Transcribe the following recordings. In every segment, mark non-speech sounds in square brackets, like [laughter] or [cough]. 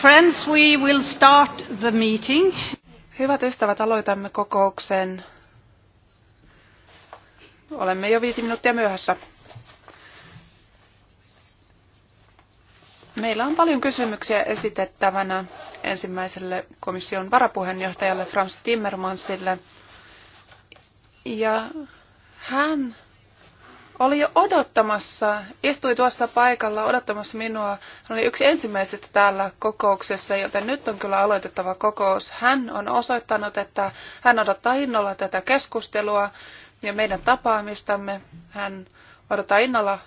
Friends, we will start the meeting. Hyvät ystävät, aloitamme kokouksen. Olemme jo viisi minuuttia myöhässä. Meillä on paljon kysymyksiä esitettävänä ensimmäiselle komission varapuheenjohtajalle Frans Timmermansille. Ja hän oli jo odottamassa, istui tuossa paikalla odottamassa minua. Hän oli yksi ensimmäisistä täällä kokouksessa, joten nyt on kyllä aloitettava kokous. Hän on osoittanut, että hän odottaa innolla tätä keskustelua ja meidän tapaamistamme. Hän odottaa innolla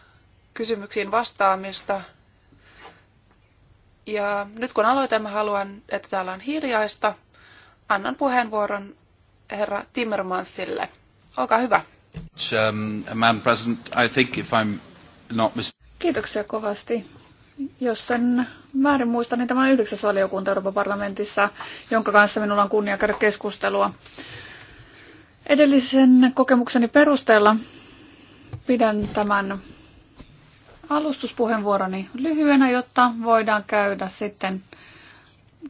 kysymyksiin vastaamista. Ja nyt kun aloitamme, haluan, että täällä on hiljaista. Annan puheenvuoron herra Timmermansille. Olkaa hyvä. Um, Kiitoksia kovasti. Jos sen määrin muistan, niin tämä on yhdeksäs valiokunta Euroopan parlamentissa, jonka kanssa minulla on kunnia käydä keskustelua. Edellisen kokemukseni perusteella pidän tämän alustuspuheenvuoroni lyhyenä, jotta voidaan käydä sitten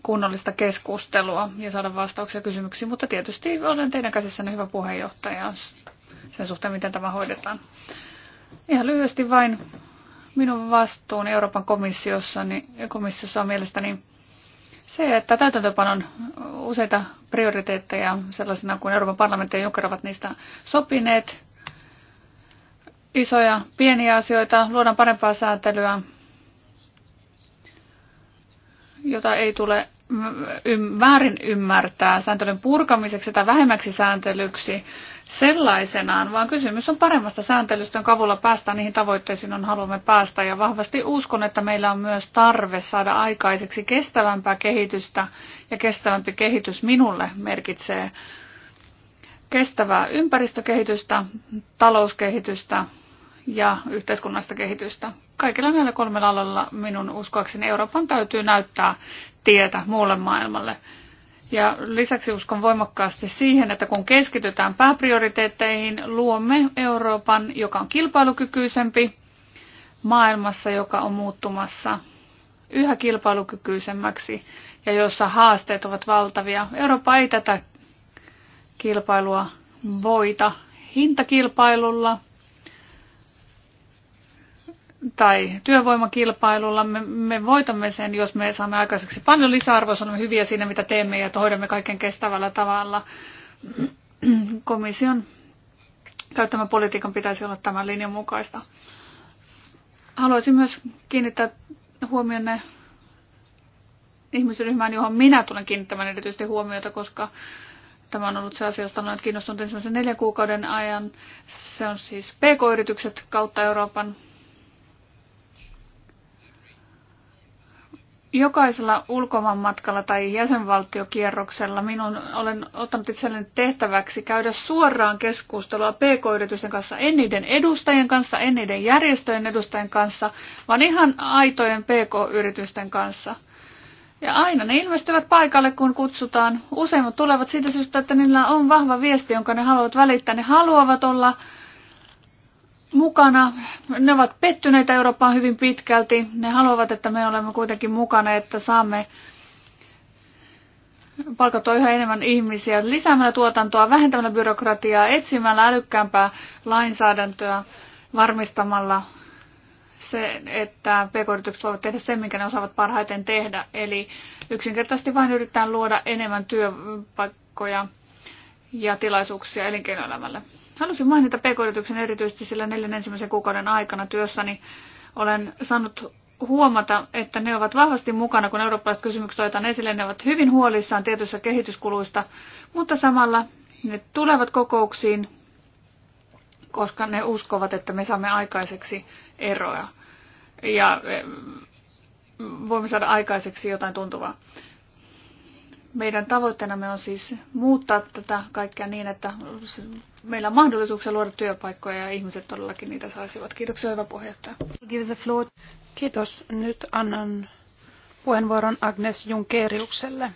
kunnollista keskustelua ja saada vastauksia kysymyksiin, mutta tietysti olen teidän käsissänne hyvä puheenjohtaja, sen suhteen, miten tämä hoidetaan. Ihan lyhyesti vain minun vastuuni Euroopan komissiossa, niin, komissiossa on mielestäni se, että täytäntöpanon useita prioriteetteja sellaisena kuin Euroopan parlamentti ja Juncker ovat niistä sopineet, isoja, pieniä asioita, luodaan parempaa sääntelyä, jota ei tule väärin ymmärtää sääntelyn purkamiseksi tai vähemmäksi sääntelyksi, sellaisenaan, vaan kysymys on paremmasta sääntelystä, jonka avulla päästään niihin tavoitteisiin, joihin haluamme päästä. Ja vahvasti uskon, että meillä on myös tarve saada aikaiseksi kestävämpää kehitystä, ja kestävämpi kehitys minulle merkitsee kestävää ympäristökehitystä, talouskehitystä ja yhteiskunnallista kehitystä. Kaikilla näillä kolmella alalla minun uskoakseni Euroopan täytyy näyttää tietä muulle maailmalle. Ja lisäksi uskon voimakkaasti siihen, että kun keskitytään pääprioriteetteihin, luomme Euroopan, joka on kilpailukykyisempi maailmassa, joka on muuttumassa yhä kilpailukykyisemmäksi ja jossa haasteet ovat valtavia. Eurooppa ei tätä kilpailua voita hintakilpailulla, tai työvoimakilpailulla. Me, me voitamme sen, jos me saamme aikaiseksi paljon lisäarvoa, olemme hyviä siinä, mitä teemme ja hoidamme kaiken kestävällä tavalla. Komission käyttämä politiikan pitäisi olla tämän linjan mukaista. Haluaisin myös kiinnittää huomionne ihmisryhmään, johon minä tulen kiinnittämään erityisesti huomiota, koska tämä on ollut se asia, josta olen kiinnostunut ensimmäisen neljän kuukauden ajan. Se on siis PK-yritykset kautta Euroopan Jokaisella ulkomaanmatkalla tai jäsenvaltiokierroksella minun olen ottanut itselleni tehtäväksi käydä suoraan keskustelua pk-yritysten kanssa, en niiden edustajien kanssa, en niiden järjestöjen edustajien kanssa, vaan ihan aitojen pk-yritysten kanssa. Ja aina ne ilmestyvät paikalle, kun kutsutaan. Useimmat tulevat siitä syystä, että niillä on vahva viesti, jonka ne haluavat välittää. Ne haluavat olla mukana. Ne ovat pettyneitä Eurooppaan hyvin pitkälti. Ne haluavat, että me olemme kuitenkin mukana, että saamme palkattua yhä enemmän ihmisiä lisäämällä tuotantoa, vähentämällä byrokratiaa, etsimällä älykkäämpää lainsäädäntöä, varmistamalla se, että pk-yritykset voivat tehdä sen, minkä ne osaavat parhaiten tehdä. Eli yksinkertaisesti vain yritetään luoda enemmän työpaikkoja ja tilaisuuksia elinkeinoelämälle. Halusin mainita pk-yrityksen erityisesti sillä neljän ensimmäisen kuukauden aikana työssäni. Olen saanut huomata, että ne ovat vahvasti mukana, kun eurooppalaiset kysymykset otetaan esille. Ne ovat hyvin huolissaan tietyissä kehityskuluista, mutta samalla ne tulevat kokouksiin, koska ne uskovat, että me saamme aikaiseksi eroja ja eh, voimme saada aikaiseksi jotain tuntuvaa. Meidän tavoitteenamme on siis muuttaa tätä kaikkea niin, että meillä on mahdollisuuksia luoda työpaikkoja ja ihmiset todellakin niitä saisivat. Kiitoksia, hyvä puheenjohtaja. Kiitos. Nyt annan puheenvuoron Agnes Junkeriukselle.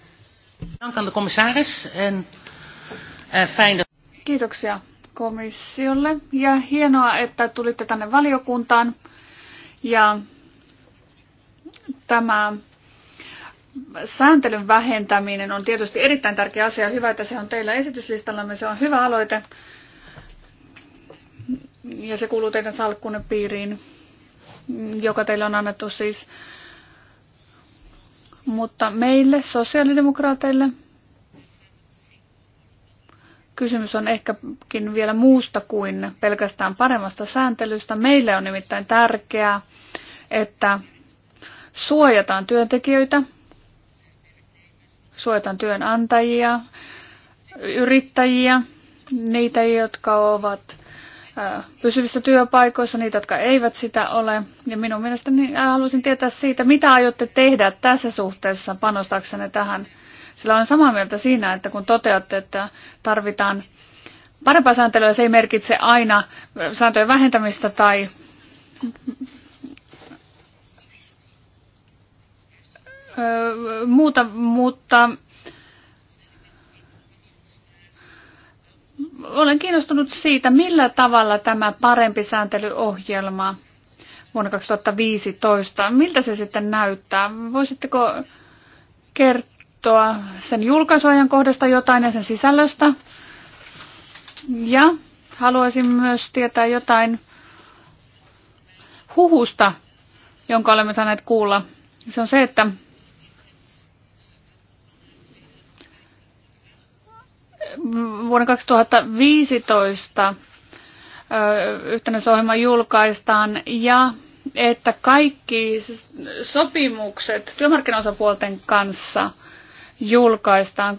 Eh, Kiitoksia komissiolle ja hienoa, että tulitte tänne valiokuntaan. Ja tämä sääntelyn vähentäminen on tietysti erittäin tärkeä asia. Hyvä, että se on teillä esityslistallamme. Se on hyvä aloite ja se kuuluu teidän salkkunne piiriin, joka teille on annettu siis. Mutta meille, sosiaalidemokraateille, kysymys on ehkäkin vielä muusta kuin pelkästään paremmasta sääntelystä. Meille on nimittäin tärkeää, että suojataan työntekijöitä – suojataan työnantajia, yrittäjiä, niitä, jotka ovat pysyvissä työpaikoissa, niitä, jotka eivät sitä ole. Ja minun mielestäni haluaisin tietää siitä, mitä aiotte tehdä tässä suhteessa panostaksenne tähän. Sillä olen samaa mieltä siinä, että kun toteatte, että tarvitaan parempaa sääntelyä, se ei merkitse aina sääntöjen vähentämistä tai muuta, mutta olen kiinnostunut siitä, millä tavalla tämä parempi sääntelyohjelma vuonna 2015, miltä se sitten näyttää? Voisitteko kertoa sen kohdasta jotain ja sen sisällöstä? Ja haluaisin myös tietää jotain huhusta, jonka olemme saaneet kuulla. Se on se, että vuonna 2015 yhtenäisohjelma julkaistaan ja että kaikki sopimukset työmarkkinaosapuolten kanssa julkaistaan.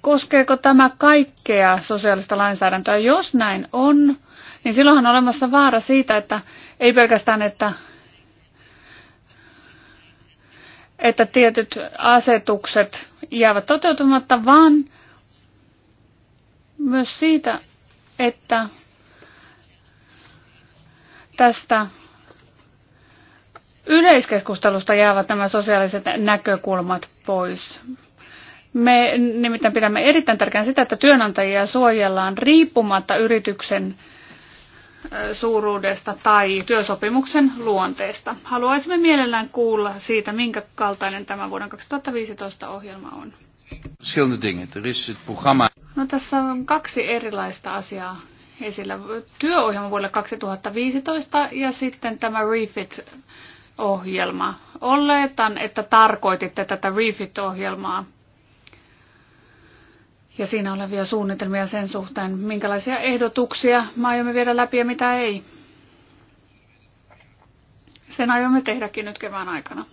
Koskeeko tämä kaikkea sosiaalista lainsäädäntöä? Jos näin on, niin silloinhan on olemassa vaara siitä, että ei pelkästään, että että tietyt asetukset jäävät toteutumatta, vaan myös siitä, että tästä yleiskeskustelusta jäävät nämä sosiaaliset näkökulmat pois. Me nimittäin pidämme erittäin tärkeänä sitä, että työnantajia suojellaan riippumatta yrityksen suuruudesta tai työsopimuksen luonteesta. Haluaisimme mielellään kuulla siitä, minkä kaltainen tämä vuoden 2015 ohjelma on. Er no, tässä on kaksi erilaista asiaa esillä. Työohjelma vuodelle 2015 ja sitten tämä Refit-ohjelma. Oletan, että tarkoititte tätä Refit-ohjelmaa ja siinä olevia suunnitelmia sen suhteen, minkälaisia ehdotuksia me aiomme viedä läpi ja mitä ei. Sen aiomme tehdäkin nyt kevään aikana.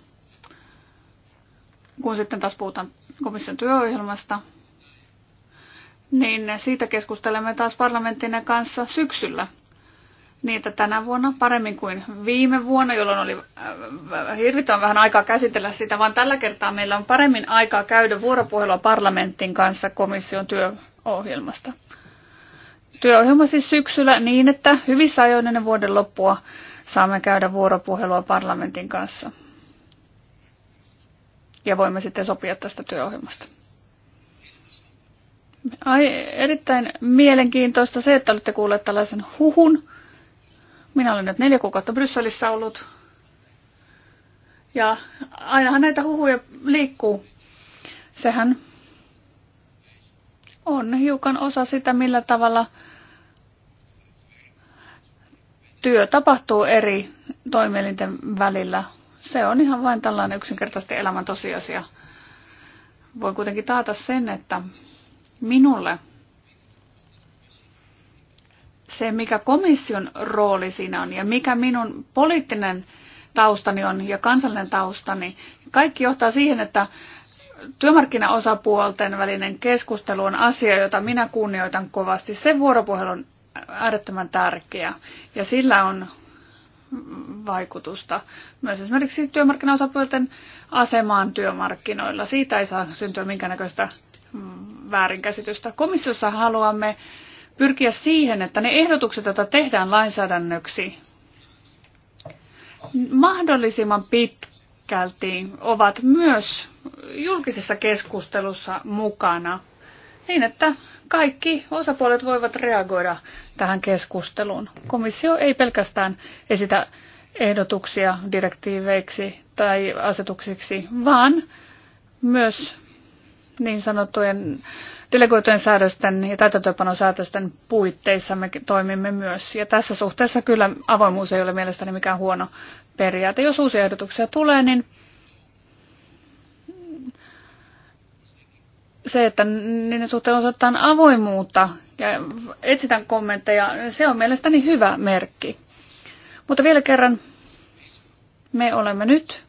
Kun sitten taas puhutaan komission työohjelmasta, niin siitä keskustelemme taas parlamenttinen kanssa syksyllä – niitä tänä vuonna paremmin kuin viime vuonna, jolloin oli äh, äh, hirvittävän vähän aikaa käsitellä sitä, vaan tällä kertaa meillä on paremmin aikaa käydä vuoropuhelua parlamentin kanssa komission työohjelmasta. Työohjelma siis syksyllä niin, että hyvissä ajoin ennen vuoden loppua saamme käydä vuoropuhelua parlamentin kanssa. Ja voimme sitten sopia tästä työohjelmasta. Ai, erittäin mielenkiintoista se, että olette kuulleet tällaisen huhun. Minä olen nyt neljä kuukautta Brysselissä ollut. Ja ainahan näitä huhuja liikkuu. Sehän on hiukan osa sitä, millä tavalla työ tapahtuu eri toimielinten välillä. Se on ihan vain tällainen yksinkertaisesti elämän tosiasia. Voin kuitenkin taata sen, että minulle se, mikä komission rooli siinä on ja mikä minun poliittinen taustani on ja kansallinen taustani, kaikki johtaa siihen, että työmarkkinaosapuolten välinen keskustelu on asia, jota minä kunnioitan kovasti. Se vuoropuhelu on äärettömän tärkeä ja sillä on vaikutusta myös esimerkiksi työmarkkinaosapuolten asemaan työmarkkinoilla. Siitä ei saa syntyä minkäännäköistä väärinkäsitystä. Komissiossa haluamme pyrkiä siihen, että ne ehdotukset, joita tehdään lainsäädännöksi, mahdollisimman pitkälti ovat myös julkisessa keskustelussa mukana niin, että kaikki osapuolet voivat reagoida tähän keskusteluun. Komissio ei pelkästään esitä ehdotuksia direktiiveiksi tai asetuksiksi, vaan myös niin sanottujen delegoitujen säädösten ja täytäntöönpanosäädösten puitteissa me toimimme myös. Ja tässä suhteessa kyllä avoimuus ei ole mielestäni mikään huono periaate. Jos uusia ehdotuksia tulee, niin se, että niiden suhteen osoittaan avoimuutta ja etsitään kommentteja, se on mielestäni hyvä merkki. Mutta vielä kerran, me olemme nyt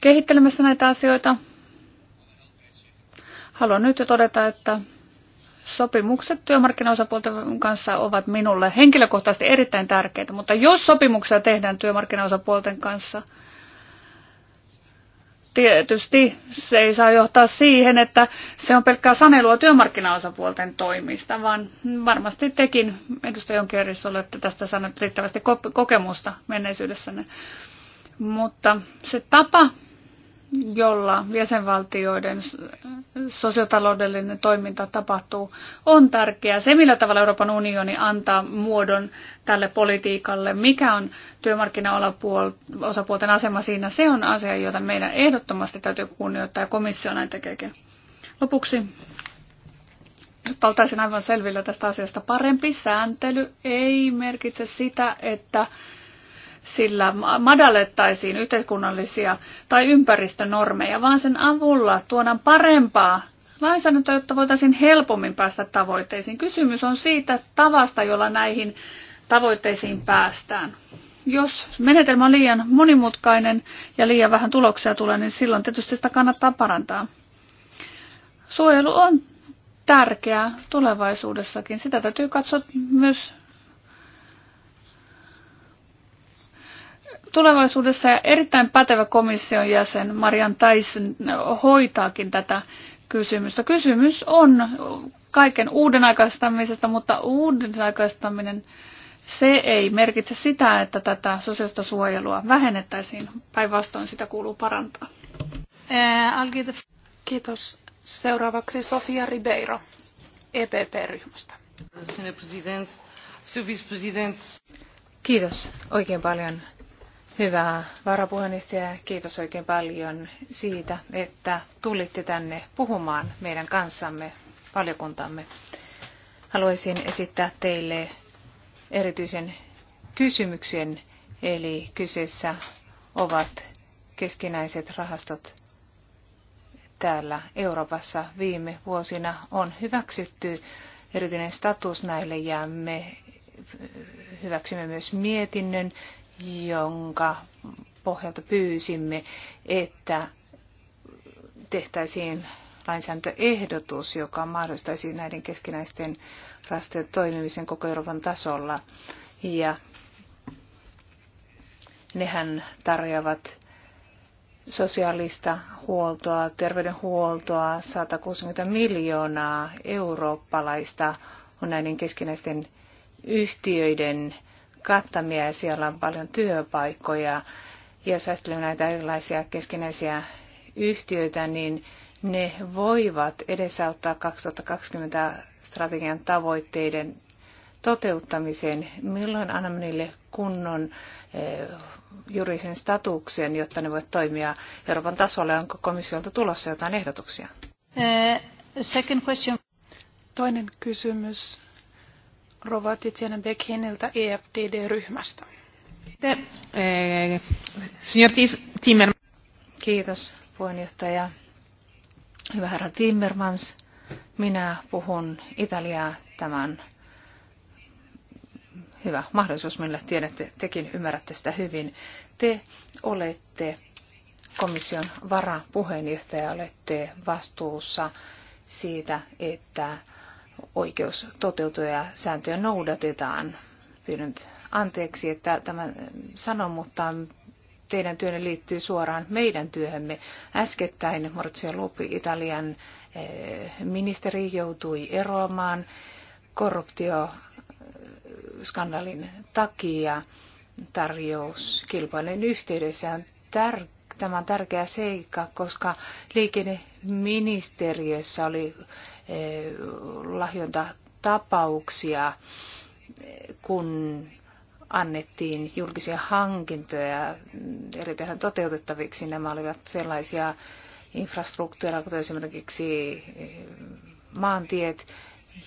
kehittelemässä näitä asioita. Haluan nyt jo todeta, että sopimukset työmarkkinaosapuolten kanssa ovat minulle henkilökohtaisesti erittäin tärkeitä, mutta jos sopimuksia tehdään työmarkkinaosapuolten kanssa, tietysti se ei saa johtaa siihen, että se on pelkkää sanelua työmarkkinaosapuolten toimista, vaan varmasti tekin, edustaja Jonkeris, olette tästä saaneet riittävästi kokemusta menneisyydessänne. Mutta se tapa, jolla jäsenvaltioiden sosiotaloudellinen toiminta tapahtuu, on tärkeää. Se, millä tavalla Euroopan unioni antaa muodon tälle politiikalle, mikä on työmarkkinaosapuolten asema siinä, se on asia, jota meidän ehdottomasti täytyy kunnioittaa ja komissio näin tekeekin. Lopuksi, jotta oltaisiin aivan selvillä tästä asiasta, parempi sääntely ei merkitse sitä, että sillä madallettaisiin yhteiskunnallisia tai ympäristönormeja, vaan sen avulla tuodaan parempaa lainsäädäntöä, jotta voitaisiin helpommin päästä tavoitteisiin. Kysymys on siitä tavasta, jolla näihin tavoitteisiin päästään. Jos menetelmä on liian monimutkainen ja liian vähän tuloksia tulee, niin silloin tietysti sitä kannattaa parantaa. Suojelu on tärkeää tulevaisuudessakin. Sitä täytyy katsoa myös tulevaisuudessa ja erittäin pätevä komission jäsen Marian Taisen hoitaakin tätä kysymystä. Kysymys on kaiken uuden aikaistamisesta, mutta uuden aikaistaminen se ei merkitse sitä, että tätä sosiaalista suojelua vähennettäisiin. Päinvastoin sitä kuuluu parantaa. Eh, Kiitos. Seuraavaksi Sofia Ribeiro, EPP-ryhmästä. Kiitos oikein paljon Hyvä varapuheenjohtaja, kiitos oikein paljon siitä, että tulitte tänne puhumaan meidän kanssamme, valiokuntamme. Haluaisin esittää teille erityisen kysymyksen, eli kyseessä ovat keskinäiset rahastot täällä Euroopassa. Viime vuosina on hyväksytty erityinen status näille ja me hyväksymme myös mietinnön, jonka pohjalta pyysimme, että tehtäisiin lainsäädäntöehdotus, joka mahdollistaisi näiden keskinäisten rastojen toimimisen koko Euroopan tasolla. Ja nehän tarjoavat sosiaalista huoltoa, terveydenhuoltoa, 160 miljoonaa eurooppalaista on näiden keskinäisten yhtiöiden kattamia ja siellä on paljon työpaikkoja. Ja jos ajattelee näitä erilaisia keskinäisiä yhtiöitä, niin ne voivat edesauttaa 2020 strategian tavoitteiden toteuttamiseen. Milloin annamme niille kunnon eh, juridisen statuksen, jotta ne voivat toimia Euroopan tasolla? Onko komissiolta tulossa jotain ehdotuksia? Eh, second question. Toinen kysymys Rova Tiziana Beckhiniltä EFDD-ryhmästä. Eh, Kiitos puheenjohtaja. Hyvä herra Timmermans, minä puhun Italiaa tämän hyvä mahdollisuus, millä tiedätte, tekin ymmärrätte sitä hyvin. Te olette komission varapuheenjohtaja, olette vastuussa siitä, että oikeus toteutuu ja sääntöjä noudatetaan. Pyydän anteeksi, että tämä sanon, mutta teidän työnne liittyy suoraan meidän työhömme. Äskettäin Morzio Lupi, Italian eh, ministeri, joutui eroamaan korruptioskandalin takia tarjouskilpailun yhteydessä. Tämä on tärkeä seikka, koska liikenneministeriössä oli Eh, lahjontatapauksia, kun annettiin julkisia hankintoja eri toteutettaviksi. Nämä olivat sellaisia infrastruktuureja, kuten esimerkiksi eh, maantiet,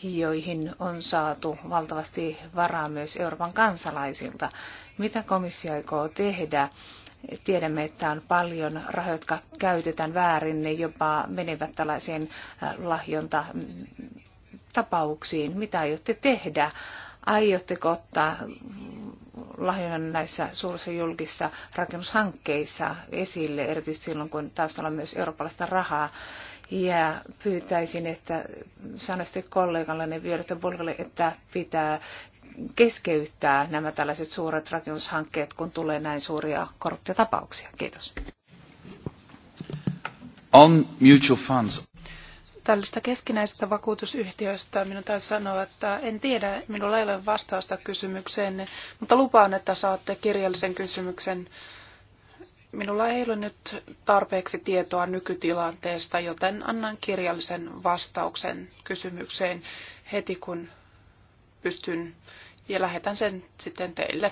joihin on saatu valtavasti varaa myös Euroopan kansalaisilta. Mitä komissio aikoo tehdä, Tiedämme, että on paljon rahoja, jotka käytetään väärin, ne jopa menevät tällaisiin lahjontatapauksiin. Mm, Mitä aiotte tehdä? Aiotteko ottaa lahjonnan näissä suurissa julkissa rakennushankkeissa esille, erityisesti silloin, kun taustalla on myös eurooppalaista rahaa? Ja pyytäisin, että sanoisitte kollegallenne Violetta Bolgalle, että pitää keskeyttää nämä tällaiset suuret rakennushankkeet, kun tulee näin suuria korruptiotapauksia. Kiitos. On mutual funds. Tällaista keskinäisestä vakuutusyhtiöistä minun taisi sanoa, että en tiedä, minulla ei ole vastausta kysymykseen, mutta lupaan, että saatte kirjallisen kysymyksen Minulla ei ole nyt tarpeeksi tietoa nykytilanteesta, joten annan kirjallisen vastauksen kysymykseen heti kun pystyn ja lähetän sen sitten teille.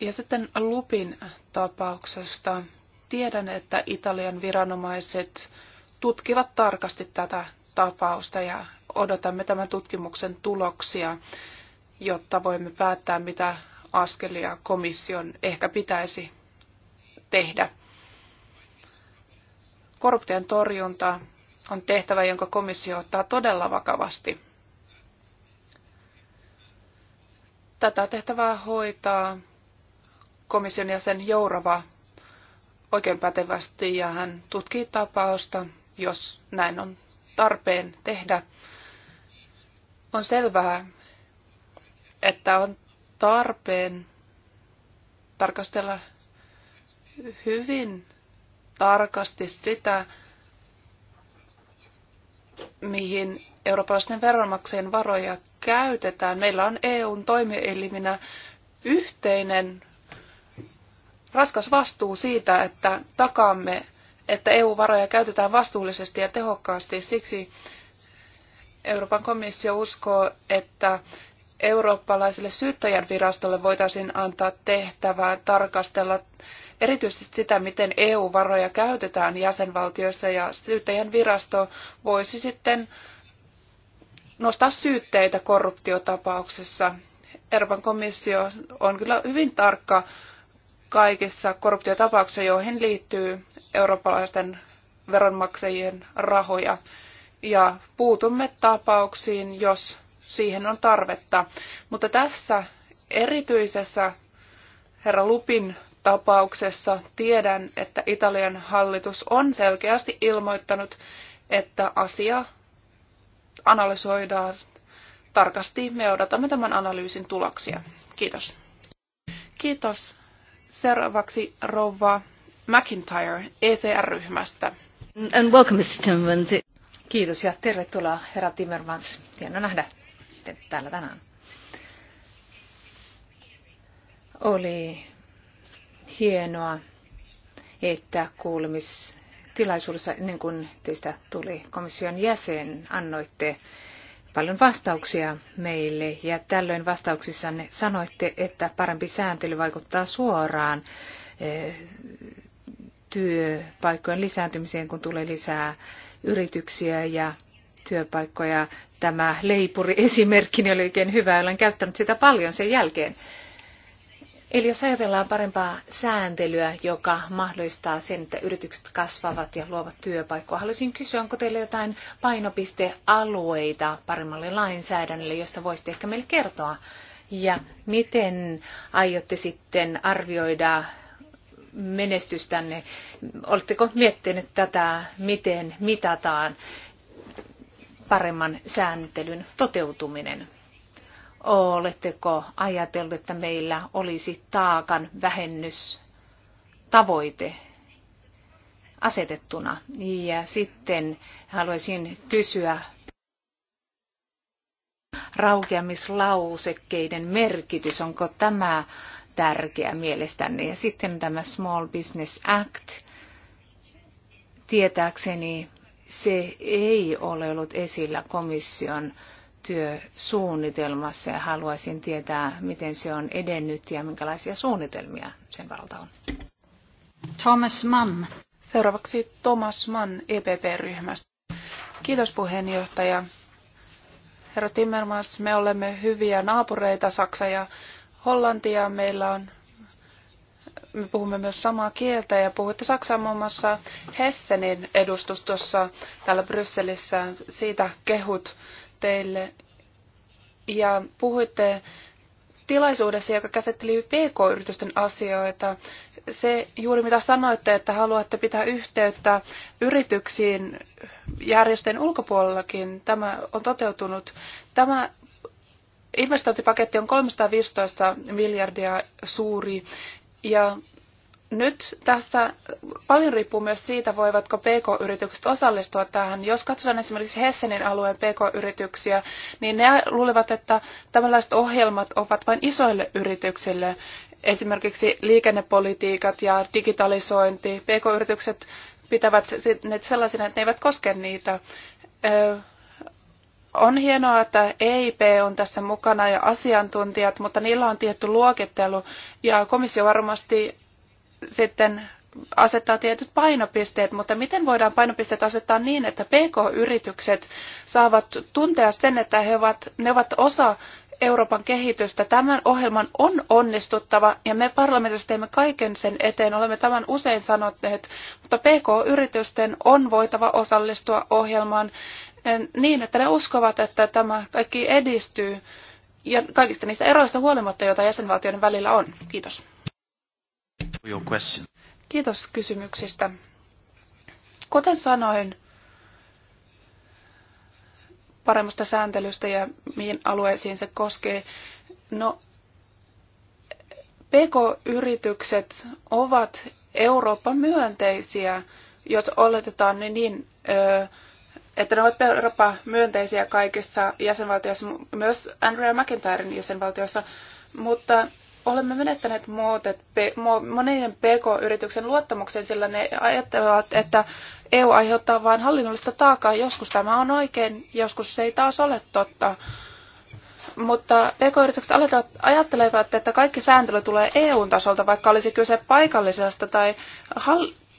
Ja sitten Lupin tapauksesta. Tiedän, että Italian viranomaiset tutkivat tarkasti tätä tapausta ja odotamme tämän tutkimuksen tuloksia, jotta voimme päättää, mitä askelia komission ehkä pitäisi tehdä. Korruption torjunta on tehtävä, jonka komissio ottaa todella vakavasti. Tätä tehtävää hoitaa komission jäsen Jourova oikein pätevästi ja hän tutkii tapausta, jos näin on tarpeen tehdä. On selvää, että on tarpeen tarkastella hyvin tarkasti sitä, mihin eurooppalaisten veronmaksajien varoja käytetään. Meillä on EUn toimieliminä yhteinen raskas vastuu siitä, että takaamme, että EU-varoja käytetään vastuullisesti ja tehokkaasti. Siksi Euroopan komissio uskoo, että eurooppalaiselle syyttäjän virastolle voitaisiin antaa tehtävää tarkastella erityisesti sitä, miten EU-varoja käytetään jäsenvaltioissa ja syyttäjän virasto voisi sitten nostaa syytteitä korruptiotapauksessa. Euroopan komissio on kyllä hyvin tarkka kaikissa korruptiotapauksissa, joihin liittyy eurooppalaisten veronmaksajien rahoja. Ja puutumme tapauksiin, jos siihen on tarvetta. Mutta tässä erityisessä herra Lupin tapauksessa tiedän, että Italian hallitus on selkeästi ilmoittanut, että asia analysoidaan tarkasti. Me odotamme tämän analyysin tuloksia. Kiitos. Kiitos. Seuraavaksi rouva McIntyre ECR-ryhmästä. And welcome, Mr. Timmermans. Kiitos ja tervetuloa, herra Timmermans. Hieno nähdä sitten täällä tänään. Oli hienoa, että kuulemistilaisuudessa, ennen kuin teistä tuli komission jäsen, annoitte paljon vastauksia meille ja tällöin vastauksissanne sanoitte, että parempi sääntely vaikuttaa suoraan eh, työpaikkojen lisääntymiseen, kun tulee lisää yrityksiä ja työpaikkoja. Tämä leipuri esimerkki oli oikein hyvä, olen käyttänyt sitä paljon sen jälkeen. Eli jos ajatellaan parempaa sääntelyä, joka mahdollistaa sen, että yritykset kasvavat ja luovat työpaikkoja, haluaisin kysyä, onko teillä jotain painopistealueita paremmalle lainsäädännölle, josta voisitte ehkä meille kertoa? Ja miten aiotte sitten arvioida menestystänne? Oletteko miettineet tätä, miten mitataan paremman sääntelyn toteutuminen? Oletteko ajatellut, että meillä olisi taakan vähennystavoite asetettuna? Ja sitten haluaisin kysyä raukeamislausekkeiden merkitys, onko tämä tärkeä mielestänne? Ja sitten tämä Small Business Act, tietääkseni se ei ole ollut esillä komission työsuunnitelmassa ja haluaisin tietää, miten se on edennyt ja minkälaisia suunnitelmia sen varalta on. Thomas Mann. Seuraavaksi Thomas Mann EPP-ryhmästä. Kiitos puheenjohtaja. Herra Timmermans, me olemme hyviä naapureita Saksa ja Hollantia. Meillä on me puhumme myös samaa kieltä ja puhutte Saksaa muun muassa Hessenin edustustossa täällä Brysselissä. Siitä kehut teille. Ja puhuitte tilaisuudessa, joka käsitteli PK-yritysten asioita. Se juuri mitä sanoitte, että haluatte pitää yhteyttä yrityksiin järjestöjen ulkopuolellakin, tämä on toteutunut. Tämä investointipaketti on 315 miljardia suuri ja nyt tässä paljon riippuu myös siitä, voivatko PK-yritykset osallistua tähän. Jos katsotaan esimerkiksi Hessenin alueen PK-yrityksiä, niin ne luulevat, että tällaiset ohjelmat ovat vain isoille yrityksille. Esimerkiksi liikennepolitiikat ja digitalisointi. PK-yritykset pitävät ne sellaisina, että ne eivät koske niitä. On hienoa, että EIP on tässä mukana ja asiantuntijat, mutta niillä on tietty luokittelu ja komissio varmasti sitten asettaa tietyt painopisteet, mutta miten voidaan painopisteet asettaa niin, että PK-yritykset saavat tuntea sen, että he ovat, ne ovat osa Euroopan kehitystä. Tämän ohjelman on onnistuttava ja me parlamentissa teemme kaiken sen eteen. Olemme tämän usein sanoneet, mutta PK-yritysten on voitava osallistua ohjelmaan niin, että ne uskovat, että tämä kaikki edistyy ja kaikista niistä eroista huolimatta, joita jäsenvaltioiden välillä on. Kiitos. Kiitos kysymyksistä. Kuten sanoin, paremmasta sääntelystä ja mihin alueisiin se koskee. No, PK-yritykset ovat Eurooppa myönteisiä, jos oletetaan niin, niin että ne ovat Eurooppa myönteisiä kaikissa jäsenvaltioissa, myös Andrea McIntyren jäsenvaltiossa, mutta olemme menettäneet muotet, monen PK-yrityksen luottamuksen, sillä ne ajattelevat, että EU aiheuttaa vain hallinnollista taakkaa Joskus tämä on oikein, joskus se ei taas ole totta. Mutta PK-yritykset ajattelevat, että kaikki sääntely tulee EU-tasolta, vaikka olisi kyse paikallisesta tai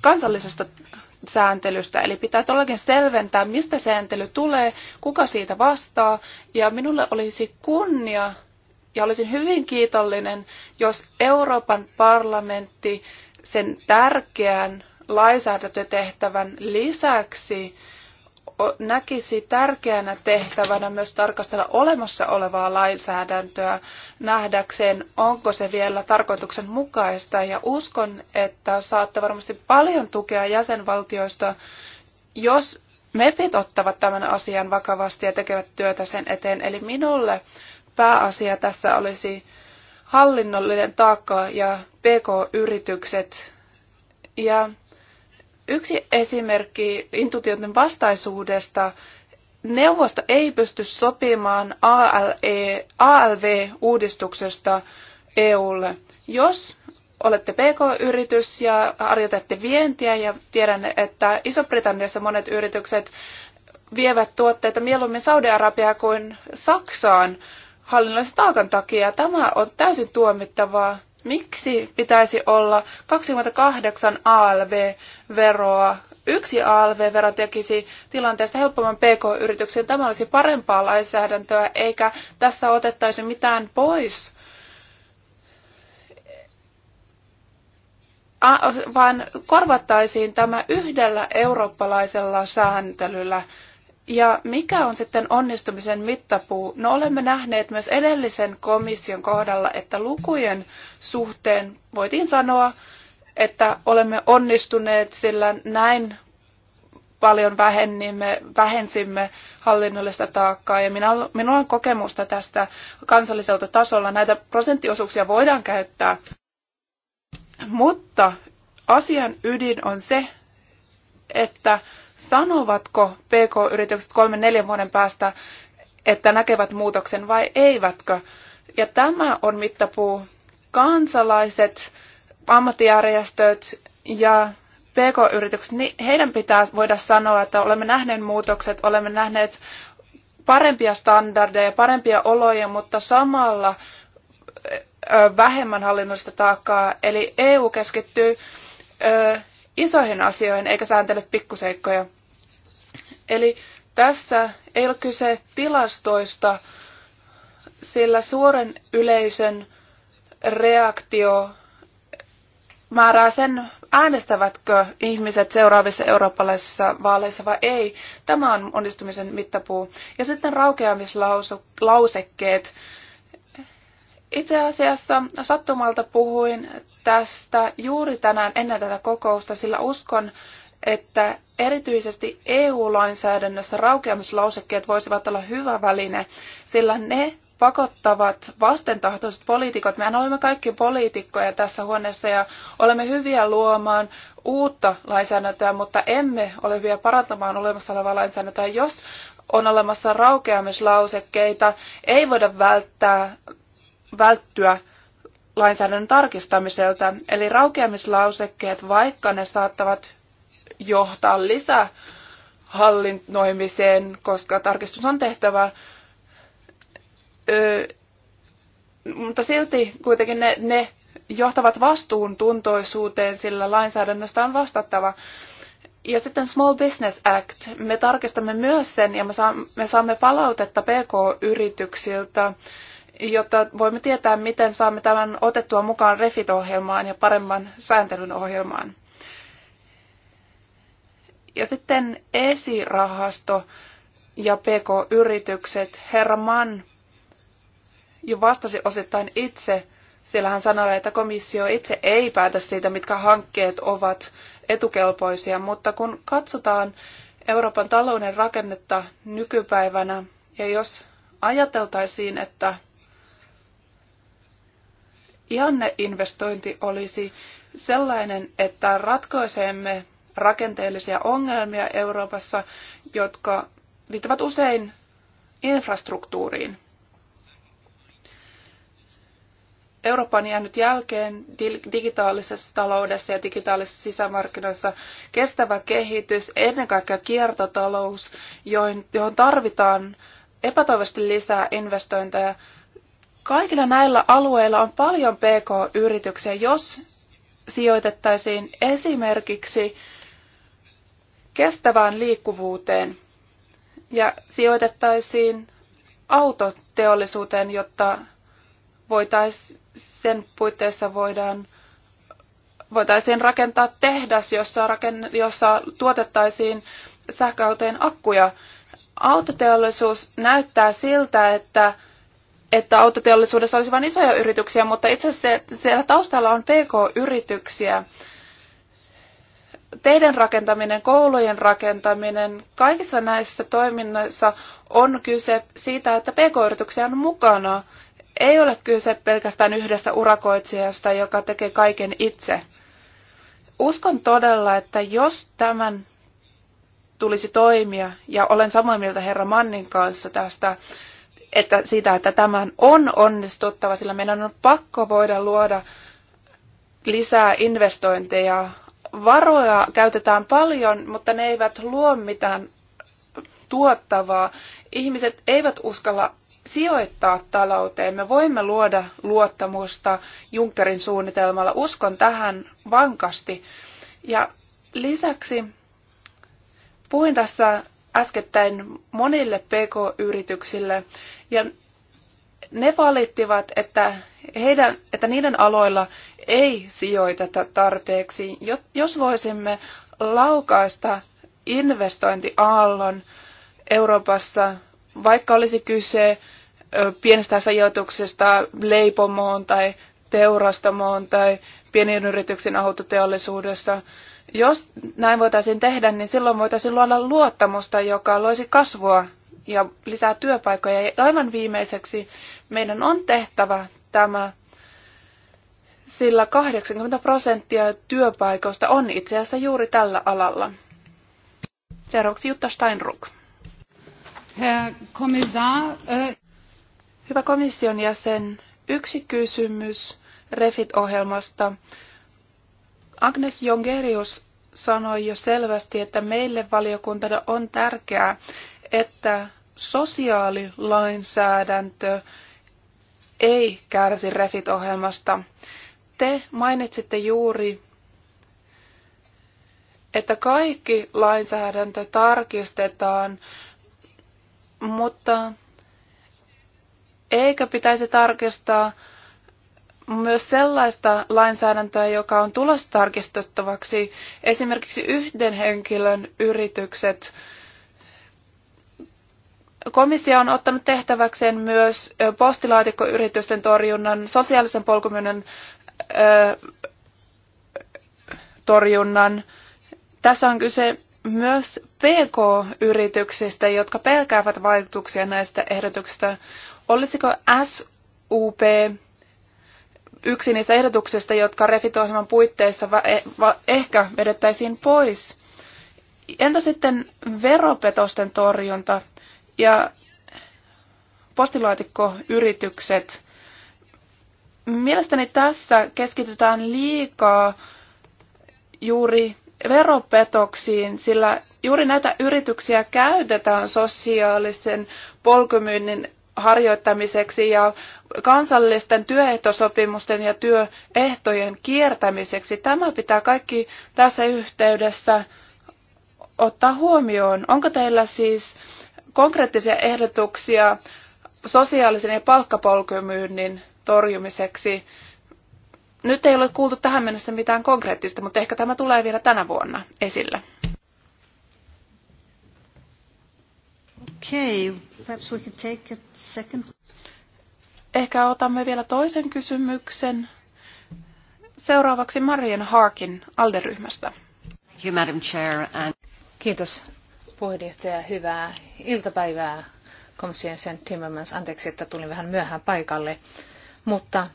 kansallisesta sääntelystä. Eli pitää todellakin selventää, mistä sääntely tulee, kuka siitä vastaa. Ja minulle olisi kunnia ja olisin hyvin kiitollinen, jos Euroopan parlamentti sen tärkeän lainsäädäntötehtävän lisäksi näkisi tärkeänä tehtävänä myös tarkastella olemassa olevaa lainsäädäntöä nähdäkseen, onko se vielä tarkoituksenmukaista. Ja uskon, että saatte varmasti paljon tukea jäsenvaltioista, jos MEPit ottavat tämän asian vakavasti ja tekevät työtä sen eteen. Eli minulle pääasia tässä olisi hallinnollinen taakka ja PK-yritykset. Ja Yksi esimerkki intuitioiden vastaisuudesta. Neuvosto ei pysty sopimaan ALV-uudistuksesta e, EUlle. Jos olette PK-yritys ja harjoitatte vientiä ja tiedän, että Iso-Britanniassa monet yritykset vievät tuotteita mieluummin saudi arabiaa kuin Saksaan hallinnollisen taakan takia. Tämä on täysin tuomittavaa. Miksi pitäisi olla 28 ALV-veroa? Yksi ALV-vero tekisi tilanteesta helpomman PK-yrityksen. Tämä olisi parempaa lainsäädäntöä, eikä tässä otettaisi mitään pois. vaan korvattaisiin tämä yhdellä eurooppalaisella sääntelyllä – ja mikä on sitten onnistumisen mittapuu? No olemme nähneet myös edellisen komission kohdalla, että lukujen suhteen voitiin sanoa, että olemme onnistuneet, sillä näin paljon vähennimme, vähensimme hallinnollista taakkaa. Ja minä, minulla on kokemusta tästä kansalliselta tasolla. Näitä prosenttiosuuksia voidaan käyttää. Mutta asian ydin on se, että sanovatko PK-yritykset kolmen neljän vuoden päästä, että näkevät muutoksen vai eivätkö. Ja tämä on mittapuu. Kansalaiset, ammattijärjestöt ja PK-yritykset, niin heidän pitää voida sanoa, että olemme nähneet muutokset, olemme nähneet parempia standardeja, parempia oloja, mutta samalla vähemmän hallinnollista taakkaa. Eli EU keskittyy isoihin asioihin eikä sääntele pikkuseikkoja. Eli tässä ei ole kyse tilastoista, sillä suuren yleisön reaktio määrää sen, äänestävätkö ihmiset seuraavissa eurooppalaisissa vaaleissa vai ei. Tämä on onnistumisen mittapuu. Ja sitten raukeamislausekkeet. Itse asiassa sattumalta puhuin tästä juuri tänään ennen tätä kokousta, sillä uskon, että erityisesti EU-lainsäädännössä raukeamislausekkeet voisivat olla hyvä väline, sillä ne pakottavat vastentahtoiset poliitikot. Mehän olemme kaikki poliitikkoja tässä huoneessa ja olemme hyviä luomaan uutta lainsäädäntöä, mutta emme ole hyviä parantamaan olemassa olevaa lainsäädäntöä. Jos on olemassa raukeamislausekkeita, ei voida välttää välttyä lainsäädännön tarkistamiselta. Eli raukeamislausekkeet, vaikka ne saattavat johtaa lisää hallinnoimiseen, koska tarkistus on tehtävä. Ö, mutta silti kuitenkin ne, ne johtavat vastuuntuntoisuuteen, sillä lainsäädännöstä on vastattava. Ja sitten Small Business Act. Me tarkistamme myös sen ja me saamme palautetta PK-yrityksiltä jotta voimme tietää, miten saamme tämän otettua mukaan REFIT-ohjelmaan ja paremman sääntelyn ohjelmaan. Ja sitten esirahasto ja PK-yritykset. Herra Mann jo vastasi osittain itse, sillä hän sanoi, että komissio itse ei päätä siitä, mitkä hankkeet ovat etukelpoisia, mutta kun katsotaan Euroopan talouden rakennetta nykypäivänä, ja jos ajateltaisiin, että Ihanneinvestointi olisi sellainen, että ratkaisemme rakenteellisia ongelmia Euroopassa, jotka liittyvät usein infrastruktuuriin. Eurooppa on jäänyt jälkeen digitaalisessa taloudessa ja digitaalisessa sisämarkkinoissa. Kestävä kehitys, ennen kaikkea kiertotalous, johon tarvitaan epätoivoisesti lisää investointeja Kaikilla näillä alueilla on paljon pk-yrityksiä, jos sijoitettaisiin esimerkiksi kestävään liikkuvuuteen ja sijoitettaisiin autoteollisuuteen, jotta voitaisiin sen puitteissa voidaan voitaisiin rakentaa tehdas, jossa, raken, jossa tuotettaisiin sähköautojen akkuja. Autoteollisuus näyttää siltä, että että autoteollisuudessa olisi vain isoja yrityksiä, mutta itse asiassa siellä taustalla on PK-yrityksiä. Teidän rakentaminen, koulujen rakentaminen, kaikissa näissä toiminnoissa on kyse siitä, että PK-yrityksiä on mukana. Ei ole kyse pelkästään yhdestä urakoitsijasta, joka tekee kaiken itse. Uskon todella, että jos tämän tulisi toimia, ja olen samaa mieltä herra Mannin kanssa tästä, että sitä että tämän on onnistuttava, sillä meidän on pakko voida luoda lisää investointeja. Varoja käytetään paljon, mutta ne eivät luo mitään tuottavaa. Ihmiset eivät uskalla sijoittaa talouteen. Me voimme luoda luottamusta Junckerin suunnitelmalla. Uskon tähän vankasti. Ja lisäksi puhuin tässä äskettäin monille PK-yrityksille ja ne valittivat, että, heidän, että niiden aloilla ei sijoiteta tarpeeksi. Jos voisimme laukaista investointiaallon Euroopassa, vaikka olisi kyse pienestä sijoituksesta leipomoon tai teurastamoon tai pienien yrityksen autoteollisuudessa, jos näin voitaisiin tehdä, niin silloin voitaisiin luoda luottamusta, joka loisi kasvua ja lisää työpaikkoja. Ja aivan viimeiseksi meidän on tehtävä tämä, sillä 80 prosenttia työpaikoista on itse asiassa juuri tällä alalla. Seuraavaksi Jutta Steinruck. Herr Kommissar, äh... Hyvä komission jäsen, yksi kysymys REFIT-ohjelmasta. Agnes Jongerius sanoi jo selvästi, että meille valiokuntana on tärkeää, että sosiaalilainsäädäntö ei kärsi REFIT-ohjelmasta. Te mainitsitte juuri, että kaikki lainsäädäntö tarkistetaan, mutta eikö pitäisi tarkistaa myös sellaista lainsäädäntöä, joka on tulostarkistettavaksi. Esimerkiksi yhden henkilön yritykset. Komissio on ottanut tehtäväkseen myös postilaatikkoyritysten torjunnan, sosiaalisen polkumyynnin torjunnan. Tässä on kyse myös PK-yrityksistä, jotka pelkäävät vaikutuksia näistä ehdotuksista. Olisiko SUP yksi niistä ehdotuksista, jotka refitohjelman puitteissa e- ehkä vedettäisiin pois. Entä sitten veropetosten torjunta ja postilaatikkoyritykset? Mielestäni tässä keskitytään liikaa juuri veropetoksiin, sillä juuri näitä yrityksiä käytetään sosiaalisen polkumyynnin harjoittamiseksi ja kansallisten työehtosopimusten ja työehtojen kiertämiseksi. Tämä pitää kaikki tässä yhteydessä ottaa huomioon. Onko teillä siis konkreettisia ehdotuksia sosiaalisen ja palkkapolkumyynnin torjumiseksi? Nyt ei ole kuultu tähän mennessä mitään konkreettista, mutta ehkä tämä tulee vielä tänä vuonna esille. Okay, perhaps we could take a second. Ehkä otamme vielä toisen kysymyksen. Seuraavaksi Marian Harkin Alderyhmästä. Kiitos puheenjohtaja. Hyvää iltapäivää komission sen Timmermans. Anteeksi, että tulin vähän myöhään paikalle, mutta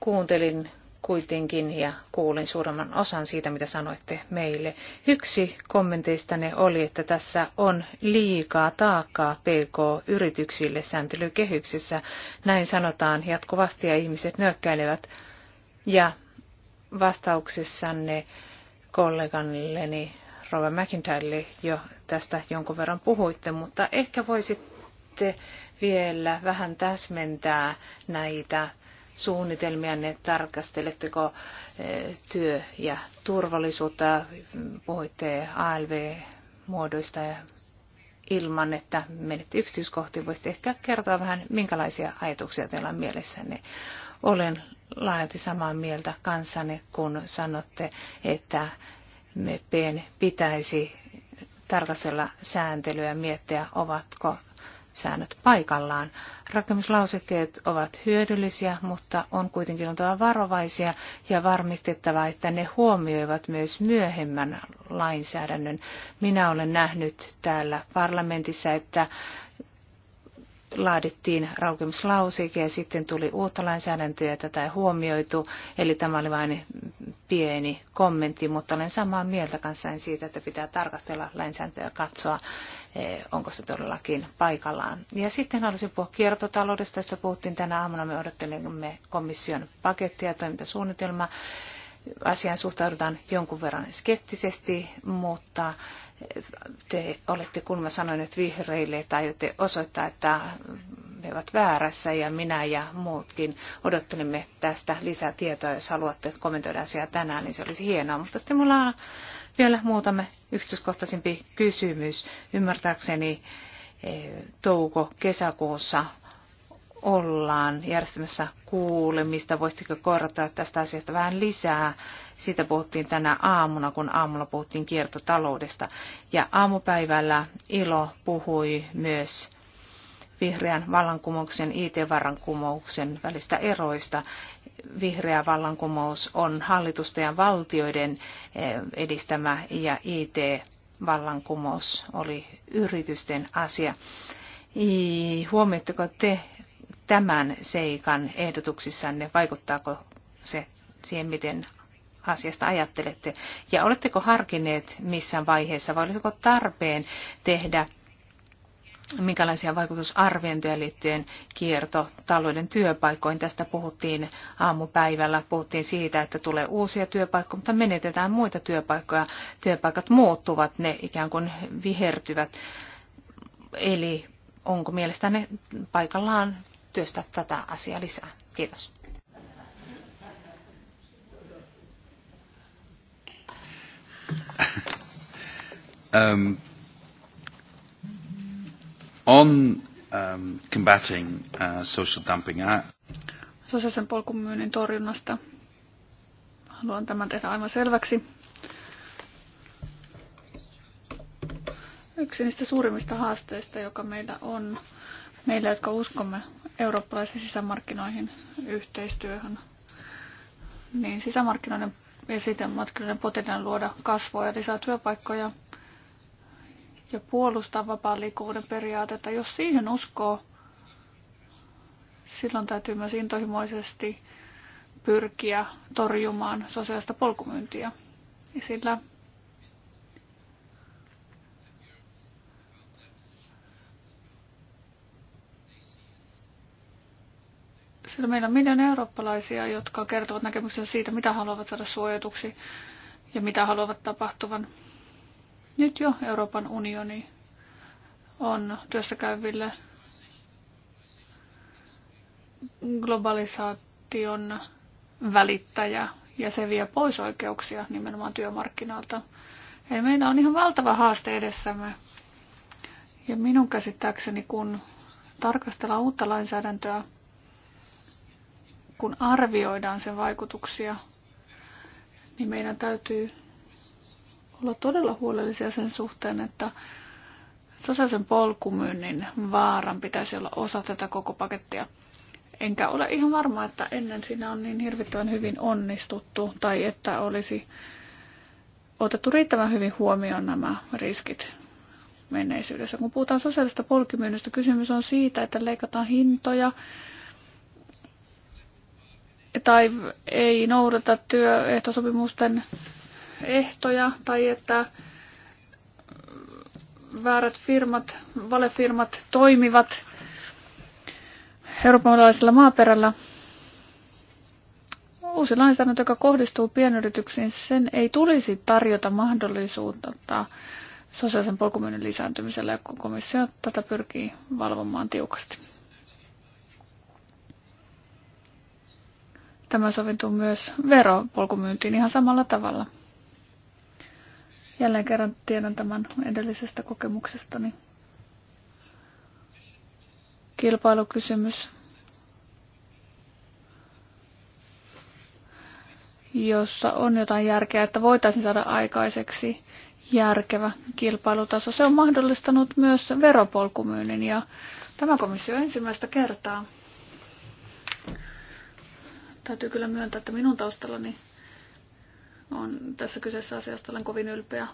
kuuntelin kuitenkin ja kuulin suuremman osan siitä, mitä sanoitte meille. Yksi kommenteistanne oli, että tässä on liikaa taakkaa PK-yrityksille sääntelykehyksessä. Näin sanotaan jatkuvasti ja ihmiset nyökkäilevät. Ja vastauksessanne kolleganilleni Rova McIntyrelle jo tästä jonkun verran puhuitte, mutta ehkä voisitte vielä vähän täsmentää näitä suunnitelmianne, tarkasteletteko eh, työ- ja turvallisuutta, puhuitte ALV-muodoista ja ilman, että menette yksityiskohtiin, voisitte ehkä kertoa vähän, minkälaisia ajatuksia teillä on mielessänne. Olen laajalti samaa mieltä kanssanne, kun sanotte, että meppien pitäisi tarkastella sääntelyä ja miettiä, ovatko säännöt paikallaan. Rakennuslausekkeet ovat hyödyllisiä, mutta on kuitenkin oltava varovaisia ja varmistettava, että ne huomioivat myös myöhemmän lainsäädännön. Minä olen nähnyt täällä parlamentissa, että laadittiin raukemuslausike ja sitten tuli uutta lainsäädäntöä ja tätä ei huomioitu. Eli tämä oli vain pieni kommentti, mutta olen samaa mieltä kanssani siitä, että pitää tarkastella lainsäädäntöä ja katsoa, Eh, onko se todellakin paikallaan. Ja sitten haluaisin puhua kiertotaloudesta, josta puhuttiin tänä aamuna. Me odottelimme komission pakettia ja toimintasuunnitelmaa. Asiaan suhtaudutaan jonkun verran skeptisesti, mutta te olette, kun mä sanoin, että vihreille te osoittaa, että me ovat väärässä ja minä ja muutkin odottelemme tästä lisää tietoa. Jos haluatte kommentoida asiaa tänään, niin se olisi hienoa. Mutta sitten mulla on vielä muutama yksityiskohtaisempi kysymys. Ymmärtääkseni eh, touko-kesäkuussa ollaan järjestämässä kuulemista. Voisitko korottaa tästä asiasta vähän lisää? Siitä puhuttiin tänä aamuna, kun aamulla puhuttiin kiertotaloudesta. Ja aamupäivällä Ilo puhui myös vihreän vallankumouksen IT-vallankumouksen välistä eroista. Vihreä vallankumous on hallitusten ja valtioiden eh, edistämä ja IT-vallankumous oli yritysten asia. Huomioitteko te tämän seikan ehdotuksissanne? Vaikuttaako se siihen, miten asiasta ajattelette? Ja oletteko harkineet missään vaiheessa vai olisiko tarpeen tehdä minkälaisia vaikutusarviointeja liittyen kiertotalouden työpaikkoihin. Tästä puhuttiin aamupäivällä, puhuttiin siitä, että tulee uusia työpaikkoja, mutta menetetään muita työpaikkoja. Työpaikat muuttuvat, ne ikään kuin vihertyvät. Eli onko mielestäni paikallaan työstää tätä asiaa lisää? Kiitos. Um, [laughs] On um, combating uh, social dumping. I... Sosiaalisen polkumyynnin torjunnasta. Haluan tämän tehdä aivan selväksi. Yksi niistä suurimmista haasteista, joka meillä on, meillä jotka uskomme eurooppalaisiin sisämarkkinoihin, yhteistyöhön, niin sisämarkkinoiden ja siten markkinoiden potentiaalin luoda kasvua ja lisää työpaikkoja – ja puolustaa vapaan liikkuvuuden periaatetta. Jos siihen uskoo, silloin täytyy myös intohimoisesti pyrkiä torjumaan sosiaalista polkumyyntiä. Sillä sillä meillä on miljoonia eurooppalaisia, jotka kertovat näkemyksensä siitä, mitä haluavat saada suojatuksi ja mitä haluavat tapahtuvan. Nyt jo Euroopan unioni on työssäkäyville globalisaation välittäjä ja se vie pois oikeuksia nimenomaan työmarkkinoilta. Eli meillä on ihan valtava haaste edessämme. Ja minun käsittääkseni, kun tarkastellaan uutta lainsäädäntöä, kun arvioidaan sen vaikutuksia, niin meidän täytyy olla todella huolellisia sen suhteen, että sosiaalisen polkumyynnin vaaran pitäisi olla osa tätä koko pakettia. Enkä ole ihan varma, että ennen siinä on niin hirvittävän hyvin onnistuttu tai että olisi otettu riittävän hyvin huomioon nämä riskit menneisyydessä. Kun puhutaan sosiaalista polkimyynnistä, kysymys on siitä, että leikataan hintoja tai ei noudata työehtosopimusten ehtoja tai että väärät firmat, valefirmat toimivat eurooppalaisella maaperällä. Uusi lainsäädäntö, joka kohdistuu pienyrityksiin, sen ei tulisi tarjota mahdollisuutta sosiaalisen polkumyynnin lisääntymiselle, kun komissio tätä pyrkii valvomaan tiukasti. Tämä sovintuu myös veropolkumyyntiin ihan samalla tavalla. Jälleen kerran tiedän tämän edellisestä kokemuksestani. Kilpailukysymys. jossa on jotain järkeä, että voitaisiin saada aikaiseksi järkevä kilpailutaso. Se on mahdollistanut myös veropolkumyynnin ja tämä komissio ensimmäistä kertaa. Täytyy kyllä myöntää, että minun taustallani on tässä kyseessä asiasta, olen kovin ylpeä.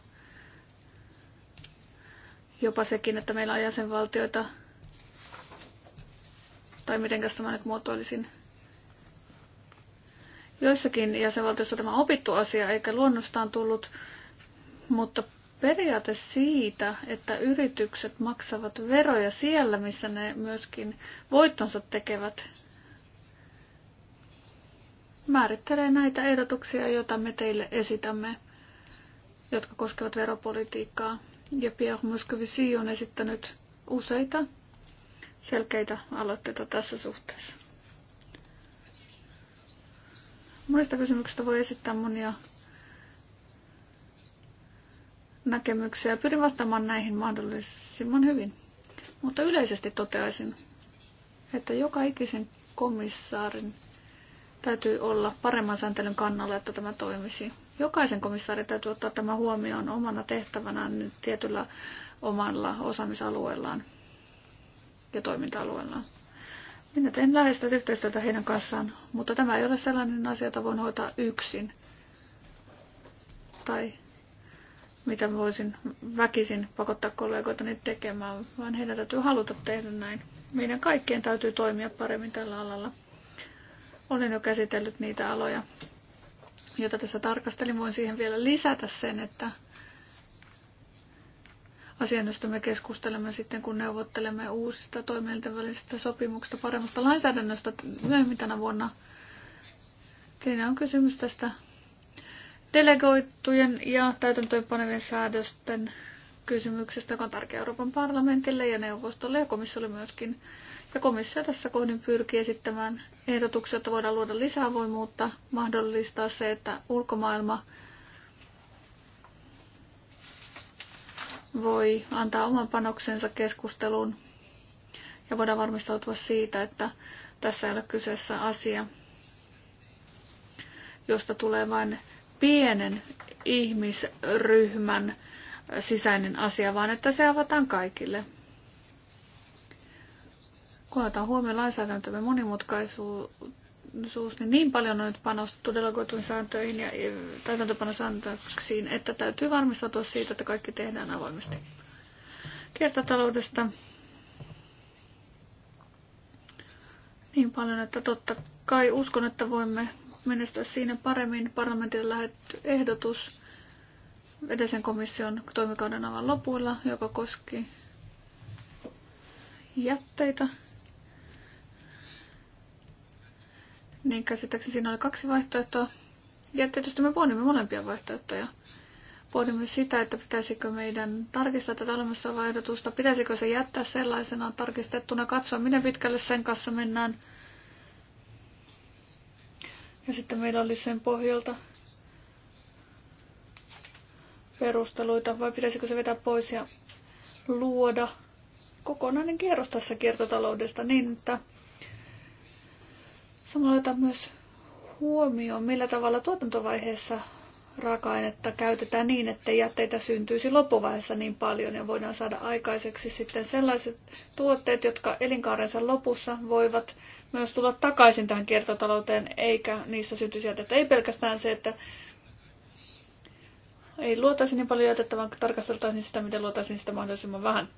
Jopa sekin, että meillä on jäsenvaltioita, tai miten tämä nyt muotoilisin, joissakin jäsenvaltioissa tämä opittu asia eikä luonnostaan tullut, mutta periaate siitä, että yritykset maksavat veroja siellä, missä ne myöskin voittonsa tekevät, määrittelee näitä ehdotuksia, joita me teille esitämme, jotka koskevat veropolitiikkaa. Ja Pierre Moscovici on esittänyt useita selkeitä aloitteita tässä suhteessa. Monista kysymyksistä voi esittää monia näkemyksiä. Pyrin vastaamaan näihin mahdollisimman hyvin. Mutta yleisesti toteaisin, että joka ikisen komissaarin täytyy olla paremman sääntelyn kannalla, että tämä toimisi. Jokaisen komissaari täytyy ottaa tämä huomioon omana tehtävänään tietyllä omalla osaamisalueellaan ja toiminta-alueellaan. Minä teen läheistä yhteistyötä heidän kanssaan, mutta tämä ei ole sellainen asia, jota voin hoitaa yksin. Tai mitä voisin väkisin pakottaa niitä tekemään, vaan heidän täytyy haluta tehdä näin. Meidän kaikkien täytyy toimia paremmin tällä alalla. Olen jo käsitellyt niitä aloja, joita tässä tarkastelin. Voin siihen vielä lisätä sen, että asian, josta me keskustelemme sitten, kun neuvottelemme uusista toimielten välisistä sopimuksista, paremmasta lainsäädännöstä myöhemmin tänä vuonna. Siinä on kysymys tästä delegoittujen ja täytäntöönpanevien säädösten kysymyksestä, joka on tärkeä Euroopan parlamentille ja neuvostolle ja komissiolle myöskin. Ja komissio tässä kohdin pyrkii esittämään ehdotuksia, että voidaan luoda lisävoimuutta mahdollistaa se, että ulkomaailma voi antaa oman panoksensa keskusteluun ja voidaan varmistautua siitä, että tässä ei ole kyseessä asia, josta tulee vain pienen ihmisryhmän sisäinen asia, vaan että se avataan kaikille kun otetaan huomioon lainsäädäntömme monimutkaisuus, niin niin paljon on nyt panostettu delegoituin sääntöihin ja eh, täytäntöpanosääntöksiin, että täytyy varmistautua siitä, että kaikki tehdään avoimesti. Kiertotaloudesta niin paljon, että totta kai uskon, että voimme menestyä siinä paremmin. Parlamentille lähetty ehdotus edellisen komission toimikauden avan lopulla, joka koski jätteitä niin käsittääkseni siinä oli kaksi vaihtoehtoa. Ja tietysti me pohdimme molempia vaihtoehtoja. Pohdimme sitä, että pitäisikö meidän tarkistaa tätä olemassa vaihdotusta, pitäisikö se jättää sellaisenaan tarkistettuna, katsoa miten pitkälle sen kanssa mennään. Ja sitten meillä oli sen pohjalta perusteluita, vai pitäisikö se vetää pois ja luoda kokonainen kierros tässä kiertotaloudesta niin, että Samalla otan myös huomioon, millä tavalla tuotantovaiheessa raaka-ainetta käytetään niin, että jätteitä syntyisi loppuvaiheessa niin paljon ja voidaan saada aikaiseksi sitten sellaiset tuotteet, jotka elinkaarensa lopussa voivat myös tulla takaisin tähän kiertotalouteen, eikä niissä syntyisi jätettä. Ei pelkästään se, että ei luotaisi niin paljon jätettä, vaan tarkasteltaisiin sitä, miten luotaisiin sitä mahdollisimman vähän.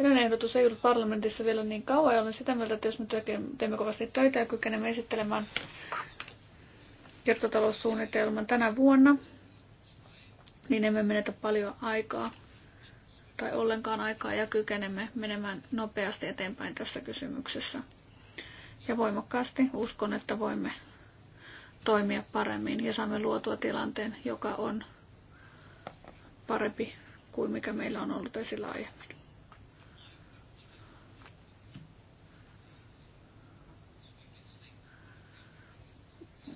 Heidän ehdotus ei ollut parlamentissa vielä niin kauan ja olen sitä mieltä, että jos me teemme kovasti töitä ja kykenemme esittelemään kertotaloussuunnitelman tänä vuonna, niin emme menetä paljon aikaa tai ollenkaan aikaa ja kykenemme menemään nopeasti eteenpäin tässä kysymyksessä. Ja voimakkaasti uskon, että voimme toimia paremmin ja saamme luotua tilanteen, joka on parempi kuin mikä meillä on ollut esillä aiemmin.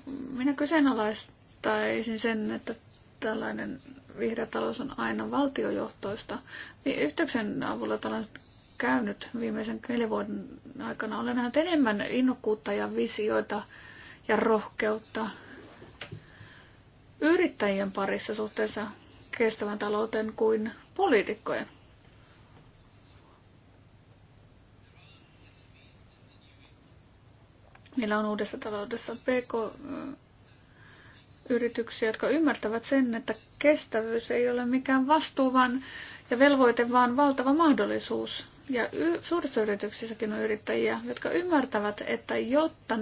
minä kyseenalaistaisin sen, että tällainen vihreä talous on aina valtiojohtoista. Niin yhteyksen avulla olen käynyt viimeisen neljän vuoden aikana. Olen nähnyt enemmän innokkuutta ja visioita ja rohkeutta yrittäjien parissa suhteessa kestävän talouteen kuin poliitikkojen. Meillä on uudessa taloudessa PK yrityksiä, jotka ymmärtävät sen, että kestävyys ei ole mikään vastuu vaan, ja velvoite, vaan valtava mahdollisuus. Ja y- suurissa yrityksissäkin on yrittäjiä, jotka ymmärtävät, että jotta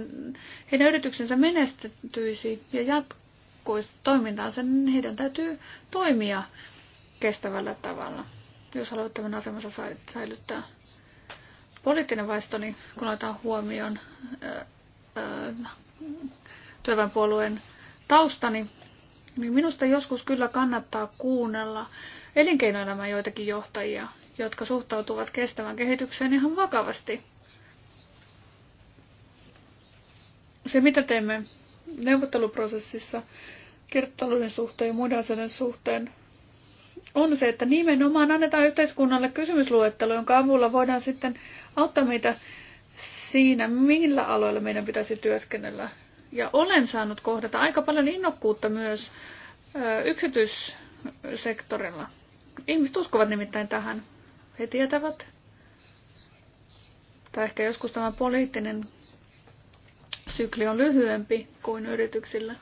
heidän yrityksensä menestyisi ja jatkuisi toimintaansa, niin heidän täytyy toimia kestävällä tavalla, jos haluat tämän asemansa säilyttää. Poliittinen vaisto, niin kun otetaan huomioon työväenpuolueen taustani, niin minusta joskus kyllä kannattaa kuunnella elinkeinoelämän joitakin johtajia, jotka suhtautuvat kestävän kehitykseen ihan vakavasti. Se, mitä teemme neuvotteluprosessissa kirjoittelujen suhteen ja muiden asioiden suhteen, on se, että nimenomaan annetaan yhteiskunnalle kysymysluettelo, jonka avulla voidaan sitten auttaa meitä siinä, millä aloilla meidän pitäisi työskennellä. Ja olen saanut kohdata aika paljon innokkuutta myös yksityissektorilla. Ihmiset uskovat nimittäin tähän. He tietävät, tai ehkä joskus tämä poliittinen sykli on lyhyempi kuin yrityksillä.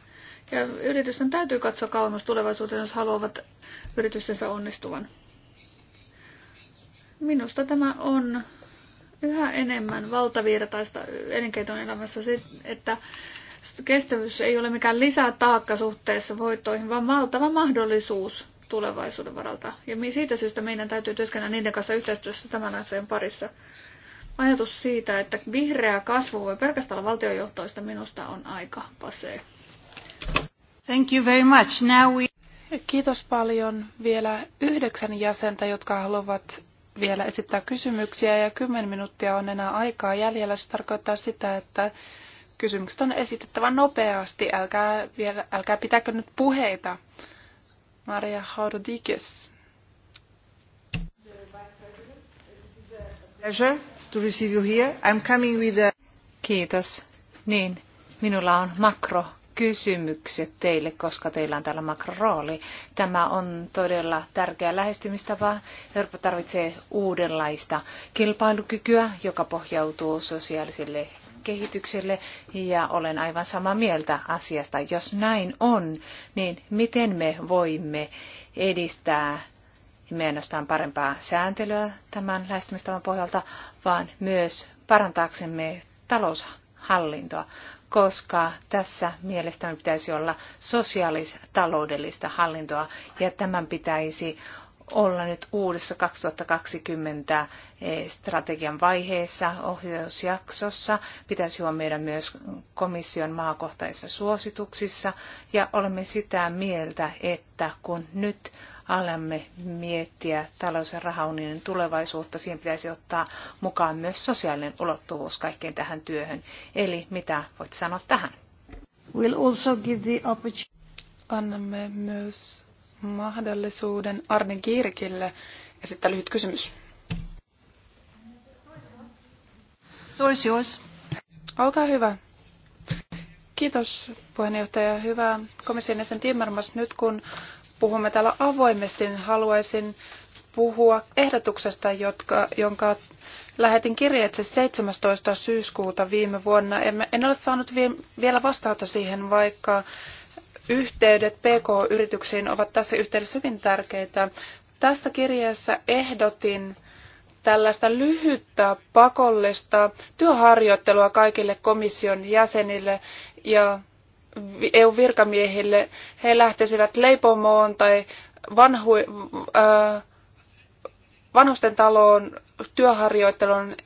Ja yritysten täytyy katsoa kauemmas tulevaisuuteen, jos haluavat yritystensä onnistuvan. Minusta tämä on yhä enemmän valtavirtaista elinkeinoelämässä se, että kestävyys ei ole mikään lisätaakka suhteessa voittoihin, vaan valtava mahdollisuus tulevaisuuden varalta. Ja siitä syystä meidän täytyy työskennellä niiden kanssa yhteistyössä tämän asian parissa. Ajatus siitä, että vihreä kasvu voi pelkästään olla valtiojohtoista, minusta on aika pasee. Thank you very much. Now we... Kiitos paljon. Vielä yhdeksän jäsentä, jotka haluavat vielä esittää kysymyksiä ja 10 minuuttia on enää aikaa jäljellä. Se tarkoittaa sitä, että kysymykset on esitettävä nopeasti. Älkää, vielä, älkää pitääkö nyt puheita. Maria Haudikes. Kiitos. Niin, minulla on makro kysymykset teille, koska teillä on täällä makrorooli. Tämä on todella tärkeä lähestymistapa. Eurooppa tarvitsee uudenlaista kilpailukykyä, joka pohjautuu sosiaaliselle kehitykselle ja olen aivan samaa mieltä asiasta. Jos näin on, niin miten me voimme edistää me ainoastaan parempaa sääntelyä tämän lähestymistavan pohjalta, vaan myös parantaaksemme taloushallintoa, koska tässä mielestäni pitäisi olla sosiaalis-taloudellista hallintoa ja tämän pitäisi olla nyt uudessa 2020 eh, strategian vaiheessa, ohjausjaksossa. Pitäisi huomioida myös komission maakohtaisissa suosituksissa ja olemme sitä mieltä, että kun nyt alamme miettiä talous- ja rahaunionin tulevaisuutta, siihen pitäisi ottaa mukaan myös sosiaalinen ulottuvuus kaikkeen tähän työhön. Eli mitä voit sanoa tähän? We'll also give the opportunity. Annamme myös mahdollisuuden Arne Kirkille esittää lyhyt kysymys. olisi. Olkaa hyvä. Kiitos puheenjohtaja. Hyvä komission jäsen Timmermans. Nyt kun puhumme täällä avoimesti, niin haluaisin puhua ehdotuksesta, jotka, jonka lähetin kirjeitse 17. syyskuuta viime vuonna. En, en ole saanut vie, vielä vastausta siihen, vaikka yhteydet PK-yrityksiin ovat tässä yhteydessä hyvin tärkeitä. Tässä kirjeessä ehdotin tällaista lyhyttä pakollista työharjoittelua kaikille komission jäsenille ja EU-virkamiehille, he lähtisivät leipomoon tai vanhu, äh, vanhusten taloon työharjoitteluun.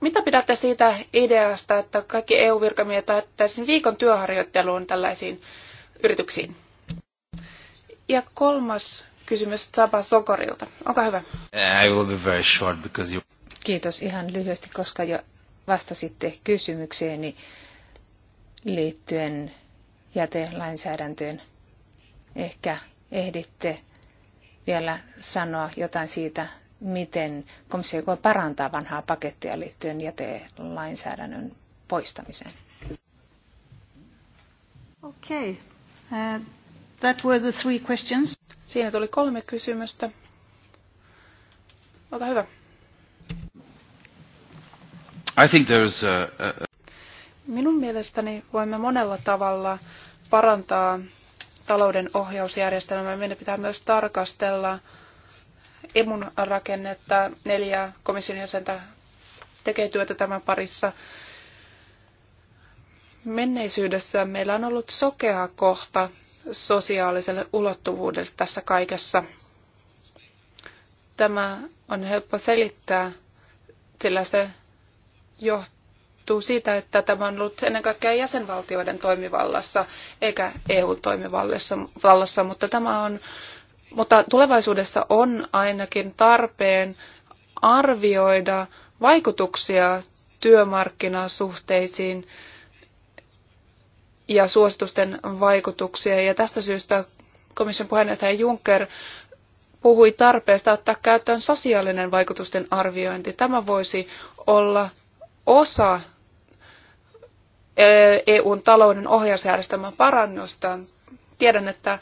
Mitä pidätte siitä ideasta, että kaikki EU-virkamiehet lähettäisiin viikon työharjoitteluun tällaisiin yrityksiin? Ja kolmas kysymys Saba Sokorilta. Olkaa hyvä. Uh, I will be very short because you... Kiitos ihan lyhyesti, koska jo vastasitte kysymykseeni. Niin liittyen jätelainsäädäntöön. Ehkä ehditte vielä sanoa jotain siitä, miten komissio voi parantaa vanhaa pakettia liittyen jätelainsäädännön poistamiseen. Okay. Uh, that were the three questions. Siinä tuli kolme kysymystä. Olkaa hyvä. I think there's a, a, Minun mielestäni voimme monella tavalla parantaa talouden ohjausjärjestelmää. Meidän pitää myös tarkastella emun rakennetta. Neljä komission jäsentä tekee työtä tämän parissa. Menneisyydessä meillä on ollut sokea kohta sosiaaliselle ulottuvuudelle tässä kaikessa. Tämä on helppo selittää, sillä se johtaa johtuu siitä, että tämä on ollut ennen kaikkea jäsenvaltioiden toimivallassa eikä EU-toimivallassa, mutta tämä on mutta tulevaisuudessa on ainakin tarpeen arvioida vaikutuksia työmarkkinasuhteisiin ja suositusten vaikutuksia. Ja tästä syystä komission puheenjohtaja Juncker puhui tarpeesta ottaa käyttöön sosiaalinen vaikutusten arviointi. Tämä voisi olla osa EUn talouden ohjausjärjestelmän parannusta. Tiedän, että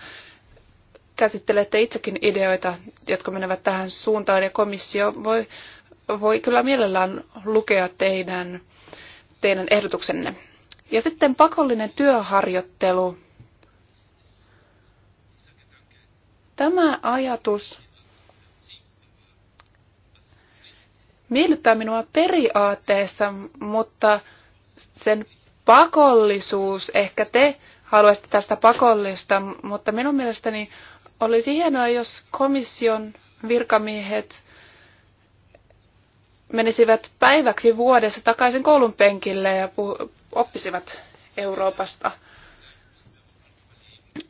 käsittelette itsekin ideoita, jotka menevät tähän suuntaan, ja komissio voi, voi kyllä mielellään lukea teidän, teidän ehdotuksenne. Ja sitten pakollinen työharjoittelu. Tämä ajatus miellyttää minua periaatteessa, mutta sen pakollisuus, ehkä te haluaisitte tästä pakollista, mutta minun mielestäni olisi hienoa, jos komission virkamiehet menisivät päiväksi vuodessa takaisin koulun penkille ja oppisivat Euroopasta.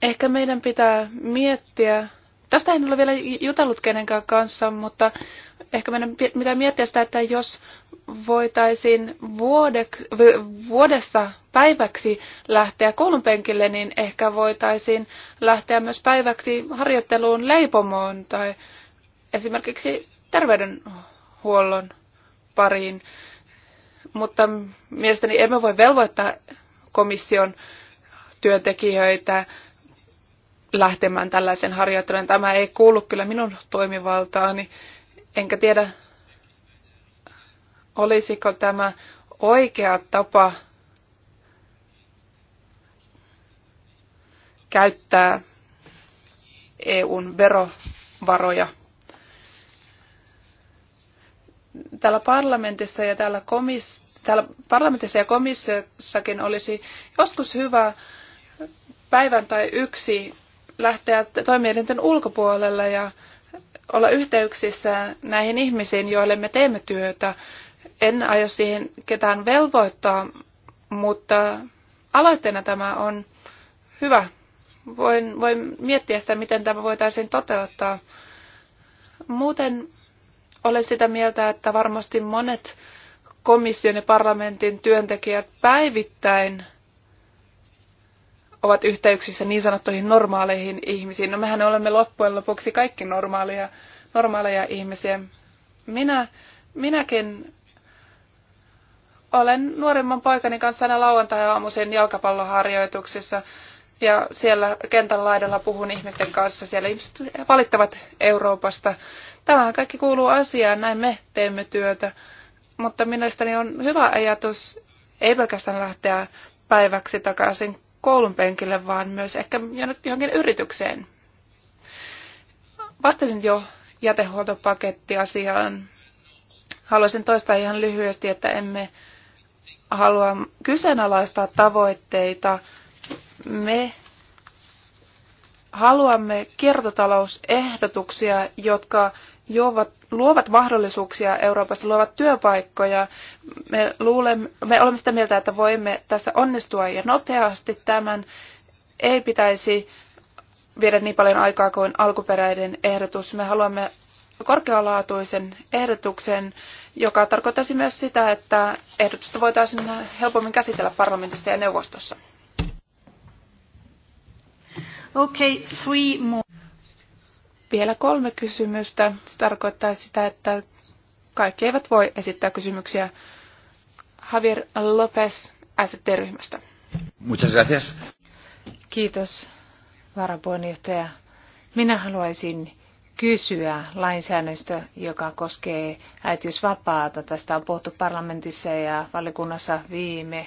Ehkä meidän pitää miettiä Tästä en ole vielä jutellut kenenkään kanssa, mutta ehkä meidän pitää miettiä sitä, että jos voitaisiin vuodeksi, vuodessa päiväksi lähteä koulun penkille, niin ehkä voitaisiin lähteä myös päiväksi harjoitteluun leipomoon tai esimerkiksi terveydenhuollon pariin. Mutta mielestäni emme voi velvoittaa komission työntekijöitä lähtemään tällaisen harjoittelun. Tämä ei kuulu kyllä minun toimivaltaani, enkä tiedä, olisiko tämä oikea tapa käyttää EUn verovaroja. Täällä parlamentissa ja täällä, komis, täällä parlamentissa ja komissiossakin olisi joskus hyvä päivän tai yksi lähteä toimielinten ulkopuolelle ja olla yhteyksissä näihin ihmisiin, joille me teemme työtä. En aio siihen ketään velvoittaa, mutta aloitteena tämä on hyvä. Voin, voin miettiä sitä, miten tämä voitaisiin toteuttaa. Muuten olen sitä mieltä, että varmasti monet komission ja parlamentin työntekijät päivittäin ovat yhteyksissä niin sanottuihin normaaleihin ihmisiin. No mehän olemme loppujen lopuksi kaikki normaaleja, normaaleja ihmisiä. Minä, minäkin olen nuoremman poikani kanssa aina lauantai-aamuisin jalkapalloharjoituksissa ja siellä kentän laidalla puhun ihmisten kanssa. Siellä ihmiset valittavat Euroopasta. Tämähän kaikki kuuluu asiaan, näin me teemme työtä. Mutta mielestäni on hyvä ajatus ei pelkästään lähteä päiväksi takaisin koulun penkille, vaan myös ehkä johonkin yritykseen. Vastasin jo jätehuoltopakettiasiaan. Haluaisin toistaa ihan lyhyesti, että emme halua kyseenalaistaa tavoitteita. Me haluamme kiertotalousehdotuksia, jotka juovat, luovat mahdollisuuksia Euroopassa, luovat työpaikkoja. Me, luulemme, me olemme sitä mieltä, että voimme tässä onnistua ja nopeasti tämän ei pitäisi viedä niin paljon aikaa kuin alkuperäinen ehdotus. Me haluamme korkealaatuisen ehdotuksen, joka tarkoittaisi myös sitä, että ehdotusta voitaisiin helpommin käsitellä parlamentissa ja neuvostossa. Okay, three more. Vielä kolme kysymystä. Se tarkoittaa sitä, että kaikki eivät voi esittää kysymyksiä. Javier Lopez ST-ryhmästä. Muchas gracias. Kiitos, varapuheenjohtaja. Minä haluaisin kysyä lainsäädännöstä, joka koskee äitiysvapaata. Tästä on puhuttu parlamentissa ja valikunnassa viime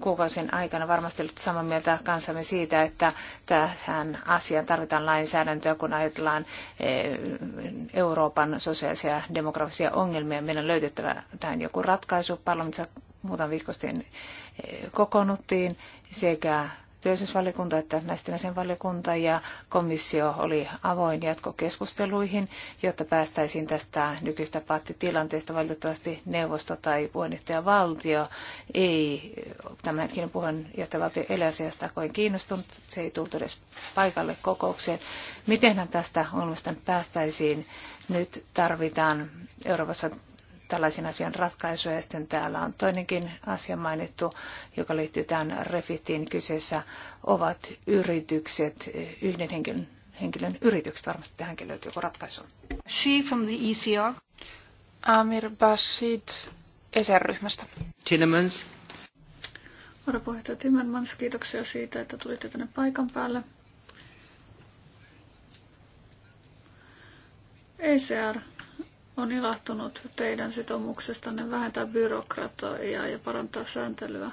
kuukausien aikana varmasti olette samaa mieltä kanssamme siitä, että tähän asiaan tarvitaan lainsäädäntöä, kun ajatellaan eh, Euroopan sosiaalisia ja demografisia ongelmia. Meidän on löydettävä tähän joku ratkaisu. Parlamentissa muutaman viikko sitten eh, kokoonnuttiin sekä työllisyysvaliokunta että naisten asian valiokunta ja komissio oli avoin jatkokeskusteluihin, jotta päästäisiin tästä nykyistä pattitilanteesta. Valitettavasti neuvosto tai puheenjohtajavaltio ei tämänhetkinen puheenjohtajavaltio eläasiasta koin kiinnostunut. Se ei tullut edes paikalle kokoukseen. Mitenhän tästä ongelmasta päästäisiin? Nyt tarvitaan Euroopassa tällaisen asian ratkaisuja. Ja sitten täällä on toinenkin asia mainittu, joka liittyy tähän refitiin. Kyseessä ovat yritykset, yhden henkilön, henkilön yritykset. Varmasti tähänkin löytyy joku ratkaisu. She from the ECR. Amir Bashid ESR-ryhmästä. Tillemans. Varapuheenjohtaja Timmermans, kiitoksia siitä, että tulitte tänne paikan päälle. ECR on ilahtunut teidän sitoumuksestanne vähentää byrokratiaa ja parantaa sääntelyä.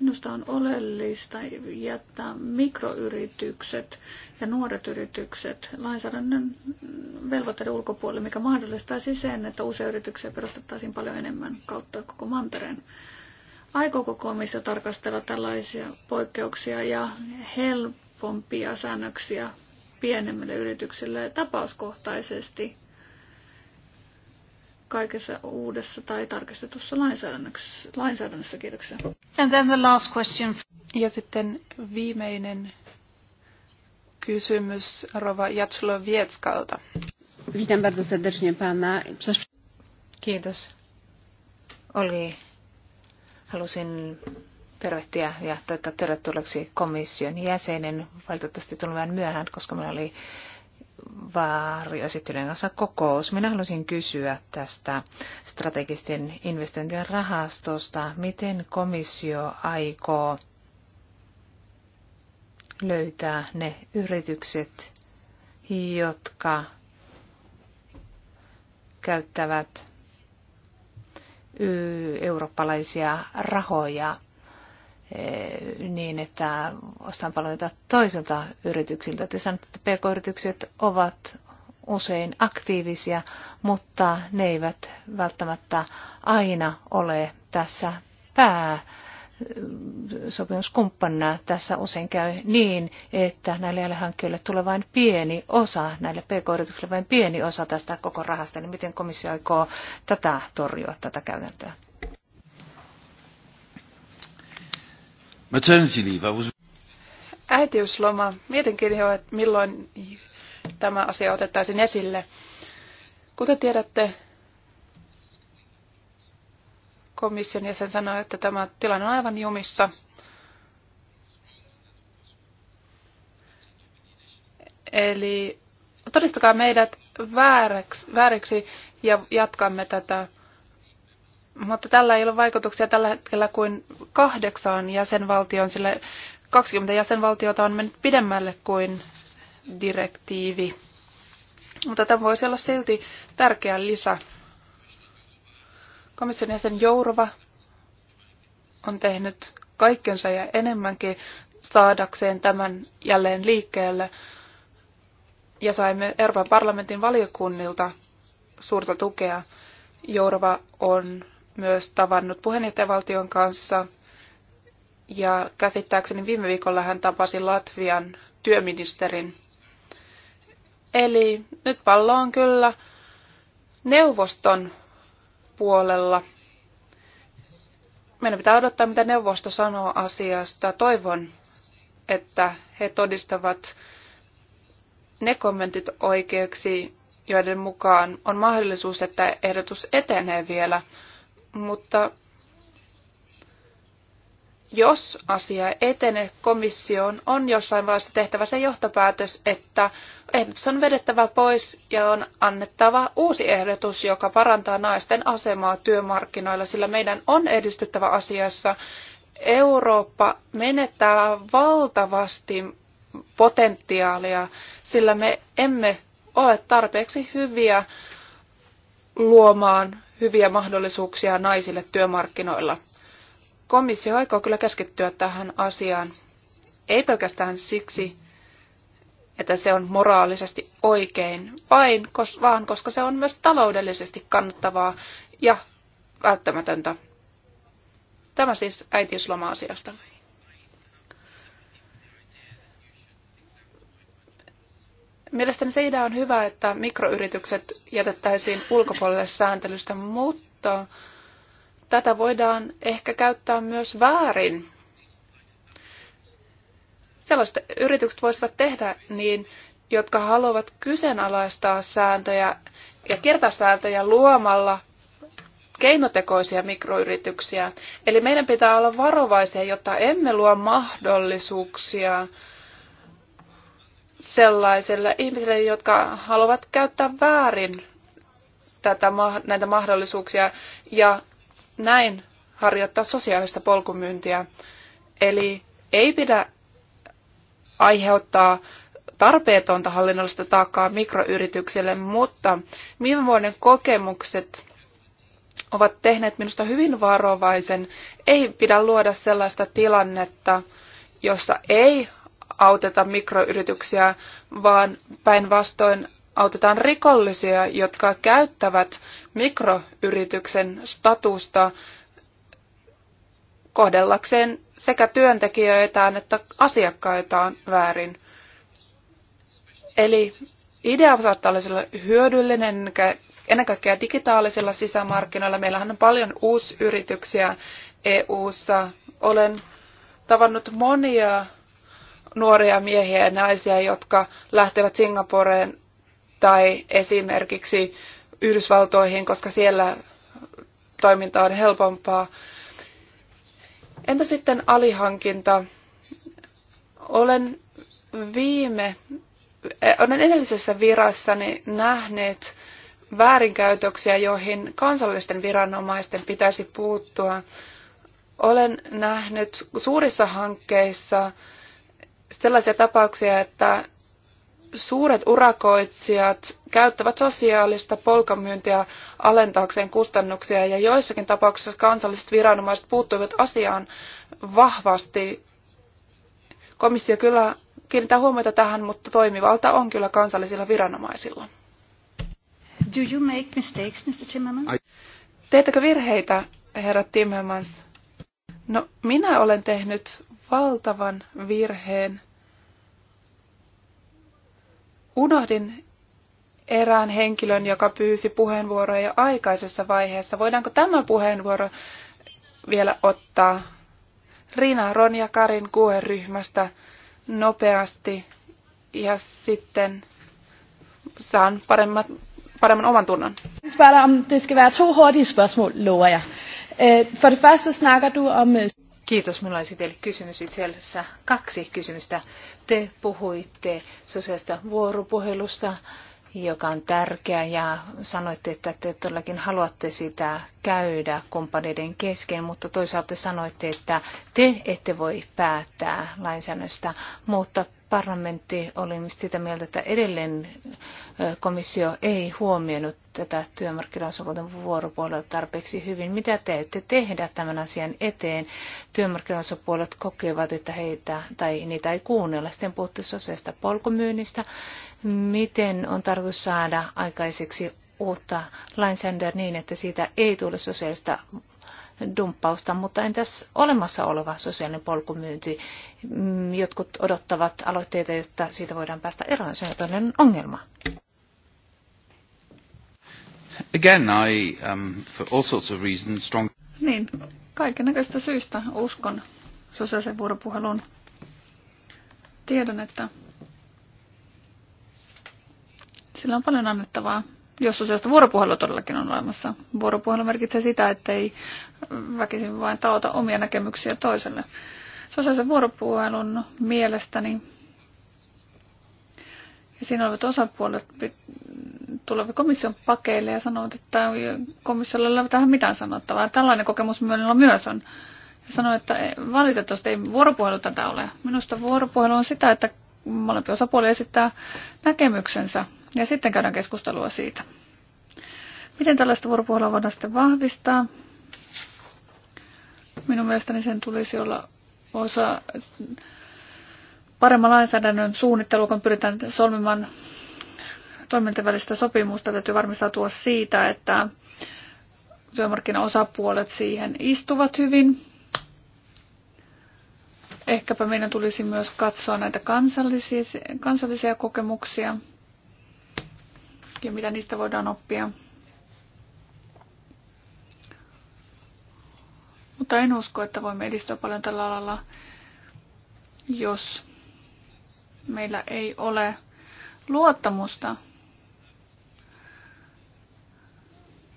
Minusta on oleellista jättää mikroyritykset ja nuoret yritykset lainsäädännön velvoitteiden ulkopuolelle, mikä mahdollistaisi sen, että uusia yrityksiä perustettaisiin paljon enemmän kautta koko mantereen. Aikooko komissio tarkastella tällaisia poikkeuksia ja helpompia säännöksiä pienemmille yrityksille tapauskohtaisesti – kaikessa uudessa tai tarkistetussa lainsäädännössä. kiitoksia. And then the last question. Ja sitten viimeinen kysymys Rova Jatslowieckalta. Witam bardzo serdecznie pana. Kiitos. Oli. Halusin tervehtiä ja toivottaa tervetulleeksi komission jäsenen. Valitettavasti tulin vähän myöhään, koska meillä oli varjoesittelijän kanssa kokous. Minä haluaisin kysyä tästä strategisten investointien rahastosta. Miten komissio aikoo löytää ne yritykset, jotka käyttävät eurooppalaisia rahoja Eh, niin, että ostan palveluita toiselta yrityksiltä. Te sanotte, että pk-yritykset ovat usein aktiivisia, mutta ne eivät välttämättä aina ole tässä pää sopimuskumppanina tässä usein käy niin, että näille alihankkijoille tulee vain pieni osa, näille pk-yrityksille vain pieni osa tästä koko rahasta, niin miten komissio aikoo tätä torjua, tätä käytäntöä? Maternity leave, I was... Äitiysloma. Mietinkin jo, että milloin tämä asia otettaisiin esille. Kuten tiedätte, komission jäsen sanoi, että tämä tilanne on aivan jumissa. Eli todistakaa meidät vääräksi, vääräksi ja jatkamme tätä mutta tällä ei ole vaikutuksia tällä hetkellä kuin kahdeksaan jäsenvaltioon, sillä 20 jäsenvaltiota on mennyt pidemmälle kuin direktiivi. Mutta tämä voisi olla silti tärkeä lisä. Komission jäsen Jourova on tehnyt kaikkensa ja enemmänkin saadakseen tämän jälleen liikkeelle. Ja saimme Euroopan parlamentin valiokunnilta suurta tukea. Jourova on myös tavannut puheenjohtajavaltion kanssa. Ja käsittääkseni viime viikolla hän tapasi Latvian työministerin. Eli nyt pallo on kyllä neuvoston puolella. Meidän pitää odottaa, mitä neuvosto sanoo asiasta. Toivon, että he todistavat ne kommentit oikeaksi, joiden mukaan on mahdollisuus, että ehdotus etenee vielä mutta jos asia ei etene komission, on jossain vaiheessa tehtävä se johtopäätös, että ehdotus on vedettävä pois ja on annettava uusi ehdotus, joka parantaa naisten asemaa työmarkkinoilla, sillä meidän on edistyttävä asiassa. Eurooppa menettää valtavasti potentiaalia, sillä me emme ole tarpeeksi hyviä luomaan hyviä mahdollisuuksia naisille työmarkkinoilla. Komissio aikoo kyllä keskittyä tähän asiaan, ei pelkästään siksi, että se on moraalisesti oikein, vain, vaan koska se on myös taloudellisesti kannattavaa ja välttämätöntä. Tämä siis äitiysloma-asiasta. Mielestäni se idea on hyvä, että mikroyritykset jätettäisiin ulkopuolelle sääntelystä, mutta tätä voidaan ehkä käyttää myös väärin. Sellaiset yritykset voisivat tehdä niin, jotka haluavat kyseenalaistaa sääntöjä ja kertasääntöjä luomalla keinotekoisia mikroyrityksiä. Eli meidän pitää olla varovaisia, jotta emme luo mahdollisuuksia sellaisille ihmisille, jotka haluavat käyttää väärin tätä, näitä mahdollisuuksia ja näin harjoittaa sosiaalista polkumyyntiä. Eli ei pidä aiheuttaa tarpeetonta hallinnollista taakkaa mikroyrityksille, mutta viime vuoden kokemukset ovat tehneet minusta hyvin varovaisen. Ei pidä luoda sellaista tilannetta, jossa ei auteta mikroyrityksiä, vaan päinvastoin autetaan rikollisia, jotka käyttävät mikroyrityksen statusta kohdellakseen sekä työntekijöitään että asiakkaitaan väärin. Eli idea saattaa olla hyödyllinen, ennen kaikkea digitaalisilla sisämarkkinoilla. Meillähän on paljon uusyrityksiä EU-ssa. Olen tavannut monia nuoria miehiä ja naisia, jotka lähtevät Singaporeen tai esimerkiksi Yhdysvaltoihin, koska siellä toiminta on helpompaa. Entä sitten alihankinta? Olen viime, eh, olen edellisessä virassani nähneet väärinkäytöksiä, joihin kansallisten viranomaisten pitäisi puuttua. Olen nähnyt suurissa hankkeissa sellaisia tapauksia, että suuret urakoitsijat käyttävät sosiaalista polkamyyntiä alentaakseen kustannuksia ja joissakin tapauksissa kansalliset viranomaiset puuttuivat asiaan vahvasti. Komissio kyllä kiinnittää huomiota tähän, mutta toimivalta on kyllä kansallisilla viranomaisilla. Do you make mistakes, Mr. Timmermans? I... virheitä, herra Timmermans? No, minä olen tehnyt valtavan virheen. Unohdin erään henkilön, joka pyysi puheenvuoroa jo aikaisessa vaiheessa. Voidaanko tämä puheenvuoro vielä ottaa? Rina, Ronja Karin QE-ryhmästä nopeasti ja sitten saan paremmat, paremman oman tunnon. Det ska vara två hurtiga spørgsmål, lovar jag. Øh, För det första snackar du om øh, Kiitos. Minulla olisi teille kysymys itse asiassa kaksi kysymystä. Te puhuitte sosiaalista vuoropuhelusta joka on tärkeä ja sanoitte, että te todellakin haluatte sitä käydä kumppaneiden kesken, mutta toisaalta sanoitte, että te ette voi päättää lainsäädännöstä, mutta parlamentti oli sitä mieltä, että edelleen komissio ei huomioinut tätä työmarkkinaosapuolten vuoropuolella tarpeeksi hyvin. Mitä te ette tehdä tämän asian eteen? Työmarkkinaosapuolet kokevat, että heitä tai niitä ei kuunnella. Sitten puhutte sosiaalista polkumyynnistä miten on tarkoitus saada aikaiseksi uutta lainsäädäntöä niin, että siitä ei tule sosiaalista dumppausta, mutta entäs olemassa oleva sosiaalinen polkumyynti? Mm, jotkut odottavat aloitteita, jotta siitä voidaan päästä eroon. Se on ongelma. Again, I, um, for all sorts of reasons, strong... Niin, näköistä syystä uskon sosiaalisen vuoropuhelun. Tiedän, että sillä on paljon annettavaa, jos useasta vuoropuhelua todellakin on olemassa. Vuoropuhelu merkitsee sitä, että ei väkisin vain taota omia näkemyksiä toiselle. Sosiaalisen vuoropuhelun mielestäni ja siinä olevat osapuolet tulevat komission pakeille ja sanovat, että komissiolla ei ole tähän mitään sanottavaa. Tällainen kokemus meillä myös on. Ja sanoi, että valitettavasti ei vuoropuhelu tätä ole. Minusta vuoropuhelu on sitä, että molempi osapuoli esittää näkemyksensä ja sitten käydään keskustelua siitä. Miten tällaista vuoropuhelua voidaan sitten vahvistaa? Minun mielestäni sen tulisi olla osa paremman lainsäädännön suunnittelua, kun pyritään solmimaan toimintavälistä sopimusta. Täytyy varmistautua siitä, että työmarkkinaosapuolet siihen istuvat hyvin. Ehkäpä meidän tulisi myös katsoa näitä kansallisia, kansallisia kokemuksia – ja mitä niistä voidaan oppia. Mutta en usko, että voimme edistyä paljon tällä alalla, jos meillä ei ole luottamusta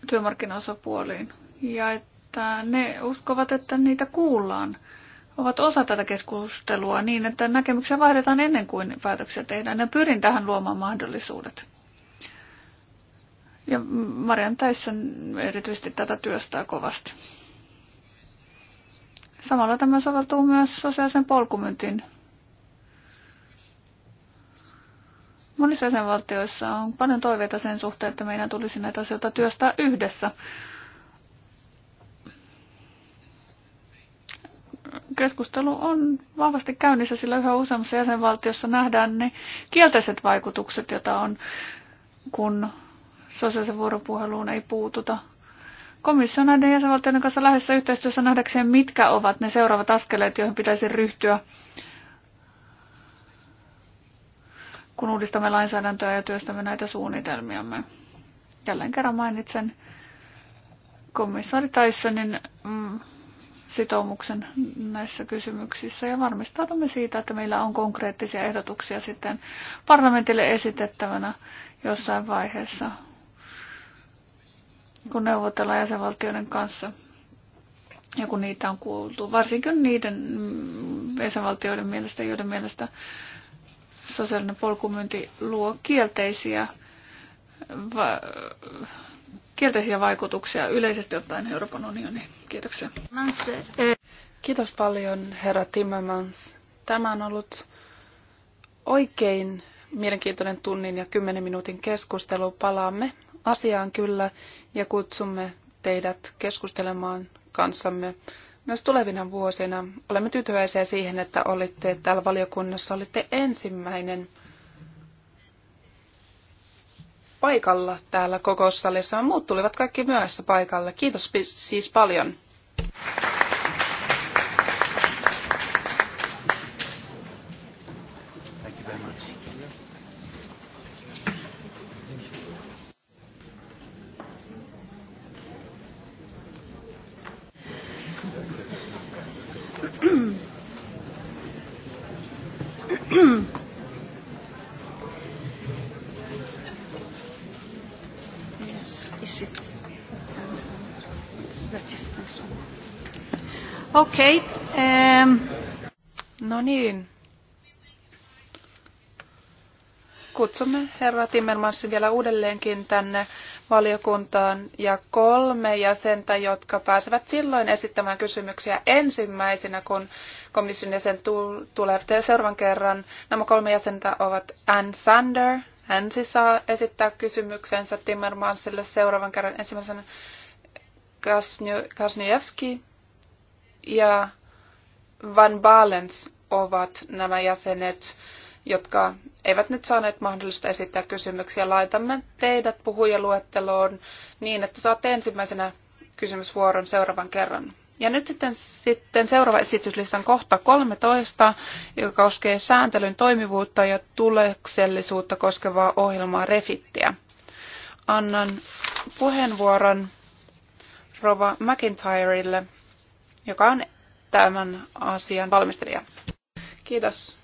työmarkkinaosapuoliin ja että ne uskovat, että niitä kuullaan, ovat osa tätä keskustelua niin, että näkemyksiä vaihdetaan ennen kuin päätöksiä tehdään. Ja pyrin tähän luomaan mahdollisuudet. Ja Marian Täissen erityisesti tätä työstää kovasti. Samalla tämä soveltuu myös sosiaalisen polkumyntin. Monissa jäsenvaltioissa on paljon toiveita sen suhteen, että meidän tulisi näitä asioita työstää yhdessä. Keskustelu on vahvasti käynnissä, sillä yhä useammassa jäsenvaltiossa nähdään ne kielteiset vaikutukset, joita on, kun sosiaalisen vuoropuheluun ei puututa. Komissio on näiden jäsenvaltioiden kanssa läheisessä yhteistyössä nähdäkseen, mitkä ovat ne seuraavat askeleet, joihin pitäisi ryhtyä, kun uudistamme lainsäädäntöä ja työstämme näitä suunnitelmiamme. Jälleen kerran mainitsen komissaari Tysonin mm, sitoumuksen näissä kysymyksissä ja varmistaudumme siitä, että meillä on konkreettisia ehdotuksia sitten parlamentille esitettävänä jossain vaiheessa kun neuvotellaan jäsenvaltioiden kanssa ja kun niitä on kuultu, varsinkin niiden jäsenvaltioiden mielestä, joiden mielestä sosiaalinen polkumyynti luo kielteisiä, va- kielteisiä vaikutuksia yleisesti ottaen Euroopan unioniin. Kiitoksia. Kiitos paljon, herra Timmermans. Tämä on ollut oikein mielenkiintoinen tunnin ja kymmenen minuutin keskustelu. Palaamme asiaan kyllä ja kutsumme teidät keskustelemaan kanssamme myös tulevina vuosina. Olemme tyytyväisiä siihen, että olitte täällä valiokunnassa, olitte ensimmäinen paikalla täällä kokoussalissa. Muut tulivat kaikki myöhässä paikalle. Kiitos siis paljon. Okei. Okay. Ähm. No niin. Kutsumme herra Timmermansin vielä uudelleenkin tänne valiokuntaan ja kolme jäsentä, jotka pääsevät silloin esittämään kysymyksiä ensimmäisenä, kun komission jäsen tulee seuraavan kerran. Nämä kolme jäsentä ovat Ann Sander, hän siis saa esittää kysymyksensä Timmermansille seuraavan kerran ensimmäisenä Kasnyevski ja Van Balens ovat nämä jäsenet, jotka eivät nyt saaneet mahdollista esittää kysymyksiä. Laitamme teidät puhujaluetteloon niin, että saatte ensimmäisenä kysymysvuoron seuraavan kerran. Ja nyt sitten, sitten seuraava esityslistan kohta 13, joka koskee sääntelyn toimivuutta ja tuleksellisuutta koskevaa ohjelmaa Refittiä. Annan puheenvuoron Rova McIntyrelle joka on tämän asian valmistelija. Kiitos.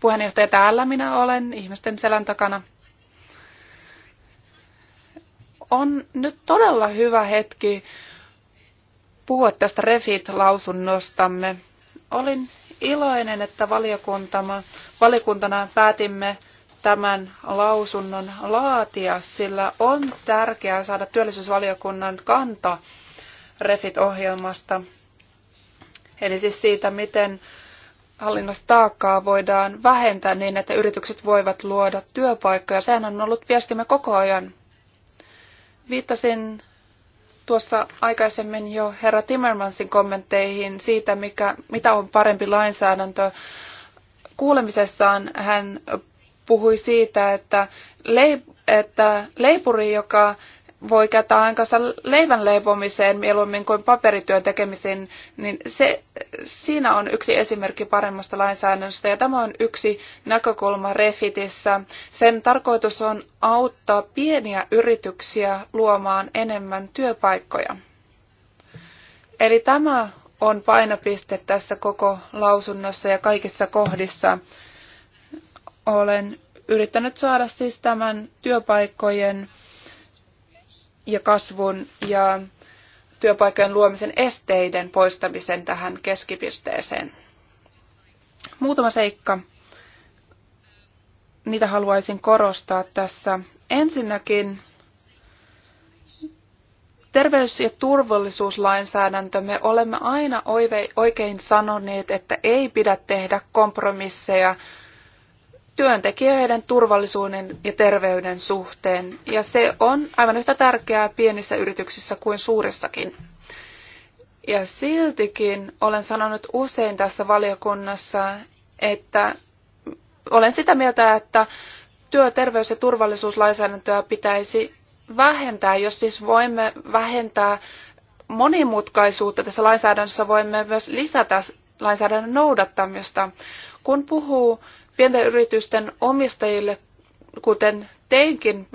Puheenjohtaja täällä minä olen ihmisten selän takana. On nyt todella hyvä hetki puhua tästä Refit-lausunnostamme. Olin iloinen, että valiokuntana, päätimme tämän lausunnon laatia, sillä on tärkeää saada työllisyysvaliokunnan kanta Refit-ohjelmasta eli siis siitä, miten hallinnosta taakkaa voidaan vähentää niin, että yritykset voivat luoda työpaikkoja. Sehän on ollut viestimme koko ajan. Viittasin tuossa aikaisemmin jo herra Timmermansin kommentteihin siitä, mikä, mitä on parempi lainsäädäntö. Kuulemisessaan hän puhui siitä, että, että leipuri, joka voi käyttää aikansa leivän leipomiseen mieluummin kuin paperityön tekemiseen, niin se, siinä on yksi esimerkki paremmasta lainsäädännöstä. Ja tämä on yksi näkökulma Refitissä. Sen tarkoitus on auttaa pieniä yrityksiä luomaan enemmän työpaikkoja. Eli tämä on painopiste tässä koko lausunnossa ja kaikissa kohdissa. Olen yrittänyt saada siis tämän työpaikkojen ja kasvun ja työpaikkojen luomisen esteiden poistamisen tähän keskipisteeseen. Muutama seikka. Niitä haluaisin korostaa tässä. Ensinnäkin terveys- ja turvallisuuslainsäädäntö, me olemme aina oikein sanoneet, että ei pidä tehdä kompromisseja työntekijöiden turvallisuuden ja terveyden suhteen. Ja se on aivan yhtä tärkeää pienissä yrityksissä kuin suurissakin. Ja siltikin olen sanonut usein tässä valiokunnassa, että olen sitä mieltä, että työterveys- ja turvallisuuslainsäädäntöä pitäisi vähentää, jos siis voimme vähentää monimutkaisuutta tässä lainsäädännössä, voimme myös lisätä lainsäädännön noudattamista. Kun puhuu pienten yritysten omistajille, kuten teinkin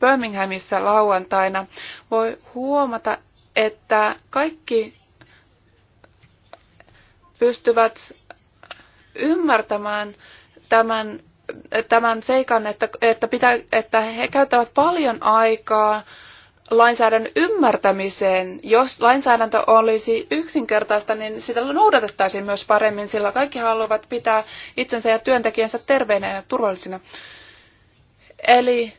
Birminghamissa lauantaina, voi huomata, että kaikki pystyvät ymmärtämään tämän, tämän seikan, että, että, pitää, että he käyttävät paljon aikaa lainsäädännön ymmärtämiseen. Jos lainsäädäntö olisi yksinkertaista, niin sitä noudatettaisiin myös paremmin, sillä kaikki haluavat pitää itsensä ja työntekijänsä terveinä ja turvallisina. Eli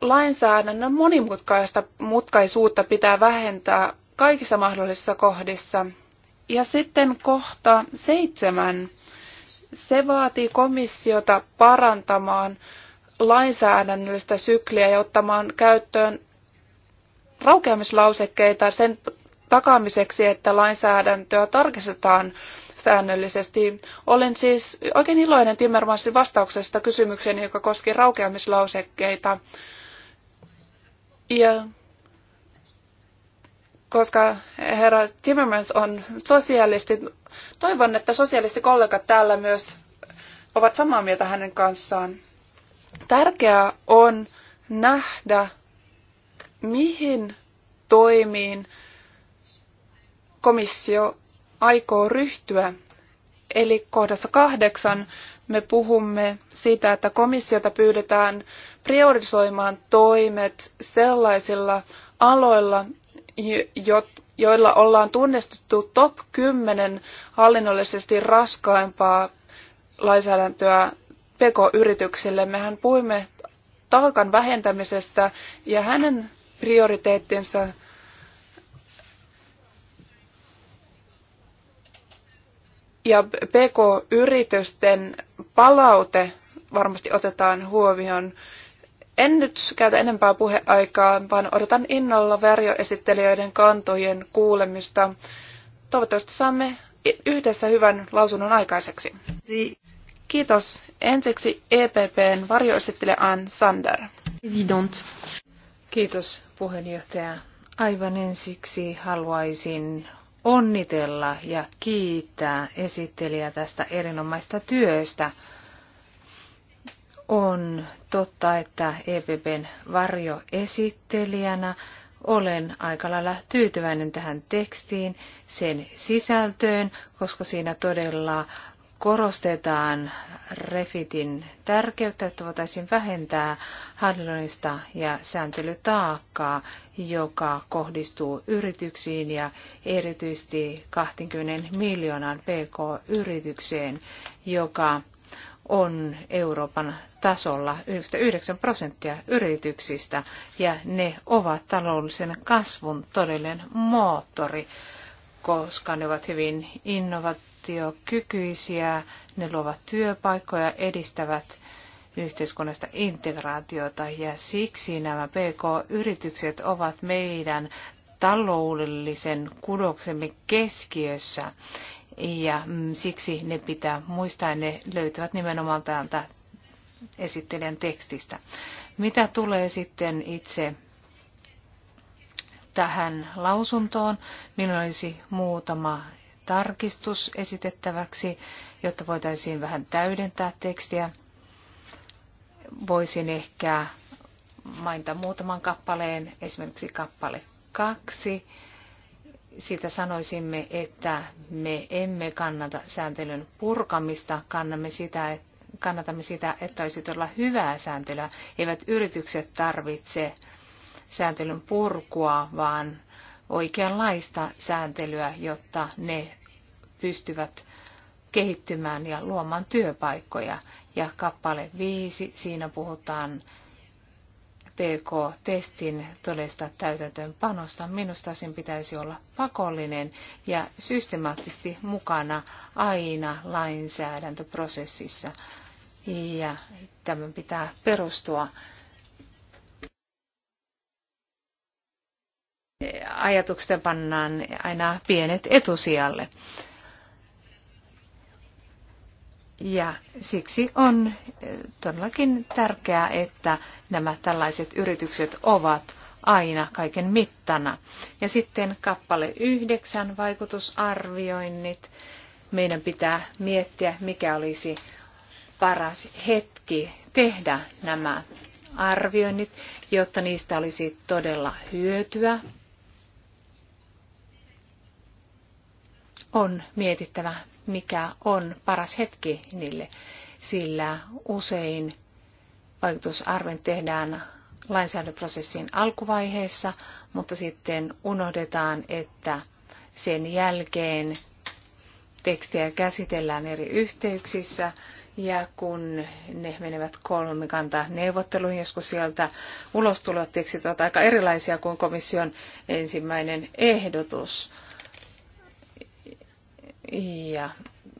lainsäädännön monimutkaista mutkaisuutta pitää vähentää kaikissa mahdollisissa kohdissa. Ja sitten kohta seitsemän. Se vaatii komissiota parantamaan lainsäädännöllistä sykliä ja ottamaan käyttöön raukeamislausekkeita sen takaamiseksi, että lainsäädäntöä tarkistetaan säännöllisesti. Olen siis oikein iloinen Timmermansin vastauksesta kysymykseen, joka koski raukeamislausekkeita. Ja koska herra Timmermans on sosialisti, toivon, että sosialistikollegat täällä myös ovat samaa mieltä hänen kanssaan. Tärkeää on nähdä mihin toimiin komissio aikoo ryhtyä. Eli kohdassa kahdeksan me puhumme siitä, että komissiota pyydetään priorisoimaan toimet sellaisilla aloilla, joilla ollaan tunnistettu top 10 hallinnollisesti raskaimpaa lainsäädäntöä PK-yrityksille. Mehän puhumme taakan vähentämisestä ja hänen prioriteettinsa. Ja PK-yritysten palaute varmasti otetaan huomioon. En nyt käytä enempää puheaikaa, vaan odotan innolla värjoesittelijöiden kantojen kuulemista. Toivottavasti saamme yhdessä hyvän lausunnon aikaiseksi. Kiitos. Ensiksi EPPn varjoesittelijä Ann Sander. President. Kiitos puheenjohtaja. Aivan ensiksi haluaisin onnitella ja kiittää esittelijä tästä erinomaista työstä. On totta, että EPPn varjoesittelijänä olen aika lailla tyytyväinen tähän tekstiin, sen sisältöön, koska siinä todella korostetaan refitin tärkeyttä, että voitaisiin vähentää hallinnollista ja sääntelytaakkaa, joka kohdistuu yrityksiin ja erityisesti 20 miljoonan pk-yritykseen, joka on Euroopan tasolla 99 prosenttia yrityksistä ja ne ovat taloudellisen kasvun todellinen moottori, koska ne ovat hyvin innovatiivisia innovaatiokykyisiä, ne luovat työpaikkoja, edistävät yhteiskunnasta integraatiota ja siksi nämä PK-yritykset ovat meidän taloudellisen kudoksemme keskiössä ja mm, siksi ne pitää muistaa, ne löytyvät nimenomaan täältä esittelijän tekstistä. Mitä tulee sitten itse tähän lausuntoon, niin olisi muutama tarkistus esitettäväksi, jotta voitaisiin vähän täydentää tekstiä. Voisin ehkä mainita muutaman kappaleen, esimerkiksi kappale kaksi. Siitä sanoisimme, että me emme kannata sääntelyn purkamista, kannamme sitä, että kannatamme sitä, että olisi todella hyvää sääntelyä. Eivät yritykset tarvitse sääntelyn purkua, vaan oikeanlaista sääntelyä, jotta ne pystyvät kehittymään ja luomaan työpaikkoja. Ja kappale 5, siinä puhutaan PK-testin todesta täytäntöönpanosta. Minusta sen pitäisi olla pakollinen ja systemaattisesti mukana aina lainsäädäntöprosessissa. Ja tämän pitää perustua ajatuksesta pannaan aina pienet etusijalle. Ja siksi on eh, todellakin tärkeää, että nämä tällaiset yritykset ovat aina kaiken mittana. Ja sitten kappale yhdeksän vaikutusarvioinnit. Meidän pitää miettiä, mikä olisi paras hetki tehdä nämä arvioinnit, jotta niistä olisi todella hyötyä on mietittävä, mikä on paras hetki niille, sillä usein vaikutusarven tehdään lainsäädäntöprosessin alkuvaiheessa, mutta sitten unohdetaan, että sen jälkeen tekstiä käsitellään eri yhteyksissä ja kun ne menevät kolmikanta neuvotteluihin, joskus sieltä ulos tulevat tekstit ovat aika erilaisia kuin komission ensimmäinen ehdotus. Ja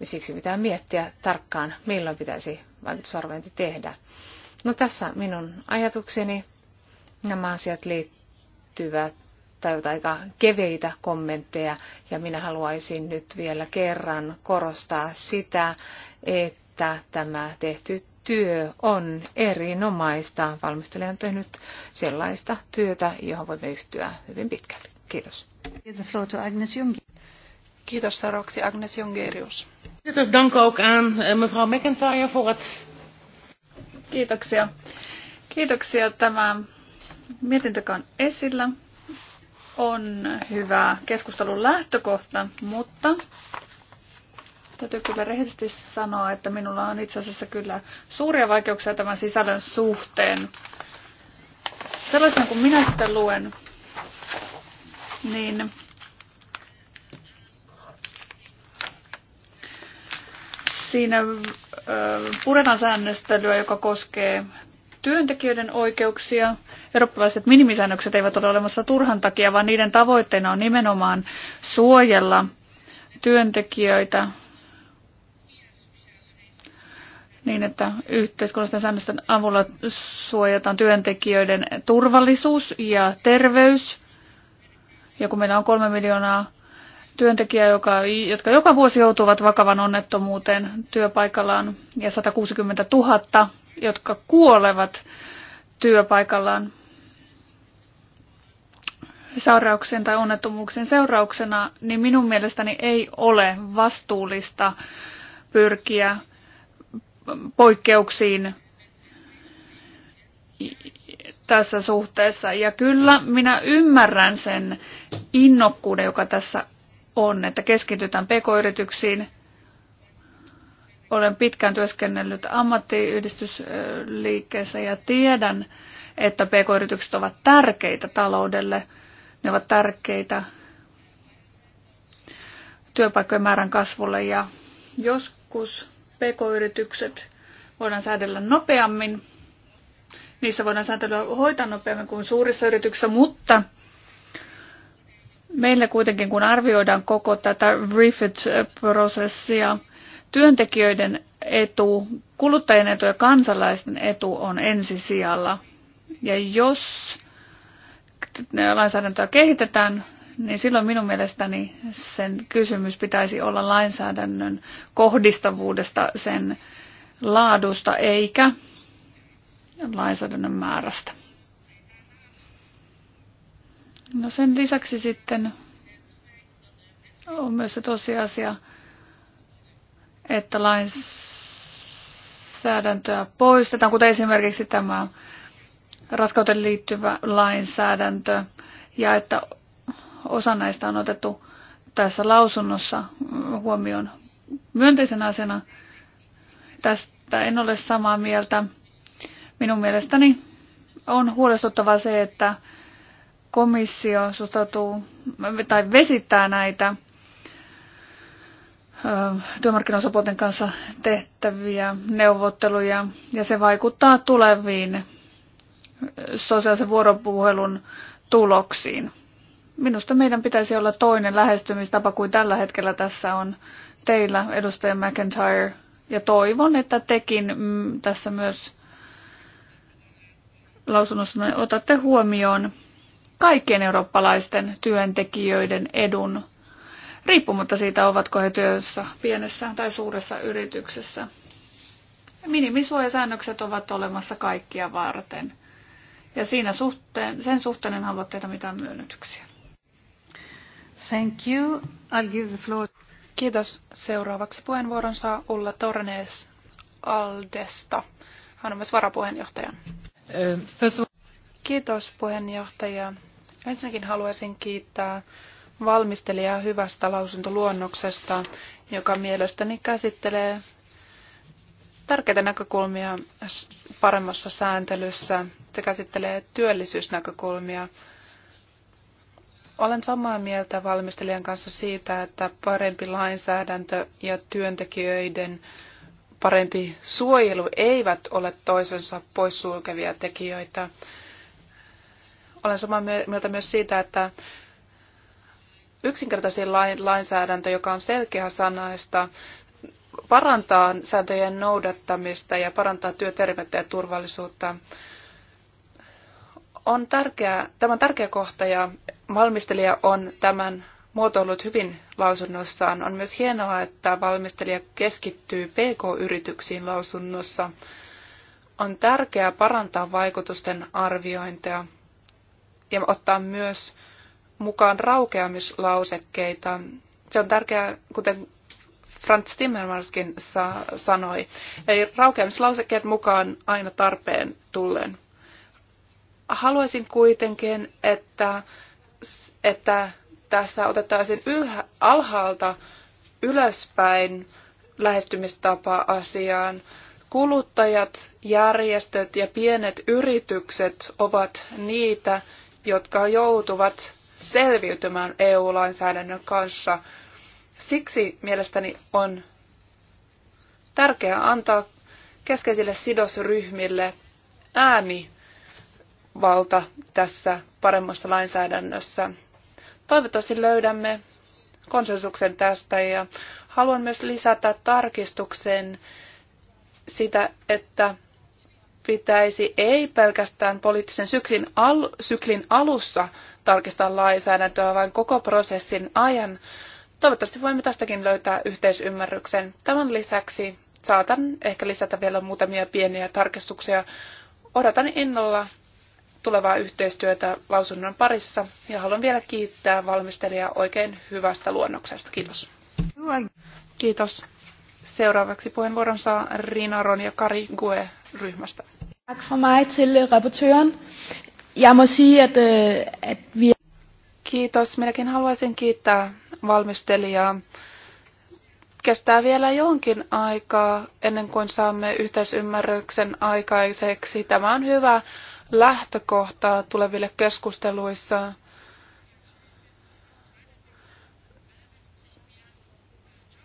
siksi pitää miettiä tarkkaan, milloin pitäisi vaikutusarviointi tehdä. No tässä minun ajatukseni. Nämä asiat liittyvät tai aika keveitä kommentteja ja minä haluaisin nyt vielä kerran korostaa sitä, että tämä tehty työ on erinomaista. Valmistelija on tehnyt sellaista työtä, johon voimme yhtyä hyvin pitkälti. Kiitos. Kiitos seuraavaksi Agnes Jongerius. Kiitos dank ook aan eh, mevrouw McIntyre voor het... Kiitoksia. Kiitoksia. Tämä mietintö, joka on esillä, on hyvä keskustelun lähtökohta, mutta täytyy kyllä rehellisesti sanoa, että minulla on itse asiassa kyllä suuria vaikeuksia tämän sisällön suhteen. Sellaisena kuin minä sitä luen, niin Siinä puretaan säännöstelyä, joka koskee työntekijöiden oikeuksia. Eurooppalaiset minimisäännökset eivät ole olemassa turhan takia, vaan niiden tavoitteena on nimenomaan suojella työntekijöitä niin, että yhteiskunnallisten säännösten avulla suojataan työntekijöiden turvallisuus ja terveys. Ja kun meillä on kolme miljoonaa työntekijää, joka, jotka joka vuosi joutuvat vakavan onnettomuuteen työpaikallaan ja 160 000, jotka kuolevat työpaikallaan sairauksien tai onnettomuuksien seurauksena, niin minun mielestäni ei ole vastuullista pyrkiä poikkeuksiin tässä suhteessa. Ja kyllä minä ymmärrän sen innokkuuden, joka tässä on, että keskitytään pk-yrityksiin. Olen pitkään työskennellyt ammattiyhdistysliikkeessä ja tiedän, että pk-yritykset ovat tärkeitä taloudelle. Ne ovat tärkeitä työpaikkojen määrän kasvulle ja joskus pk-yritykset voidaan säädellä nopeammin. Niissä voidaan sääntelyä hoitaa nopeammin kuin suurissa yrityksissä, mutta Meillä kuitenkin, kun arvioidaan koko tätä refit-prosessia, työntekijöiden etu, kuluttajien etu ja kansalaisten etu on ensisijalla. Ja jos lainsäädäntöä kehitetään, niin silloin minun mielestäni sen kysymys pitäisi olla lainsäädännön kohdistavuudesta, sen laadusta eikä lainsäädännön määrästä. No sen lisäksi sitten on myös se tosiasia, että lainsäädäntöä poistetaan, kuten esimerkiksi tämä raskauteen liittyvä lainsäädäntö, ja että osa näistä on otettu tässä lausunnossa huomioon myönteisenä asiana. Tästä en ole samaa mieltä. Minun mielestäni on huolestuttavaa se, että komissio suhtautuu tai vesittää näitä työmarkkinaosapuolten kanssa tehtäviä neuvotteluja ja se vaikuttaa tuleviin sosiaalisen vuoropuhelun tuloksiin. Minusta meidän pitäisi olla toinen lähestymistapa kuin tällä hetkellä tässä on teillä, edustaja McIntyre, ja toivon, että tekin mm, tässä myös lausunnossa otatte huomioon kaikkien eurooppalaisten työntekijöiden edun, riippumatta siitä, ovatko he työssä pienessä tai suuressa yrityksessä. Minimisuojasäännökset ovat olemassa kaikkia varten. Ja siinä suhteen, sen suhteen en halua tehdä mitään myönnytyksiä. Thank you. I'll give the floor. Kiitos. Seuraavaksi puheenvuoron saa Ulla Tornees Aldesta. Hän on myös varapuheenjohtaja. Eh, first Kiitos puheenjohtaja. Ensinnäkin haluaisin kiittää valmistelijaa hyvästä lausuntoluonnoksesta, joka mielestäni käsittelee tärkeitä näkökulmia paremmassa sääntelyssä. Se käsittelee työllisyysnäkökulmia. Olen samaa mieltä valmistelijan kanssa siitä, että parempi lainsäädäntö ja työntekijöiden parempi suojelu eivät ole toisensa poissulkevia tekijöitä. Olen samaa mieltä myös siitä, että yksinkertaisin lainsäädäntö, joka on selkeä sanaista, parantaa sääntöjen noudattamista ja parantaa työterveyttä ja turvallisuutta. On tärkeää, tämä on tärkeä kohta ja valmistelija on tämän muotoillut hyvin lausunnossaan. On myös hienoa, että valmistelija keskittyy PK-yrityksiin lausunnossa. On tärkeää parantaa vaikutusten arviointia ja ottaa myös mukaan raukeamislausekkeita. Se on tärkeää, kuten Franz Timmermanskin sa- sanoi. Eli raukeamislausekkeet mukaan aina tarpeen tullen. Haluaisin kuitenkin, että, että tässä otettaisiin ylhä, alhaalta ylöspäin lähestymistapa asiaan. Kuluttajat, järjestöt ja pienet yritykset ovat niitä, jotka joutuvat selviytymään EU-lainsäädännön kanssa. Siksi mielestäni on tärkeää antaa keskeisille sidosryhmille ääni valta tässä paremmassa lainsäädännössä. Toivottavasti löydämme konsensuksen tästä ja haluan myös lisätä tarkistuksen sitä, että pitäisi ei pelkästään poliittisen syklin, al- syklin alussa tarkistaa lainsäädäntöä, vaan koko prosessin ajan. Toivottavasti voimme tästäkin löytää yhteisymmärryksen. Tämän lisäksi saatan ehkä lisätä vielä muutamia pieniä tarkistuksia. Odotan innolla tulevaa yhteistyötä lausunnon parissa ja haluan vielä kiittää valmistelijaa oikein hyvästä luonnoksesta. Kiitos. Kiitos. Seuraavaksi puheenvuoron saa Rina Ron ja Kari Gue ryhmästä. Tak for mig til øh, rapportøren. Jeg må sige, at, øh, at vi... Kiitos. Minäkin haluaisin kiittää valmistelijaa. Kestää vielä jonkin aikaa ennen kuin saamme yhteisymmärryksen aikaiseksi. Tämä on hyvä lähtökohta tuleville keskusteluissa.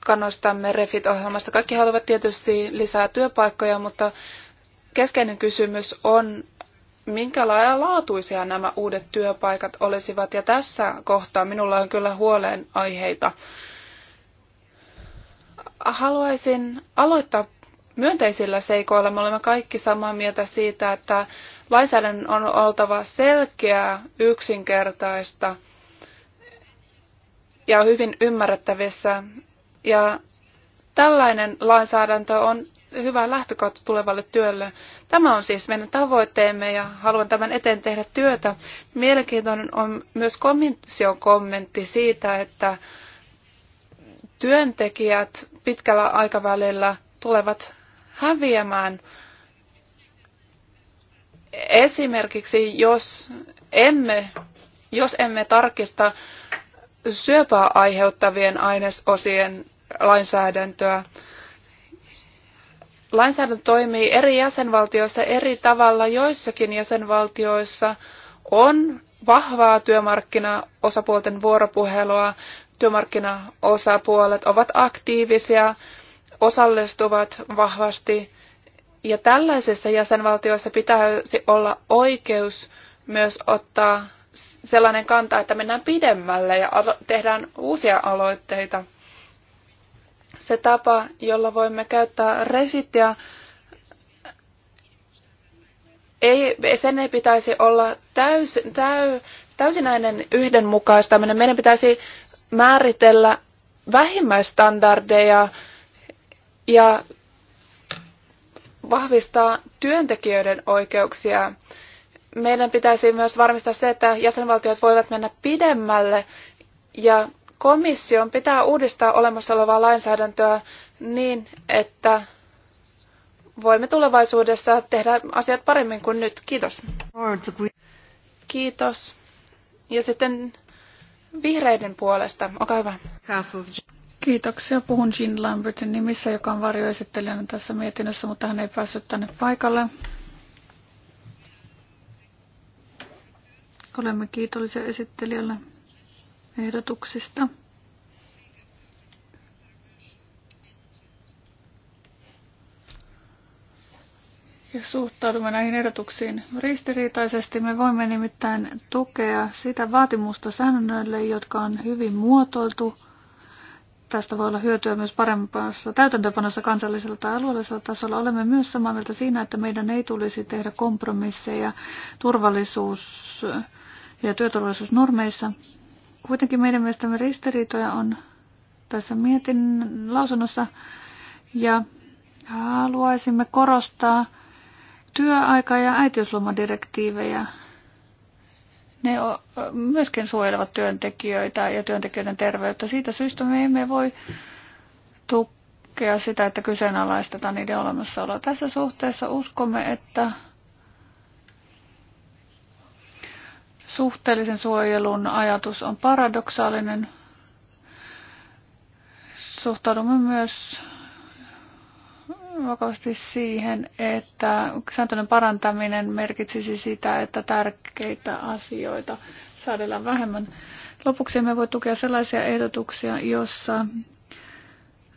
Kannoistamme Refit-ohjelmasta. Kaikki haluavat tietysti lisää työpaikkoja, mutta keskeinen kysymys on, minkä laatuisia nämä uudet työpaikat olisivat. Ja tässä kohtaa minulla on kyllä huolenaiheita. Haluaisin aloittaa myönteisillä seikoilla. Me olemme kaikki samaa mieltä siitä, että lainsäädännön on oltava selkeää, yksinkertaista ja hyvin ymmärrettävissä. Ja tällainen lainsäädäntö on hyvä lähtökohta tulevalle työlle. Tämä on siis meidän tavoitteemme ja haluan tämän eteen tehdä työtä. Mielenkiintoinen on myös komission kommentti siitä, että työntekijät pitkällä aikavälillä tulevat häviämään. Esimerkiksi jos emme, jos emme tarkista syöpää aiheuttavien ainesosien lainsäädäntöä, lainsäädäntö toimii eri jäsenvaltioissa eri tavalla. Joissakin jäsenvaltioissa on vahvaa työmarkkinaosapuolten vuoropuhelua. Työmarkkinaosapuolet ovat aktiivisia, osallistuvat vahvasti. Ja tällaisissa jäsenvaltioissa pitäisi olla oikeus myös ottaa sellainen kanta, että mennään pidemmälle ja tehdään uusia aloitteita se tapa, jolla voimme käyttää refittiä, ei, sen ei pitäisi olla täys, täy, täysinäinen yhdenmukaistaminen. Meidän pitäisi määritellä vähimmäistandardeja ja vahvistaa työntekijöiden oikeuksia. Meidän pitäisi myös varmistaa se, että jäsenvaltiot voivat mennä pidemmälle ja Komission pitää uudistaa olemassa olevaa lainsäädäntöä niin, että voimme tulevaisuudessa tehdä asiat paremmin kuin nyt. Kiitos. Kiitos. Ja sitten vihreiden puolesta. Olkaa hyvä. Kiitoksia. Puhun Jean Lambertin nimissä, joka on varjoesittelijänä tässä mietinnössä, mutta hän ei päässyt tänne paikalle. Olemme kiitollisia esittelijälle ehdotuksista. Jos suhtaudumme näihin ehdotuksiin ristiriitaisesti, me voimme nimittäin tukea sitä vaatimusta säännöille, jotka on hyvin muotoiltu. Tästä voi olla hyötyä myös parempassa täytäntöpanossa kansallisella tai alueellisella tasolla. Olemme myös samaa mieltä siinä, että meidän ei tulisi tehdä kompromisseja turvallisuus- ja työturvallisuusnormeissa. Kuitenkin meidän mielestämme ristiriitoja on tässä mietin lausunnossa ja haluaisimme korostaa työaika- ja äitiyslomadirektiivejä. Ne myöskin suojelevat työntekijöitä ja työntekijöiden terveyttä. Siitä syystä me emme voi tukea sitä, että kyseenalaistetaan niiden olemassaoloa. Tässä suhteessa uskomme, että Suhteellisen suojelun ajatus on paradoksaalinen. Suhtaudumme myös vakavasti siihen, että sääntelyn parantaminen merkitsisi sitä, että tärkeitä asioita säädellään vähemmän. Lopuksi me voi tukea sellaisia ehdotuksia, joissa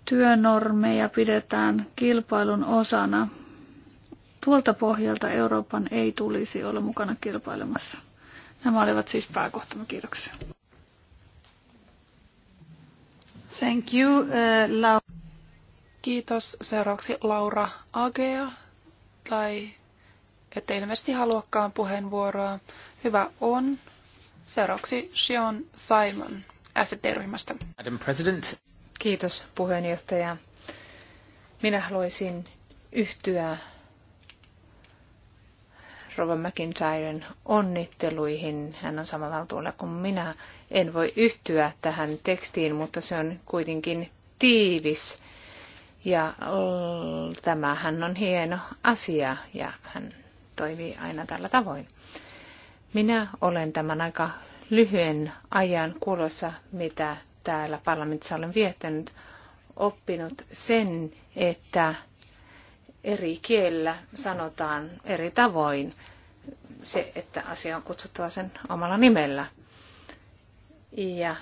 työnormeja pidetään kilpailun osana. Tuolta pohjalta Euroopan ei tulisi olla mukana kilpailemassa. Nämä olivat siis pääkohtamme. Kiitoksia. Thank you, uh, Laura. Kiitos. Seuraavaksi Laura Agea, tai ette ilmeisesti haluakaan puheenvuoroa. Hyvä on. Seuraavaksi Sean Simon sd ryhmästä Madam President. Kiitos puheenjohtaja. Minä haluaisin yhtyä Rova McIntyren onnitteluihin. Hän on samalla tuolla kuin minä. En voi yhtyä tähän tekstiin, mutta se on kuitenkin tiivis. Ja tämähän on hieno asia ja hän toimii aina tällä tavoin. Minä olen tämän aika lyhyen ajan kulossa, mitä täällä parlamentissa olen viettänyt, oppinut sen, että eri kielillä sanotaan eri tavoin se, että asia on kutsuttava sen omalla nimellä. Ja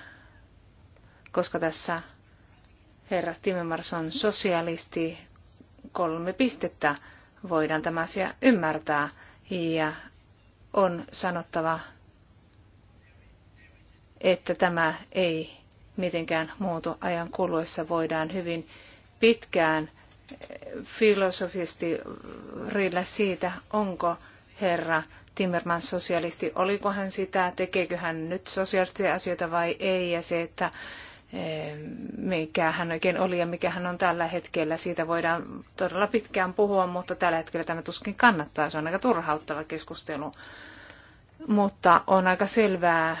koska tässä herra Timmermans on sosialisti, kolme pistettä voidaan tämä asia ymmärtää ja on sanottava, että tämä ei mitenkään muutu ajan kuluessa. Voidaan hyvin pitkään filosofisesti riillä siitä, onko herra Timmermans sosialisti, oliko hän sitä, tekeekö hän nyt sosiaalisia asioita vai ei, ja se, että eh, mikä hän oikein oli ja mikä hän on tällä hetkellä. Siitä voidaan todella pitkään puhua, mutta tällä hetkellä tämä tuskin kannattaa. Se on aika turhauttava keskustelu. Mutta on aika selvää,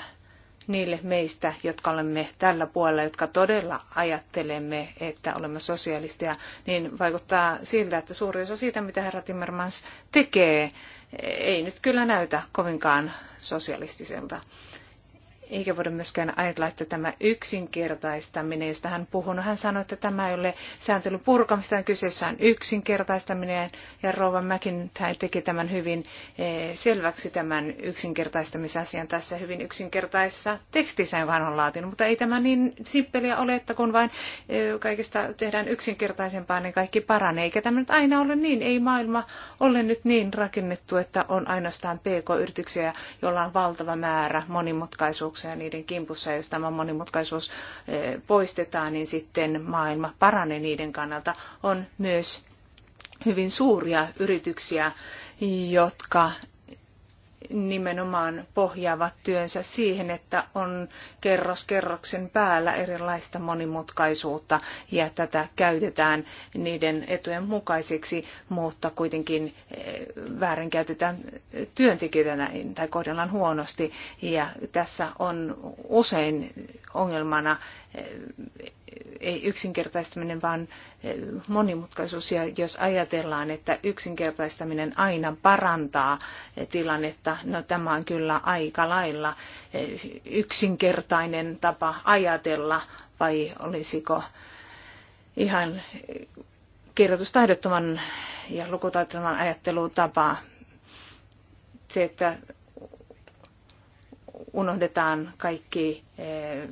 niille meistä, jotka olemme tällä puolella, jotka todella ajattelemme, että olemme sosialistia, niin vaikuttaa siltä, että suuri osa siitä, mitä herra Timmermans tekee, ei nyt kyllä näytä kovinkaan sosialistiselta. Eikä voida myöskään ajatella, että tämä yksinkertaistaminen, josta hän puhunut, no, hän sanoi, että tämä ei ole sääntelyn purkamista, kyseessä on yksinkertaistaminen, ja Rova McIntyre teki tämän hyvin eh, selväksi tämän yksinkertaistamisasian tässä hyvin yksinkertaisessa tekstissä, jonka hän on laatinut, mutta ei tämä niin simppeliä ole, että kun vain eh, kaikesta tehdään yksinkertaisempaa, niin kaikki paranee, eikä tämä nyt aina ole niin, ei maailma ole nyt niin rakennettu, että on ainoastaan pk-yrityksiä, joilla on valtava määrä monimutkaisuuksia rikoksia niiden kimpussa. Jos tämä monimutkaisuus e, poistetaan, niin sitten maailma paranee niiden kannalta. On myös hyvin suuria yrityksiä, jotka nimenomaan pohjaavat työnsä siihen, että on kerros kerroksen päällä erilaista monimutkaisuutta ja tätä käytetään niiden etujen mukaisiksi, mutta kuitenkin eh, väärinkäytetään työntekijöitä tai kohdellaan huonosti. Ja tässä on usein ongelmana eh, ei yksinkertaistaminen, vaan e, monimutkaisuus. Ja jos ajatellaan, että yksinkertaistaminen aina parantaa e, tilannetta, no tämä on kyllä aika lailla e, yksinkertainen tapa ajatella, vai olisiko ihan kirjoitustaidottoman ja lukutaidottoman ajattelutapa se, että unohdetaan kaikki eh,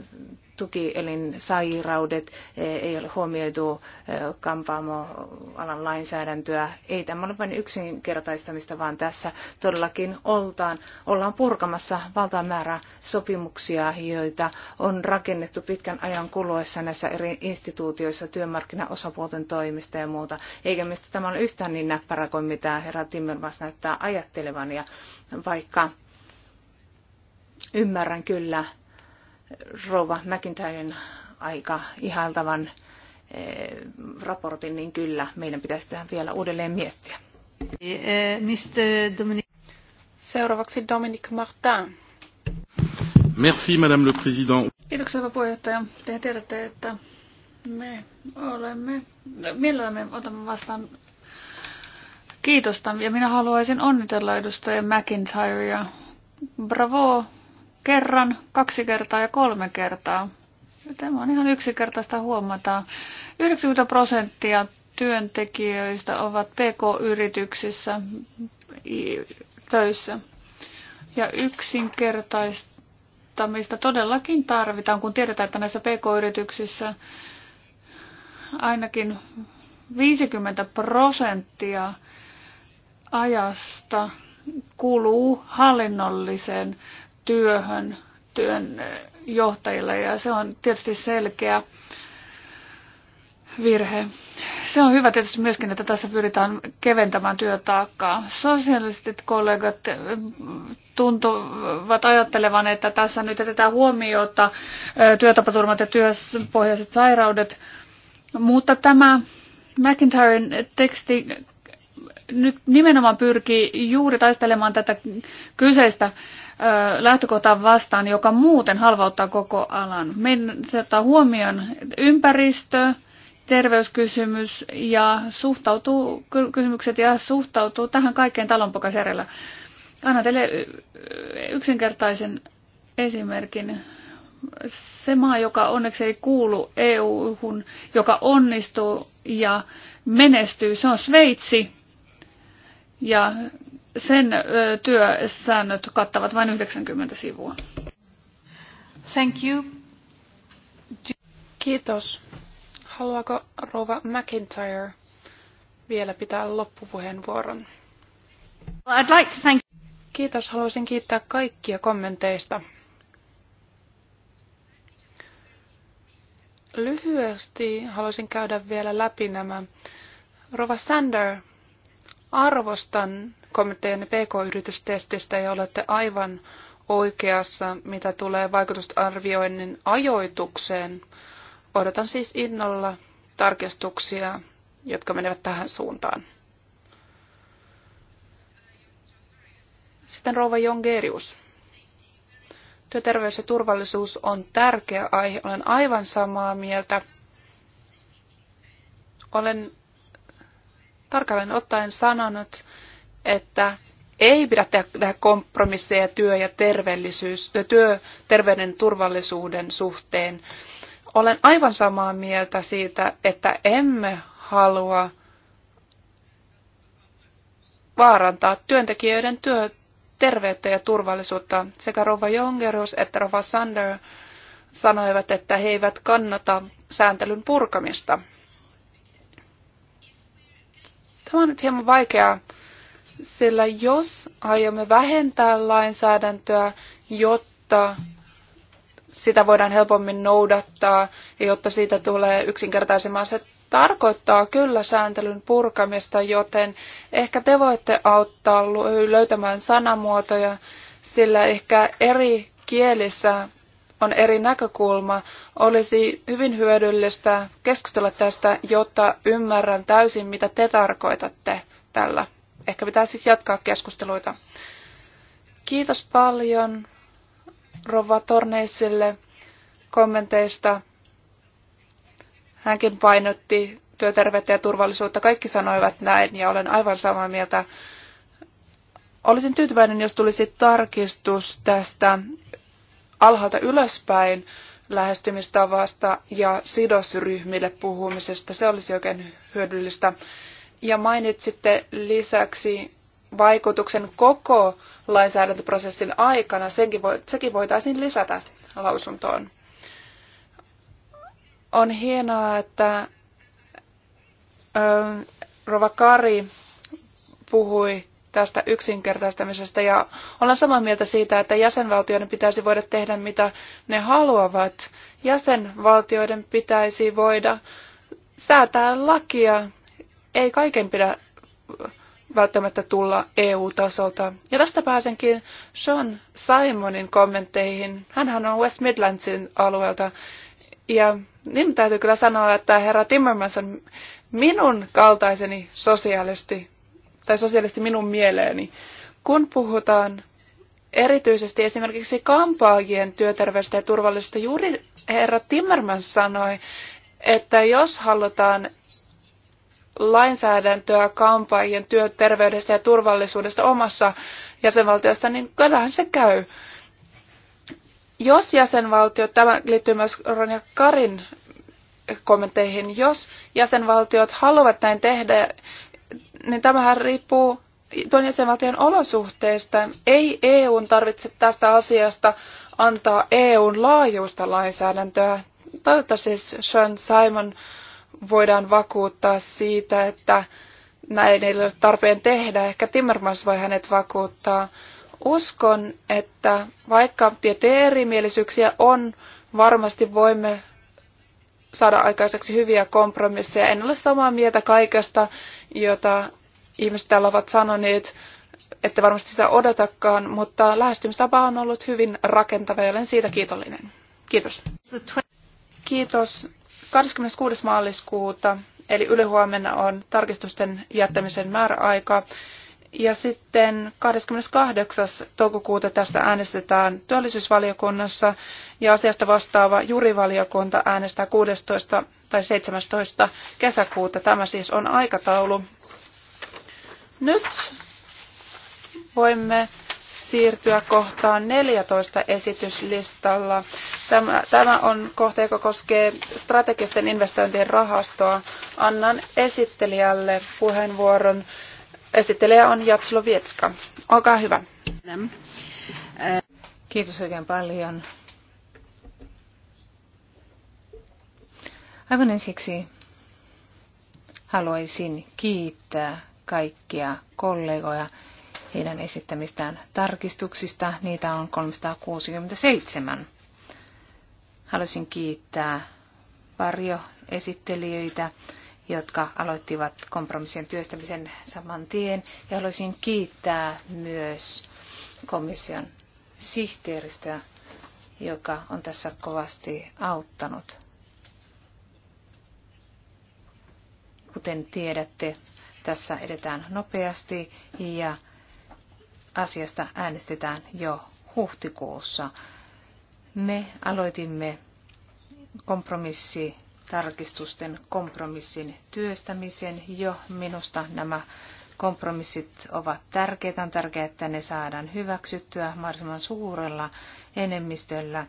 tukielinsairaudet, eh, ei ole huomioitu eh, kampaamoalan lainsäädäntöä. Ei tämä ole vain yksinkertaistamista, vaan tässä todellakin oltaan, ollaan purkamassa valtaan määrä sopimuksia, joita on rakennettu pitkän ajan kuluessa näissä eri instituutioissa työmarkkinaosapuolten toimista ja muuta. Eikä mistä tämä ole yhtään niin näppärä kuin mitä herra Timmermans näyttää ajattelevan. Ja vaikka Ymmärrän kyllä Rova McIntyren aika ihailtavan eh, raportin, niin kyllä meidän pitäisi tähän vielä uudelleen miettiä. Eh, Mr. Dominic. Seuraavaksi Dominic Martin. Merci, Madame le Président. Kiitoksia, hyvä puheenjohtaja. Te tiedätte, että me olemme, me otamme vastaan kiitosta. Ja minä haluaisin onnitella edustaja McIntyrea. Bravo kerran, kaksi kertaa ja kolme kertaa. Tämä on ihan yksinkertaista huomata. 90 prosenttia työntekijöistä ovat PK-yrityksissä töissä. Ja yksinkertaistamista todellakin tarvitaan, kun tiedetään, että näissä PK-yrityksissä ainakin 50 prosenttia ajasta kuluu hallinnolliseen työhön työn eh, johtajille ja se on tietysti selkeä virhe. Se on hyvä tietysti myöskin, että tässä pyritään keventämään työtaakkaa. Sosiaaliset kollegat eh, tuntuvat ajattelevan, että tässä nyt jätetään huomiota eh, työtapaturmat ja työpohjaiset sairaudet, mutta tämä McIntyren teksti nyt nimenomaan pyrkii juuri taistelemaan tätä kyseistä lähtökohtaan vastaan, joka muuten halvauttaa koko alan. Meidän se ottaa huomioon ympäristö, terveyskysymys ja suhtautuu, kysymykset ja suhtautuu tähän kaikkeen talonpokaisjärjellä. Anna teille yksinkertaisen esimerkin. Se maa, joka onneksi ei kuulu EU-hun, joka onnistuu ja menestyy, se on Sveitsi. Ja sen työsäännöt kattavat vain 90 sivua. Thank you. Kiitos. Haluaako Rova McIntyre vielä pitää loppupuheenvuoron? Well, I'd like to thank... Kiitos. Haluaisin kiittää kaikkia kommenteista. Lyhyesti haluaisin käydä vielä läpi nämä. Rova Sander, arvostan kommenttejanne PK-yritystestistä ja olette aivan oikeassa, mitä tulee vaikutusarvioinnin ajoitukseen. Odotan siis innolla tarkistuksia, jotka menevät tähän suuntaan. Sitten rouva Jongerius. Työterveys ja turvallisuus on tärkeä aihe. Olen aivan samaa mieltä. Olen tarkalleen ottaen sanonut, että ei pidä tehdä kompromisseja työ- ja terveellisyys, työ, terveyden turvallisuuden suhteen. Olen aivan samaa mieltä siitä, että emme halua vaarantaa työntekijöiden työterveyttä ja turvallisuutta. Sekä Rova Jongerus että Rova Sander sanoivat, että he eivät kannata sääntelyn purkamista. Tämä on nyt hieman vaikeaa sillä jos aiomme vähentää lainsäädäntöä, jotta sitä voidaan helpommin noudattaa ja jotta siitä tulee yksinkertaisemmin, se tarkoittaa kyllä sääntelyn purkamista, joten ehkä te voitte auttaa löytämään sanamuotoja, sillä ehkä eri kielissä on eri näkökulma. Olisi hyvin hyödyllistä keskustella tästä, jotta ymmärrän täysin, mitä te tarkoitatte tällä ehkä pitää siis jatkaa keskusteluita. Kiitos paljon Rova Torneisille kommenteista. Hänkin painotti työterveyttä ja turvallisuutta. Kaikki sanoivat näin ja olen aivan samaa mieltä. Olisin tyytyväinen, jos tulisi tarkistus tästä alhaalta ylöspäin lähestymistavasta ja sidosryhmille puhumisesta. Se olisi oikein hyödyllistä. Ja mainitsitte lisäksi vaikutuksen koko lainsäädäntöprosessin aikana. Senkin vo, sekin voitaisiin lisätä lausuntoon. On hienoa, että ö, Rova Kari puhui tästä yksinkertaistamisesta ja ollaan samaa mieltä siitä, että jäsenvaltioiden pitäisi voida tehdä mitä ne haluavat. Jäsenvaltioiden pitäisi voida säätää lakia ei kaiken pidä välttämättä tulla EU-tasolta. Ja tästä pääsenkin Sean Simonin kommentteihin. Hänhän on West Midlandsin alueelta. Ja niin täytyy kyllä sanoa, että herra Timmermans on minun kaltaiseni sosiaalisti, tai sosiaalisti minun mieleeni. Kun puhutaan erityisesti esimerkiksi kampaajien työterveystä ja turvallisuudesta, juuri herra Timmermans sanoi, että jos halutaan lainsäädäntöä kampaajien työterveydestä ja turvallisuudesta omassa jäsenvaltiossa, niin kyllähän se käy. Jos jäsenvaltiot, tämä liittyy myös Ronja Karin kommentteihin, jos jäsenvaltiot haluavat näin tehdä, niin tämähän riippuu tuon jäsenvaltion olosuhteista. Ei EUn tarvitse tästä asiasta antaa EUn laajuista lainsäädäntöä. Toivottavasti siis Sean Simon voidaan vakuuttaa siitä, että näin ei ole tarpeen tehdä. Ehkä Timmermans voi hänet vakuuttaa. Uskon, että vaikka tieteen erimielisyyksiä on, varmasti voimme saada aikaiseksi hyviä kompromisseja. En ole samaa mieltä kaikesta, jota ihmiset täällä ovat sanoneet, että varmasti sitä odotakaan, mutta lähestymistapa on ollut hyvin rakentava ja olen siitä kiitollinen. Kiitos. Kiitos. 26. maaliskuuta, eli ylihuomenna on tarkistusten jättämisen määräaika. Ja sitten 28. toukokuuta tästä äänestetään työllisyysvaliokunnassa ja asiasta vastaava jurivaliokunta äänestää 16. tai 17. kesäkuuta. Tämä siis on aikataulu. Nyt voimme siirtyä kohtaan 14 esityslistalla. Tämä, tämä on kohta, joka koskee strategisten investointien rahastoa. Annan esittelijälle puheenvuoron. Esittelijä on Jatslovietska. Olkaa hyvä. Kiitos oikein paljon. Aivan ensiksi haluaisin kiittää kaikkia kollegoja heidän esittämistään tarkistuksista. Niitä on 367. Haluaisin kiittää varjo esittelijöitä, jotka aloittivat kompromissien työstämisen saman tien. Ja haluaisin kiittää myös komission sihteeristöä, joka on tässä kovasti auttanut. Kuten tiedätte, tässä edetään nopeasti ja asiasta äänestetään jo huhtikuussa. Me aloitimme kompromissi tarkistusten kompromissin työstämisen jo. Minusta nämä kompromissit ovat tärkeitä. On tärkeää, että ne saadaan hyväksyttyä mahdollisimman suurella enemmistöllä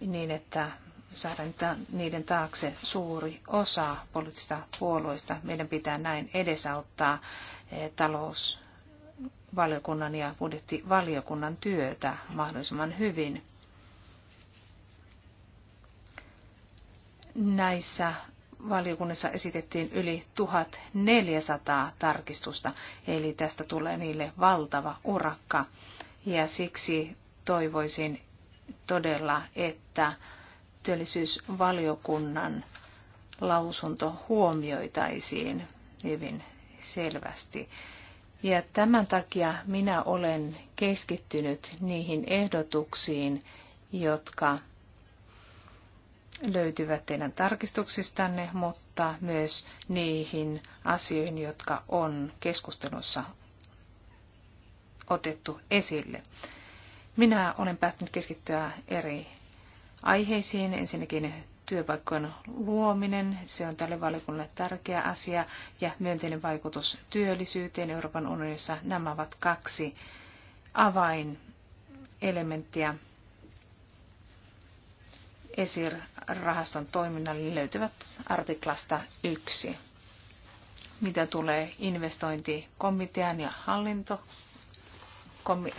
niin, että saadaan niiden taakse suuri osa poliittista puolueista. Meidän pitää näin edesauttaa eh, talous- valiokunnan ja budjettivaliokunnan työtä mahdollisimman hyvin. Näissä valiokunnissa esitettiin yli 1400 tarkistusta, eli tästä tulee niille valtava urakka. Ja siksi toivoisin todella, että työllisyysvaliokunnan lausunto huomioitaisiin hyvin selvästi. Ja tämän takia minä olen keskittynyt niihin ehdotuksiin, jotka löytyvät teidän tarkistuksistanne, mutta myös niihin asioihin, jotka on keskustelussa otettu esille. Minä olen päättänyt keskittyä eri aiheisiin. Ensinnäkin työpaikkojen luominen, se on tälle valiokunnalle tärkeä asia, ja myönteinen vaikutus työllisyyteen Euroopan unionissa. Nämä ovat kaksi avainelementtiä ESIR-rahaston toiminnalle löytyvät artiklasta yksi. Mitä tulee investointikomitean ja hallinto,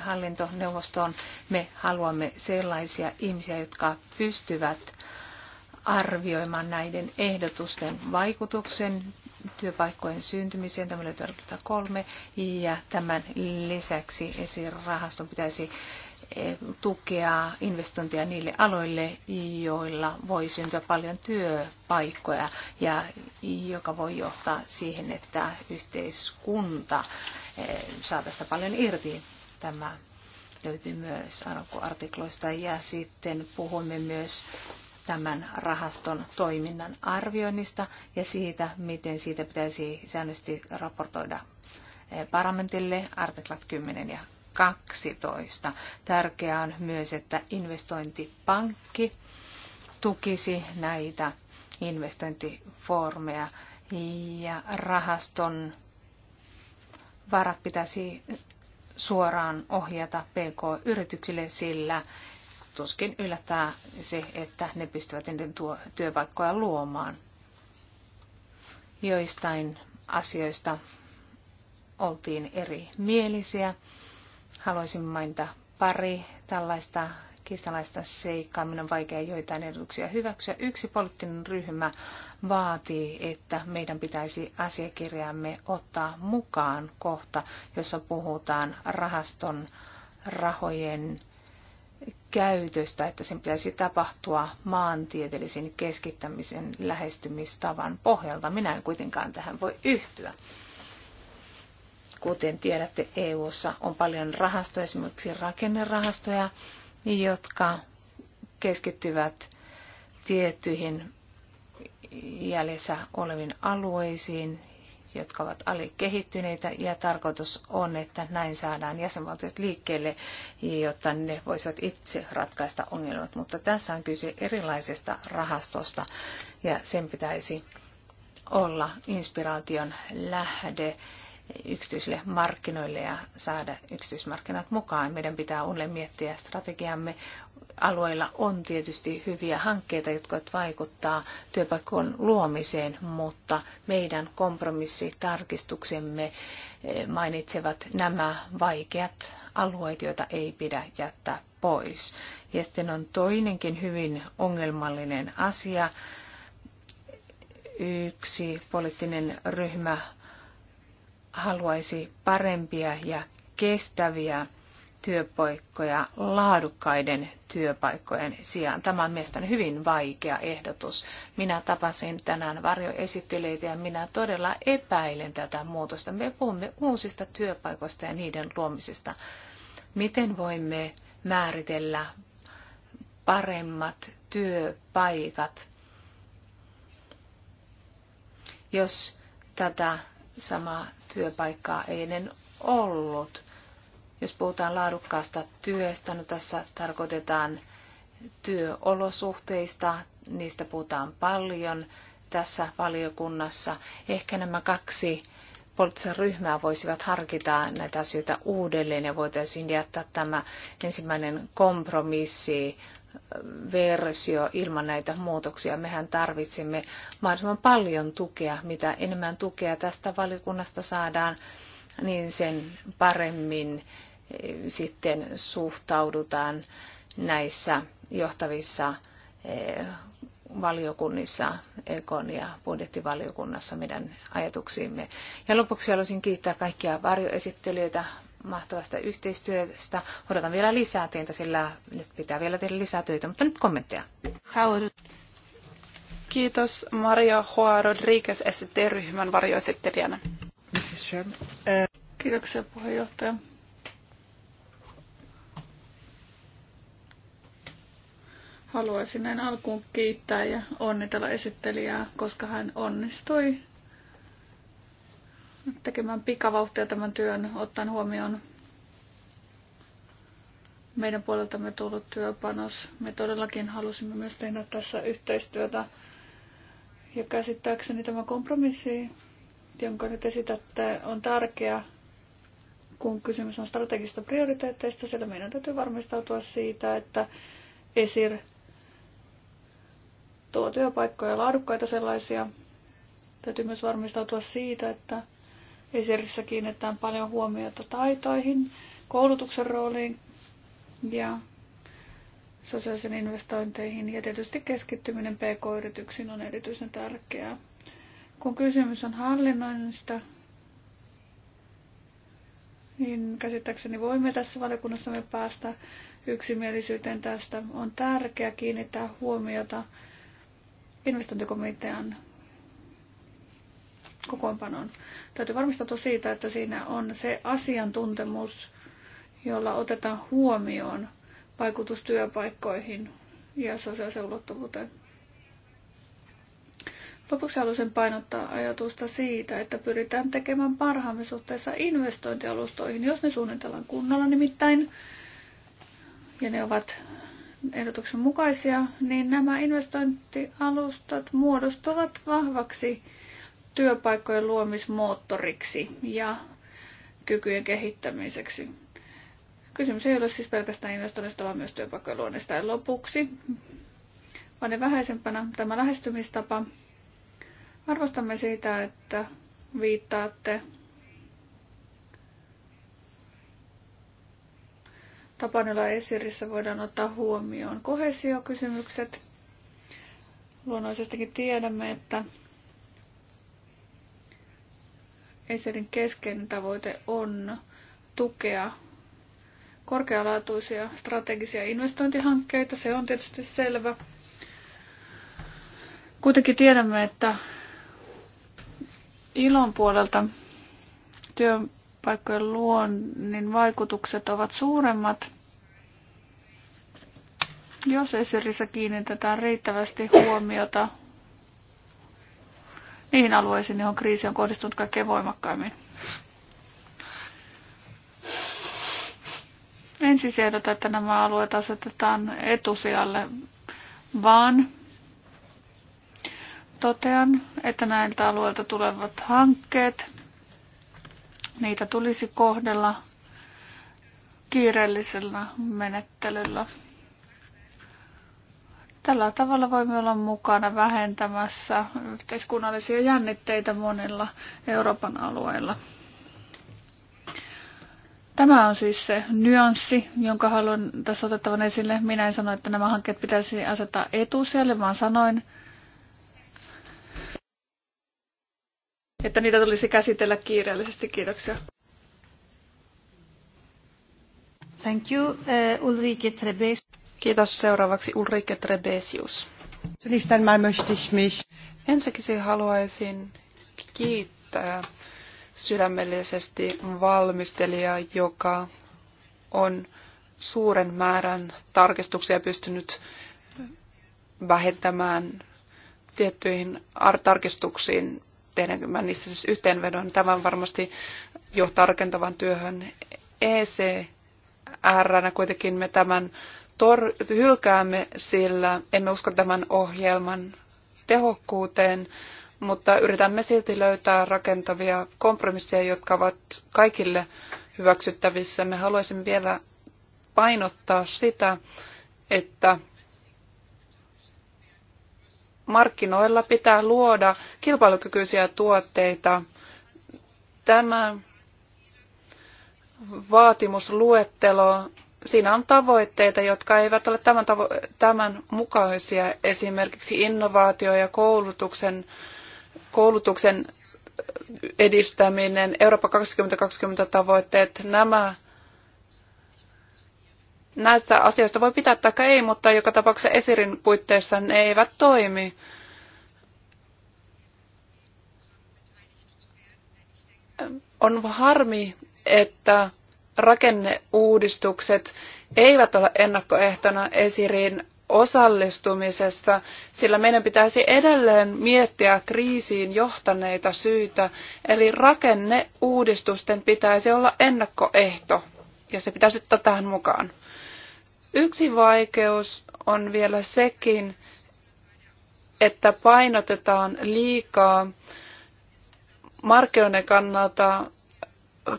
hallintoneuvostoon, me haluamme sellaisia ihmisiä, jotka pystyvät arvioimaan näiden ehdotusten vaikutuksen työpaikkojen syntymiseen. Tämä löytyy kolme. Ja tämän lisäksi esirahaston pitäisi e, tukea investointia niille aloille, joilla voi syntyä paljon työpaikkoja ja joka voi johtaa siihen, että yhteiskunta e, saa tästä paljon irti. Tämä löytyy myös artikloista ja sitten puhumme myös tämän rahaston toiminnan arvioinnista ja siitä, miten siitä pitäisi säännöllisesti raportoida eh, parlamentille, artiklat 10 ja 12. Tärkeää on myös, että investointipankki tukisi näitä investointifoorumeja ja rahaston varat pitäisi suoraan ohjata PK-yrityksille, sillä tuskin yllättää se, että ne pystyvät ennen tuo työpaikkoja luomaan. Joistain asioista oltiin eri mielisiä. Haluaisin mainita pari tällaista kiistalaista seikkaa. Minun on vaikea joitain edutuksia hyväksyä. Yksi poliittinen ryhmä vaatii, että meidän pitäisi asiakirjaamme ottaa mukaan kohta, jossa puhutaan rahaston rahojen käytöstä, että sen pitäisi tapahtua maantieteellisen keskittämisen lähestymistavan pohjalta. Minä en kuitenkaan tähän voi yhtyä. Kuten tiedätte, EU:ssa on paljon rahastoja, esimerkiksi rakennerahastoja, jotka keskittyvät tiettyihin jäljessä oleviin alueisiin jotka ovat alikehittyneitä ja tarkoitus on, että näin saadaan jäsenvaltiot liikkeelle, jotta ne voisivat itse ratkaista ongelmat. Mutta tässä on kyse erilaisesta rahastosta ja sen pitäisi olla inspiraation lähde yksityisille markkinoille ja saada yksityismarkkinat mukaan. Meidän pitää uudelleen miettiä strategiamme. Alueilla on tietysti hyviä hankkeita, jotka vaikuttaa työpaikkojen luomiseen, mutta meidän kompromissitarkistuksemme eh, mainitsevat nämä vaikeat alueet, joita ei pidä jättää pois. Ja sitten on toinenkin hyvin ongelmallinen asia, yksi poliittinen ryhmä haluaisi parempia ja kestäviä työpaikkoja laadukkaiden työpaikkojen sijaan. Tämä on mielestäni hyvin vaikea ehdotus. Minä tapasin tänään varjoesittelijöitä ja minä todella epäilen tätä muutosta. Me puhumme uusista työpaikoista ja niiden luomisista. Miten voimme määritellä paremmat työpaikat, jos tätä samaa työpaikkaa ei ennen ollut. Jos puhutaan laadukkaasta työstä, no tässä tarkoitetaan työolosuhteista, niistä puhutaan paljon tässä valiokunnassa. Ehkä nämä kaksi poliittista ryhmää voisivat harkita näitä asioita uudelleen ja voitaisiin jättää tämä ensimmäinen kompromissi versio ilman näitä muutoksia. Mehän tarvitsemme mahdollisimman paljon tukea. Mitä enemmän tukea tästä valiokunnasta saadaan, niin sen paremmin eh, sitten suhtaudutaan näissä johtavissa eh, valiokunnissa, Ekon ja budjettivaliokunnassa meidän ajatuksiimme. Ja lopuksi haluaisin kiittää kaikkia varjoesittelijöitä, mahtavasta yhteistyöstä. Odotan vielä lisää teiltä, sillä nyt pitää vielä tehdä lisää töitä, mutta nyt kommentteja. Kiitos Maria Hoa Rodriguez ST-ryhmän varjoesittelijänä. Kiitoksia puheenjohtaja. Haluaisin näin alkuun kiittää ja onnitella esittelijää, koska hän onnistui tekemään pikavauhtia tämän työn, ottaen huomioon meidän puoleltamme tullut työpanos. Me todellakin halusimme myös tehdä tässä yhteistyötä. Ja käsittääkseni tämä kompromissi, jonka nyt esitätte, on tärkeä, kun kysymys on strategista prioriteetteista, sillä meidän täytyy varmistautua siitä, että ESIR tuo työpaikkoja laadukkaita sellaisia. Täytyy myös varmistautua siitä, että Esirissä kiinnitetään paljon huomiota taitoihin, koulutuksen rooliin ja sosiaalisen investointeihin ja tietysti keskittyminen pk-yrityksiin on erityisen tärkeää. Kun kysymys on hallinnoinnista, niin käsittääkseni voimme tässä valiokunnassa me päästä yksimielisyyteen tästä. On tärkeää kiinnittää huomiota investointikomitean kokoonpanon. Täytyy varmistautua siitä, että siinä on se asiantuntemus, jolla otetaan huomioon vaikutus työpaikkoihin ja sosiaalisen ulottuvuuteen. Lopuksi haluaisin painottaa ajatusta siitä, että pyritään tekemään parhaamme suhteessa investointialustoihin, jos ne suunnitellaan kunnolla nimittäin, ja ne ovat ehdotuksen mukaisia, niin nämä investointialustat muodostuvat vahvaksi työpaikkojen luomismoottoriksi ja kykyjen kehittämiseksi. Kysymys ei ole siis pelkästään investoinnista, vaan myös työpaikkojen luonnista. Ja lopuksi, vaan ne vähäisempänä, tämä lähestymistapa. Arvostamme siitä, että viittaatte Tapanilla esirissä voidaan ottaa huomioon kohesiokysymykset. Luonnollisestikin tiedämme, että ESERin keskeinen tavoite on tukea korkealaatuisia strategisia investointihankkeita, se on tietysti selvä. Kuitenkin tiedämme, että ilon puolelta työpaikkojen luonnin vaikutukset ovat suuremmat, jos esirissä kiinnitetään riittävästi huomiota niihin alueisiin, johon kriisi on kohdistunut kaikkein voimakkaimmin. Ensin siedota, siis että nämä alueet asetetaan etusijalle, vaan totean, että näiltä alueilta tulevat hankkeet, niitä tulisi kohdella kiireellisellä menettelyllä. Tällä tavalla voimme olla mukana vähentämässä yhteiskunnallisia jännitteitä monilla Euroopan alueilla. Tämä on siis se nyanssi, jonka haluan tässä otettavan esille. Minä en sano, että nämä hankkeet pitäisi asettaa etusijalle, vaan sanoin, että niitä tulisi käsitellä kiireellisesti. Kiitoksia. Thank you, uh, Ulrike Trebes. Kiitos. Seuraavaksi Ulrike Trebesius. Zunächst einmal möchte ich mich Ensiksi haluaisin kiittää sydämellisesti valmistelija, joka on suuren määrän tarkistuksia pystynyt vähentämään tiettyihin tarkistuksiin, mä Niissä siis yhteenvedon. Tämä varmasti johtaa rakentavan työhön ECR. Kuitenkin me tämän tor- hylkäämme, sillä emme usko tämän ohjelman tehokkuuteen, mutta yritämme silti löytää rakentavia kompromisseja, jotka ovat kaikille hyväksyttävissä. Me haluaisimme vielä painottaa sitä, että markkinoilla pitää luoda kilpailukykyisiä tuotteita. Tämä vaatimusluettelo siinä on tavoitteita, jotka eivät ole tämän, tavo- tämän mukaisia, esimerkiksi innovaatio ja koulutuksen, koulutuksen edistäminen, Eurooppa 2020 tavoitteet, nämä näistä asioista voi pitää tai ei, mutta joka tapauksessa esirin puitteissa ne eivät toimi. On harmi, että rakenneuudistukset eivät ole ennakkoehtona esiriin osallistumisessa, sillä meidän pitäisi edelleen miettiä kriisiin johtaneita syitä, eli rakenneuudistusten pitäisi olla ennakkoehto, ja se pitäisi ottaa tähän mukaan. Yksi vaikeus on vielä sekin, että painotetaan liikaa markkinoiden kannalta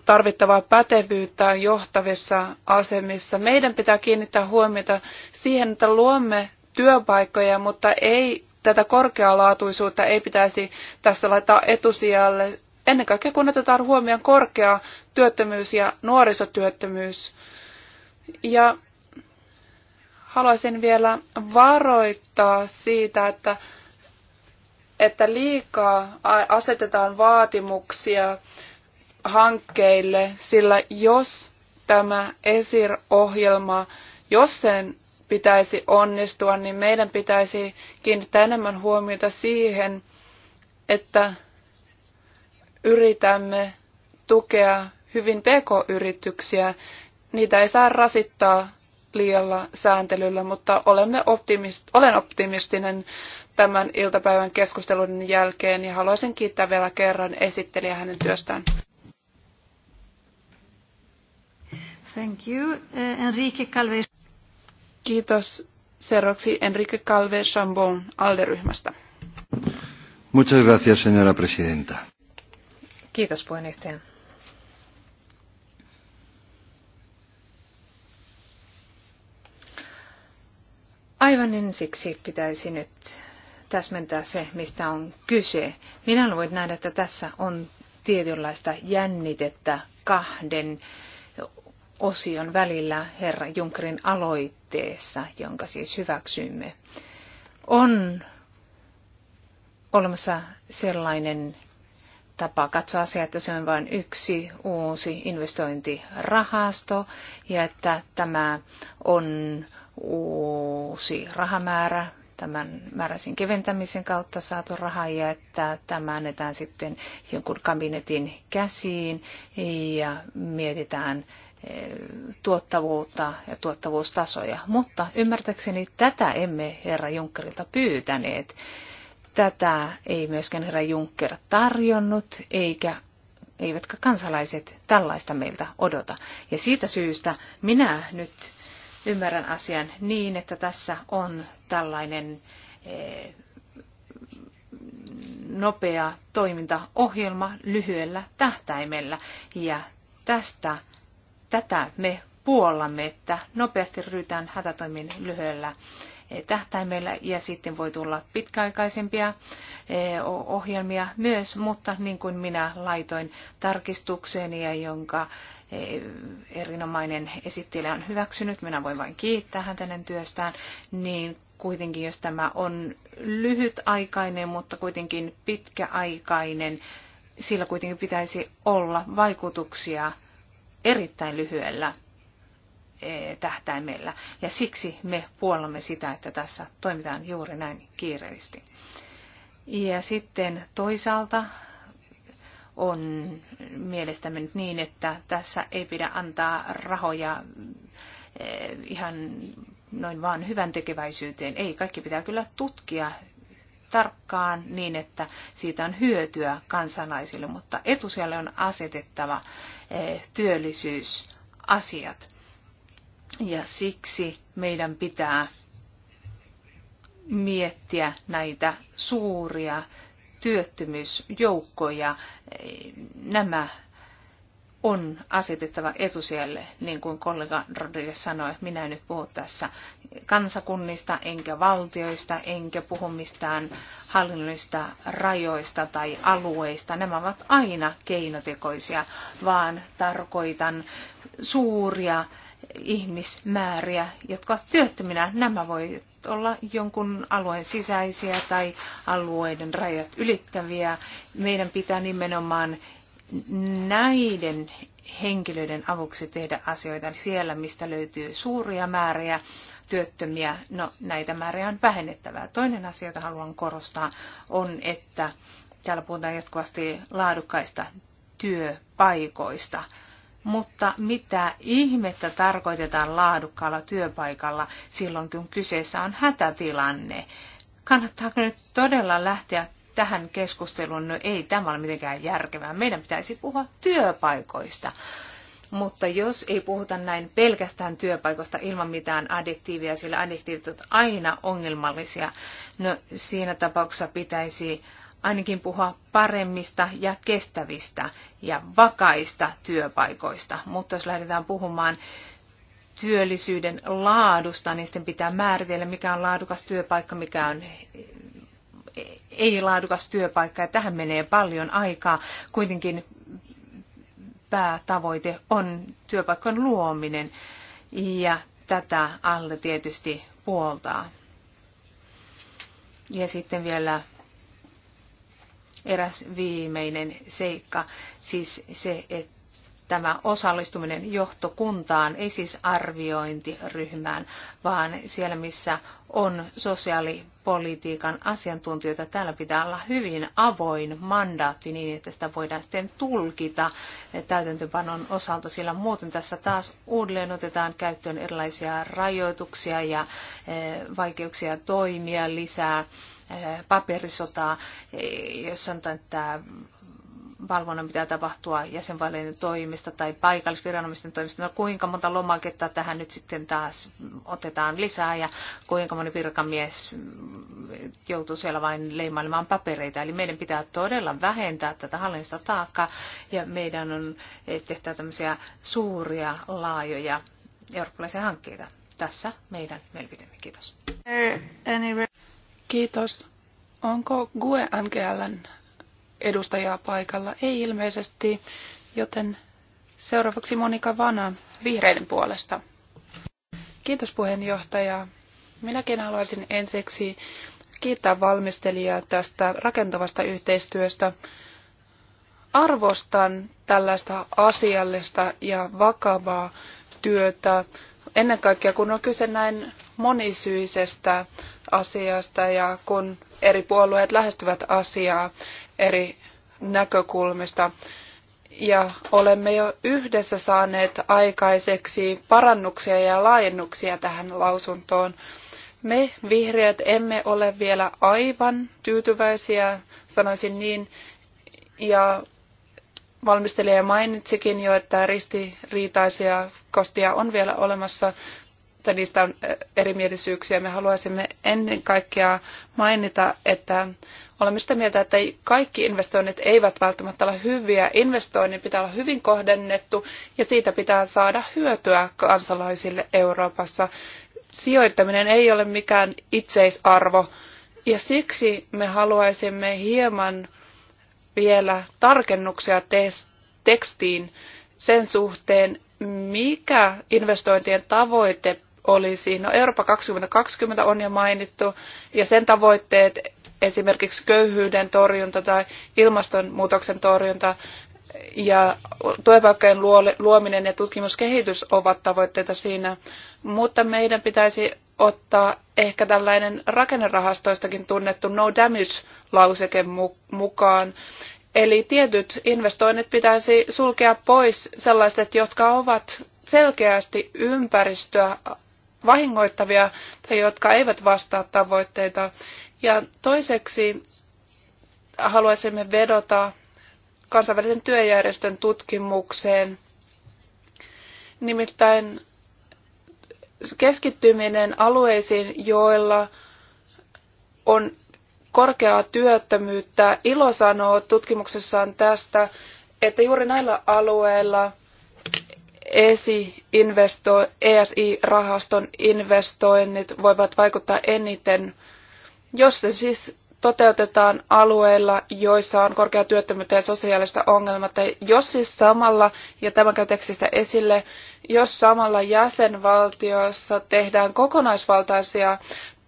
tarvittavaa pätevyyttä johtavissa asemissa. Meidän pitää kiinnittää huomiota siihen, että luomme työpaikkoja, mutta ei tätä korkealaatuisuutta ei pitäisi tässä laittaa etusijalle. Ennen kaikkea kun otetaan huomioon korkea työttömyys ja nuorisotyöttömyys. Ja haluaisin vielä varoittaa siitä, että, että liikaa asetetaan vaatimuksia hankkeille, sillä jos tämä ESIR-ohjelma, jos sen pitäisi onnistua, niin meidän pitäisi kiinnittää enemmän huomiota siihen, että yritämme tukea hyvin pk-yrityksiä. Niitä ei saa rasittaa liialla sääntelyllä, mutta olemme optimist, olen optimistinen tämän iltapäivän keskustelun jälkeen ja haluaisin kiittää vielä kerran esittelijä hänen työstään. Thank you. Eh, Enrique Kiitos. Seuraavaksi Enrique Calve Chambon alderyhmästä. Muchas gracias, señora presidenta. Kiitos puheenjohtaja. Aivan ensiksi pitäisi nyt täsmentää se, mistä on kyse. Minä voin nähdä, että tässä on tietynlaista jännitettä kahden osion välillä herra Junkerin aloitteessa, jonka siis hyväksymme, on olemassa sellainen tapa katsoa asiaa, että se on vain yksi uusi investointirahasto ja että tämä on uusi rahamäärä tämän määräisen keventämisen kautta saatu raha ja että tämä annetaan sitten jonkun kabinetin käsiin ja mietitään tuottavuutta ja tuottavuustasoja. Mutta ymmärtäkseni tätä emme herra Junckerilta pyytäneet. Tätä ei myöskään herra Juncker tarjonnut, eikä eivätkä kansalaiset tällaista meiltä odota. Ja siitä syystä minä nyt ymmärrän asian niin, että tässä on tällainen eh, nopea toimintaohjelma lyhyellä tähtäimellä. Ja tästä Tätä me puollamme, että nopeasti ryhdytään hätätoimin lyhyellä tähtäimellä ja sitten voi tulla pitkäaikaisempia eh, ohjelmia myös, mutta niin kuin minä laitoin tarkistukseeni ja jonka eh, erinomainen esittelijä on hyväksynyt, minä voin vain kiittää häntä hänen työstään, niin kuitenkin jos tämä on lyhytaikainen, mutta kuitenkin pitkäaikainen, sillä kuitenkin pitäisi olla vaikutuksia erittäin lyhyellä eh, tähtäimellä. Ja siksi me puolamme sitä, että tässä toimitaan juuri näin kiireellisesti. Ja sitten toisaalta on mielestämme nyt niin, että tässä ei pidä antaa rahoja eh, ihan noin vaan hyvän tekeväisyyteen. Ei, kaikki pitää kyllä tutkia tarkkaan niin, että siitä on hyötyä kansalaisille, mutta etusijalle on asetettava eh, työllisyysasiat. Ja siksi meidän pitää miettiä näitä suuria työttömyysjoukkoja. Eh, nämä on asetettava etusijalle, niin kuin kollega Rodriguez sanoi. Minä en nyt puhu tässä kansakunnista, enkä valtioista, enkä puhu mistään hallinnollisista rajoista tai alueista. Nämä ovat aina keinotekoisia, vaan tarkoitan suuria ihmismääriä, jotka ovat työttöminä. Nämä voi olla jonkun alueen sisäisiä tai alueiden rajat ylittäviä. Meidän pitää nimenomaan näiden henkilöiden avuksi tehdä asioita siellä, mistä löytyy suuria määriä työttömiä. No, näitä määriä on vähennettävää. Toinen asia, jota haluan korostaa, on, että täällä puhutaan jatkuvasti laadukkaista työpaikoista. Mutta mitä ihmettä tarkoitetaan laadukkaalla työpaikalla silloin, kun kyseessä on hätätilanne? Kannattaako nyt todella lähteä tähän keskusteluun. No ei tämä ole mitenkään järkevää. Meidän pitäisi puhua työpaikoista. Mutta jos ei puhuta näin pelkästään työpaikoista ilman mitään adjektiivia, sillä adjektiivit ovat aina ongelmallisia, no siinä tapauksessa pitäisi ainakin puhua paremmista ja kestävistä ja vakaista työpaikoista. Mutta jos lähdetään puhumaan työllisyyden laadusta, niin sitten pitää määritellä, mikä on laadukas työpaikka, mikä on ei-laadukas työpaikka ja tähän menee paljon aikaa. Kuitenkin päätavoite on työpaikan luominen ja tätä alle tietysti puoltaa. Ja sitten vielä eräs viimeinen seikka, siis se, että tämä osallistuminen johtokuntaan, ei siis arviointiryhmään, vaan siellä missä on sosiaalipolitiikan asiantuntijoita, täällä pitää olla hyvin avoin mandaatti niin, että sitä voidaan sitten tulkita täytäntöpanon osalta, sillä muuten tässä taas uudelleen otetaan käyttöön erilaisia rajoituksia ja eh, vaikeuksia toimia lisää eh, paperisotaa, eh, jos sanotaan, että valvonnan pitää tapahtua jäsenvaltioiden toimista tai paikallisviranomaisten toimista. No kuinka monta lomaketta tähän nyt sitten taas otetaan lisää ja kuinka moni virkamies joutuu siellä vain leimailemaan papereita. Eli meidän pitää todella vähentää tätä hallinnollista taakkaa ja meidän on tehtävä tämmöisiä suuria, laajoja eurooppalaisia hankkeita. Tässä meidän mielipiteemme. Kiitos. Kiitos. Onko GUE NGLn edustajaa paikalla. Ei ilmeisesti, joten seuraavaksi Monika Vana vihreiden puolesta. Kiitos puheenjohtaja. Minäkin haluaisin ensiksi kiittää valmistelijaa tästä rakentavasta yhteistyöstä. Arvostan tällaista asiallista ja vakavaa työtä, ennen kaikkea kun on kyse näin monisyisestä asiasta ja kun eri puolueet lähestyvät asiaa eri näkökulmista. Ja olemme jo yhdessä saaneet aikaiseksi parannuksia ja laajennuksia tähän lausuntoon. Me vihreät emme ole vielä aivan tyytyväisiä, sanoisin niin, ja valmistelija mainitsikin jo, että ristiriitaisia kostia on vielä olemassa että niistä on erimielisyyksiä. Me haluaisimme ennen kaikkea mainita, että olemme sitä mieltä, että kaikki investoinnit eivät välttämättä ole hyviä. Investoinnin pitää olla hyvin kohdennettu ja siitä pitää saada hyötyä kansalaisille Euroopassa. Sijoittaminen ei ole mikään itseisarvo ja siksi me haluaisimme hieman vielä tarkennuksia tekstiin sen suhteen, mikä investointien tavoite olisi? No Eurooppa 2020 on jo mainittu ja sen tavoitteet esimerkiksi köyhyyden torjunta tai ilmastonmuutoksen torjunta ja työpaikkojen luominen ja tutkimuskehitys ovat tavoitteita siinä, mutta meidän pitäisi ottaa ehkä tällainen rakennerahastoistakin tunnettu no damage-lauseke mukaan. Eli tietyt investoinnit pitäisi sulkea pois sellaiset, jotka ovat selkeästi ympäristöä vahingoittavia tai jotka eivät vastaa tavoitteita. Ja toiseksi haluaisimme vedota kansainvälisen työjärjestön tutkimukseen. Nimittäin keskittyminen alueisiin, joilla on korkeaa työttömyyttä. Ilo sanoo tutkimuksessaan tästä, että juuri näillä alueilla – E ESI-rahaston e investoinnit voivat vaikuttaa eniten, jos se siis toteutetaan alueilla, joissa on korkea työttömyyttä ja sosiaalista ongelmaa, jos siis samalla, ja tämä käy tekstistä esille, jos samalla jäsenvaltiossa tehdään kokonaisvaltaisia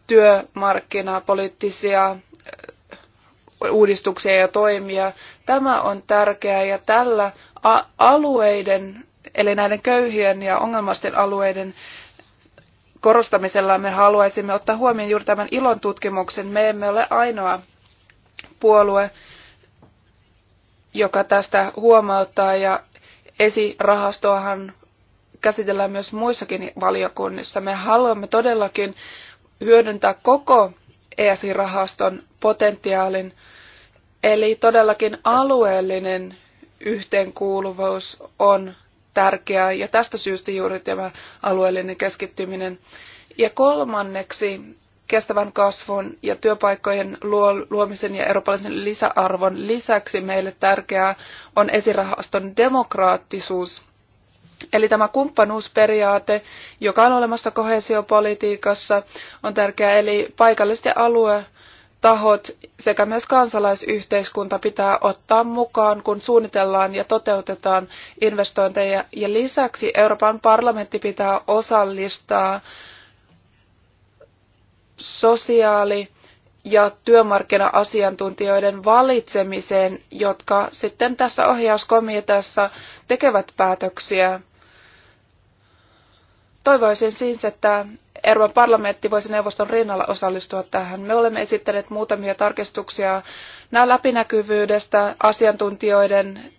työmarkkinapoliittisia uudistuksia ja toimia. Tämä on tärkeää ja tällä alueiden Eli näiden köyhien ja ongelmaisten alueiden korostamisella me haluaisimme ottaa huomioon juuri tämän ilon tutkimuksen. Me emme ole ainoa puolue, joka tästä huomauttaa ja esirahastoahan käsitellään myös muissakin valiokunnissa. Me haluamme todellakin hyödyntää koko ESI-rahaston potentiaalin, eli todellakin alueellinen yhteenkuuluvuus on tärkeää ja tästä syystä juuri tämä alueellinen keskittyminen. Ja kolmanneksi kestävän kasvun ja työpaikkojen luomisen ja eurooppalaisen lisäarvon lisäksi meille tärkeää on esirahaston demokraattisuus. Eli tämä kumppanuusperiaate, joka on olemassa kohesiopolitiikassa, on tärkeä. Eli paikalliset ja alue, tahot sekä myös kansalaisyhteiskunta pitää ottaa mukaan, kun suunnitellaan ja toteutetaan investointeja. Ja lisäksi Euroopan parlamentti pitää osallistaa sosiaali- ja työmarkkina-asiantuntijoiden valitsemiseen, jotka sitten tässä ohjauskomiteassa tekevät päätöksiä. Toivoisin siis, että Euroopan parlamentti voisi neuvoston rinnalla osallistua tähän. Me olemme esittäneet muutamia tarkistuksia nämä läpinäkyvyydestä, asiantuntijoiden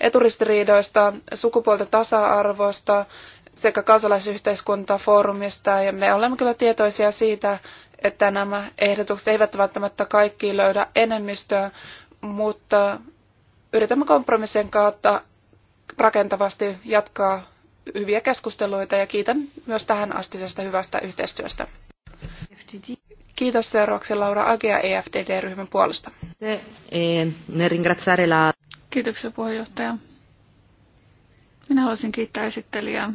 eturistiriidoista, sukupuolten tasa-arvosta sekä kansalaisyhteiskuntafoorumista. Ja me olemme kyllä tietoisia siitä, että nämä ehdotukset eivät välttämättä kaikki löydä enemmistöä, mutta yritämme kompromissien kautta rakentavasti jatkaa hyviä keskusteluita ja kiitän myös tähän astisesta hyvästä yhteistyöstä. Kiitos seuraavaksi Laura Agea EFDD-ryhmän puolesta. Kiitoksia puheenjohtaja. Minä haluaisin kiittää esittelijää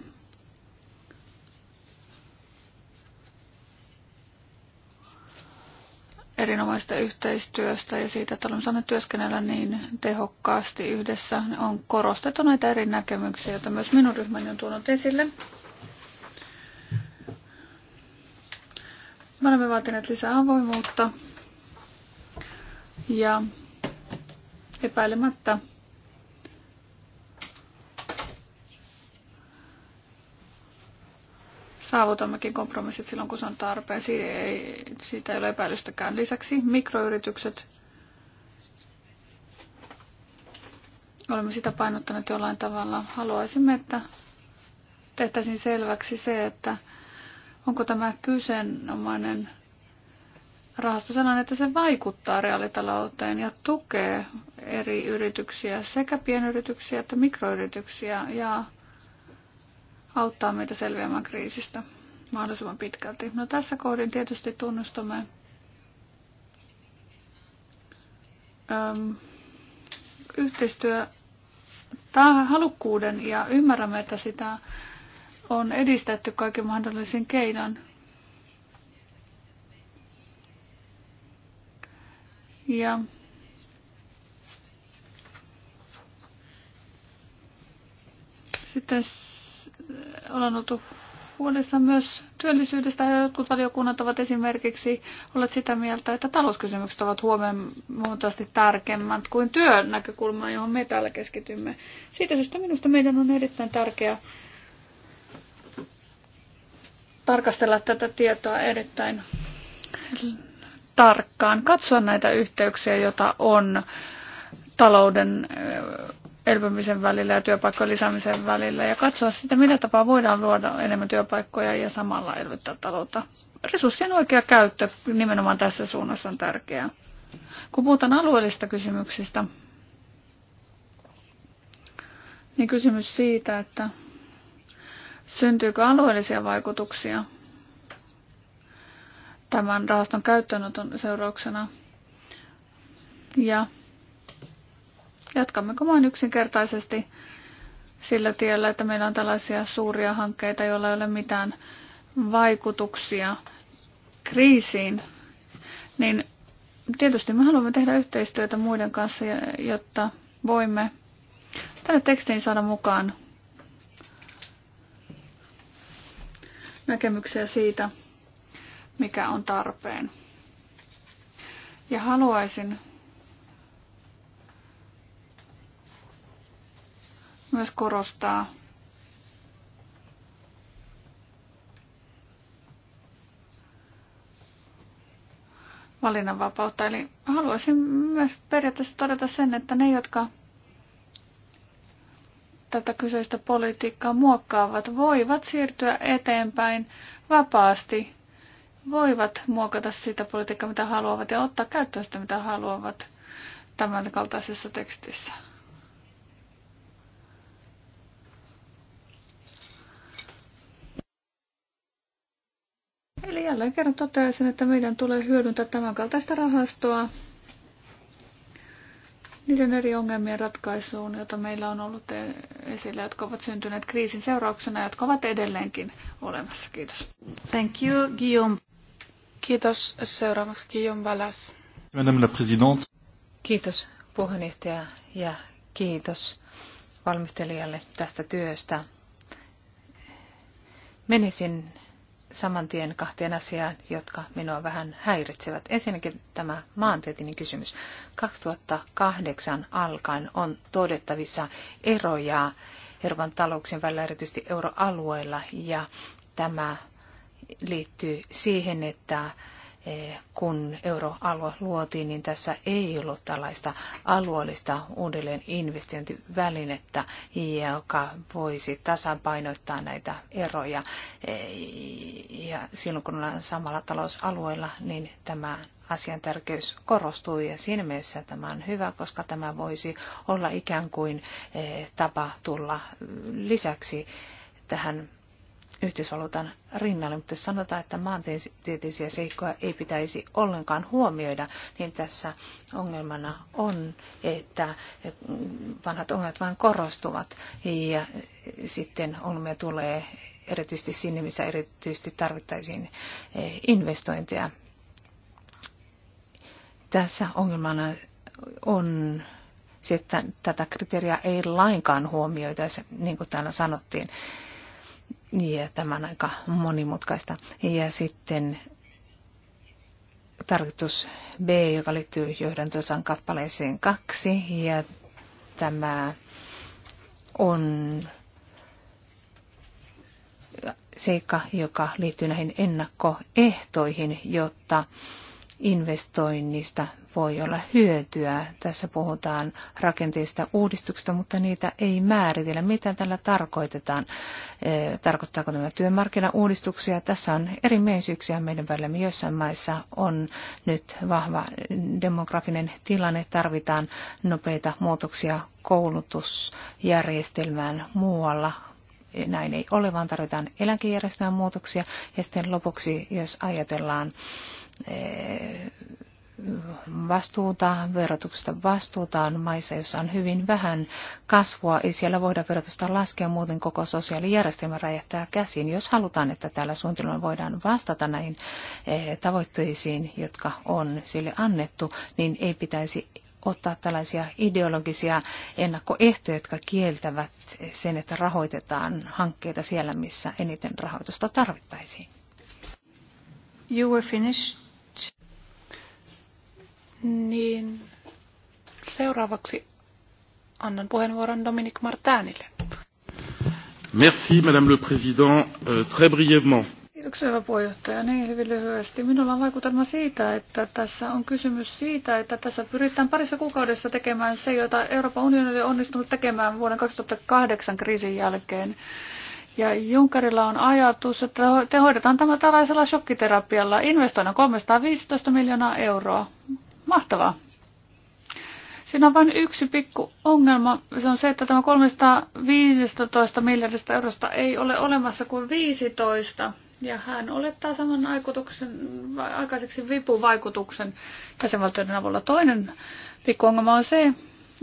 erinomaista yhteistyöstä ja siitä, että olemme saaneet työskennellä niin tehokkaasti yhdessä. On korostettu näitä eri näkemyksiä, joita myös minun ryhmäni on tuonut esille. Me olemme vaatineet lisää avoimuutta ja epäilemättä saavutammekin kompromissit silloin, kun se on tarpeen. Siitä ei, siitä ei ole epäilystäkään. Lisäksi mikroyritykset. Olemme sitä painottaneet jollain tavalla. Haluaisimme, että tehtäisiin selväksi se, että onko tämä kyseenomainen rahasto sellainen, että se vaikuttaa reaalitalouteen ja tukee eri yrityksiä, sekä pienyrityksiä että mikroyrityksiä. Ja auttaa meitä selviämään kriisistä mahdollisimman pitkälti. No tässä kohdin tietysti tunnustamme äm, yhteistyö tähän halukkuuden ja ymmärrämme, että sitä on edistetty kaiken mahdollisen keinon. Ja sitten ollaan oltu huolissaan myös työllisyydestä ja jotkut valiokunnat ovat esimerkiksi olleet sitä mieltä, että talouskysymykset ovat huomattavasti tärkemmät kuin työn näkökulma, johon me täällä keskitymme. Siitä syystä minusta meidän on erittäin tärkeää tarkastella tätä tietoa erittäin tarkkaan, katsoa näitä yhteyksiä, joita on talouden elpymisen välillä ja työpaikkojen lisäämisen välillä ja katsoa sitä, millä tapaa voidaan luoda enemmän työpaikkoja ja samalla elvyttää taloutta. Resurssien oikea käyttö nimenomaan tässä suunnassa on tärkeää. Kun puhutaan alueellista kysymyksistä, niin kysymys siitä, että syntyykö alueellisia vaikutuksia tämän rahaston käyttöönoton seurauksena ja Jatkammeko vain yksinkertaisesti sillä tiellä, että meillä on tällaisia suuria hankkeita, joilla ei ole mitään vaikutuksia kriisiin, niin tietysti me haluamme tehdä yhteistyötä muiden kanssa, jotta voimme tänne tekstiin saada mukaan näkemyksiä siitä, mikä on tarpeen. Ja haluaisin myös korostaa valinnanvapautta. Eli haluaisin myös periaatteessa todeta sen, että ne, jotka tätä kyseistä politiikkaa muokkaavat, voivat siirtyä eteenpäin vapaasti, voivat muokata sitä politiikkaa, mitä haluavat ja ottaa käyttöön sitä, mitä haluavat tämän kaltaisessa tekstissä. Eli jälleen kerran toteaisin, että meidän tulee hyödyntää tämän kaltaista rahastoa niiden eri ongelmien ratkaisuun, joita meillä on ollut esillä, jotka ovat syntyneet kriisin seurauksena, jotka ovat edelleenkin olemassa. Kiitos. Thank you, Guillaume. Kiitos. Seuraavaksi Guillaume Balas. Madame la Présidente. Kiitos puheenjohtaja ja kiitos valmistelijalle tästä työstä. Menisin saman tien kahteen asiaan, jotka minua vähän häiritsevät. Ensinnäkin tämä maantieteellinen kysymys. 2008 alkaen on todettavissa eroja Euroopan talouksien välillä, erityisesti euroalueella, ja tämä liittyy siihen, että Eh, kun euroalue luotiin, niin tässä ei ollut tällaista alueellista uudelleen investointivälinettä, joka voisi tasapainottaa näitä eroja. Eh, ja silloin kun ollaan samalla talousalueella, niin tämä asian tärkeys korostuu ja siinä mielessä tämä on hyvä, koska tämä voisi olla ikään kuin eh, tapa tulla mm, lisäksi tähän yhteisvaluutan rinnalle, mutta sanotaan, että maantieteellisiä seikkoja ei pitäisi ollenkaan huomioida, niin tässä ongelmana on, että vanhat ongelmat vain korostuvat ja sitten ongelmia tulee erityisesti sinne, missä erityisesti tarvittaisiin eh, investointeja. Tässä ongelmana on se, että tätä kriteeriä ei lainkaan huomioita, niin kuin täällä sanottiin. Niin, ja tämä on aika monimutkaista. Ja sitten tarkoitus B, joka liittyy johdantosan kappaleeseen 2 ja tämä on seikka, joka liittyy näihin ennakkoehtoihin, jotta investoinnista voi olla hyötyä. Tässä puhutaan rakenteista uudistuksista, mutta niitä ei määritellä. Mitä tällä tarkoitetaan? Tarkoittaako tämä työmarkkinauudistuksia? Tässä on eri mielisyyksiä meidän välillämme. Joissain maissa on nyt vahva demografinen tilanne. Tarvitaan nopeita muutoksia koulutusjärjestelmään muualla näin ei ole, vaan tarvitaan eläkejärjestelmän muutoksia. Ja sitten lopuksi, jos ajatellaan vastuuta, verotuksesta vastuuta on maissa, joissa on hyvin vähän kasvua. Ei siellä voida verotusta laskea, muuten koko sosiaalijärjestelmä räjähtää käsiin. Jos halutaan, että täällä suunnitelmalla voidaan vastata näihin eh, tavoitteisiin, jotka on sille annettu, niin ei pitäisi ottaa tällaisia ideologisia ennakkoehtoja, jotka kieltävät sen, että rahoitetaan hankkeita siellä, missä eniten rahoitusta tarvittaisiin. You were finished. Niin seuraavaksi annan puheenvuoron Dominique Martinille. Merci, Madame le Président. Euh, très brièvement. Kiitoksia, hyvä puheenjohtaja. Niin, hyvin lyhyesti. Minulla on vaikutelma siitä, että tässä on kysymys siitä, että tässä pyritään parissa kuukaudessa tekemään se, jota Euroopan unioni on onnistunut tekemään vuoden 2008 kriisin jälkeen. Ja Junkarilla on ajatus, että te hoidetaan tämä tällaisella shokkiterapialla investoina 315 miljoonaa euroa Mahtavaa. Siinä on vain yksi pikku ongelma. Se on se, että tämä 315 miljardista eurosta ei ole olemassa kuin 15. Ja hän olettaa saman aikaiseksi vipuvaikutuksen jäsenvaltioiden avulla. Toinen pikku ongelma on se,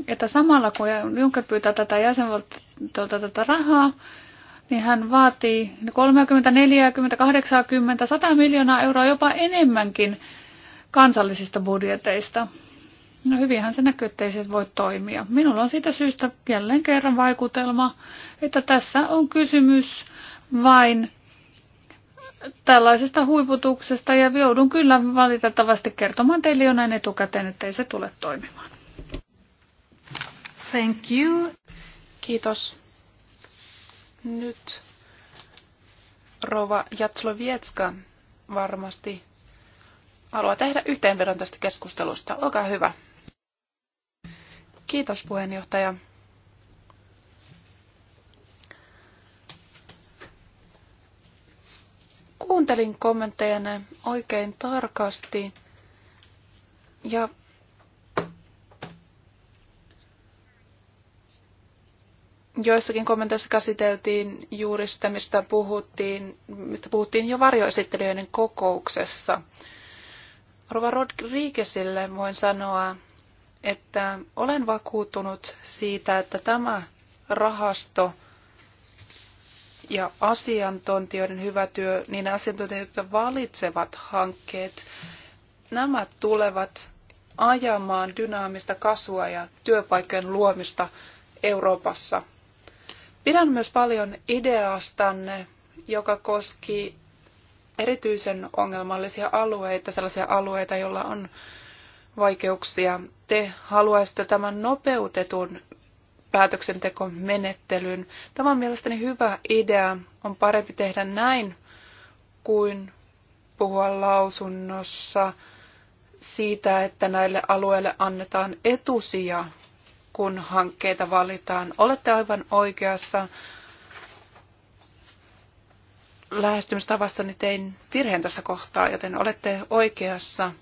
että samalla kun Juncker pyytää tätä jäsenvaltiolta tätä rahaa, niin hän vaatii 30, 40, 80, 100 miljoonaa euroa jopa enemmänkin kansallisista budjeteista. No hyvinhän se näkyy, ettei se voi toimia. Minulla on siitä syystä jälleen kerran vaikutelma, että tässä on kysymys vain tällaisesta huiputuksesta ja joudun kyllä valitettavasti kertomaan teille jo näin etukäteen, ettei se tule toimimaan. Thank you. Kiitos. Nyt Rova Jatslovietska varmasti haluaa tehdä yhteenvedon tästä keskustelusta. Olkaa hyvä. Kiitos puheenjohtaja. Kuuntelin kommenttejanne oikein tarkasti ja joissakin kommenteissa käsiteltiin juuri sitä, mistä puhuttiin, mistä puhuttiin jo varjoesittelijöiden kokouksessa. Rova Rodriguezille voin sanoa, että olen vakuuttunut siitä, että tämä rahasto ja asiantuntijoiden hyvä työ, niin asiantuntijat, jotka valitsevat hankkeet, nämä tulevat ajamaan dynaamista kasvua ja työpaikkojen luomista Euroopassa. Pidän myös paljon ideastanne, joka koski erityisen ongelmallisia alueita, sellaisia alueita, joilla on vaikeuksia. Te haluaisitte tämän nopeutetun päätöksentekomenettelyn. Tämä on mielestäni hyvä idea. On parempi tehdä näin kuin puhua lausunnossa siitä, että näille alueille annetaan etusija, kun hankkeita valitaan. Olette aivan oikeassa niin tein virheen tässä kohtaa, joten olette oikeassa.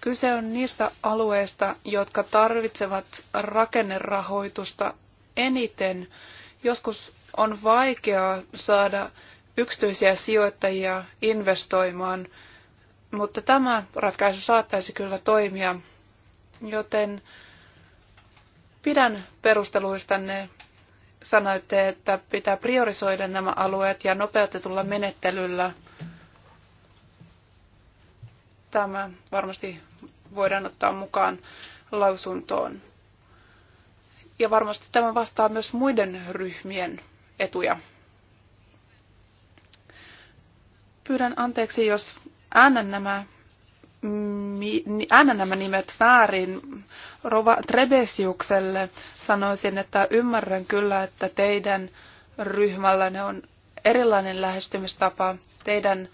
Kyse on niistä alueista, jotka tarvitsevat rakennerahoitusta eniten. Joskus on vaikeaa saada yksityisiä sijoittajia investoimaan, mutta tämä ratkaisu saattaisi kyllä toimia, joten pidän perusteluistanne sanoitte, että pitää priorisoida nämä alueet ja nopeutetulla menettelyllä. Tämä varmasti voidaan ottaa mukaan lausuntoon. Ja varmasti tämä vastaa myös muiden ryhmien etuja. Pyydän anteeksi, jos äänen nämä Äänä nämä nimet väärin. Rova Trebesiukselle sanoisin, että ymmärrän kyllä, että teidän ryhmällänne on erilainen lähestymistapa. Teidän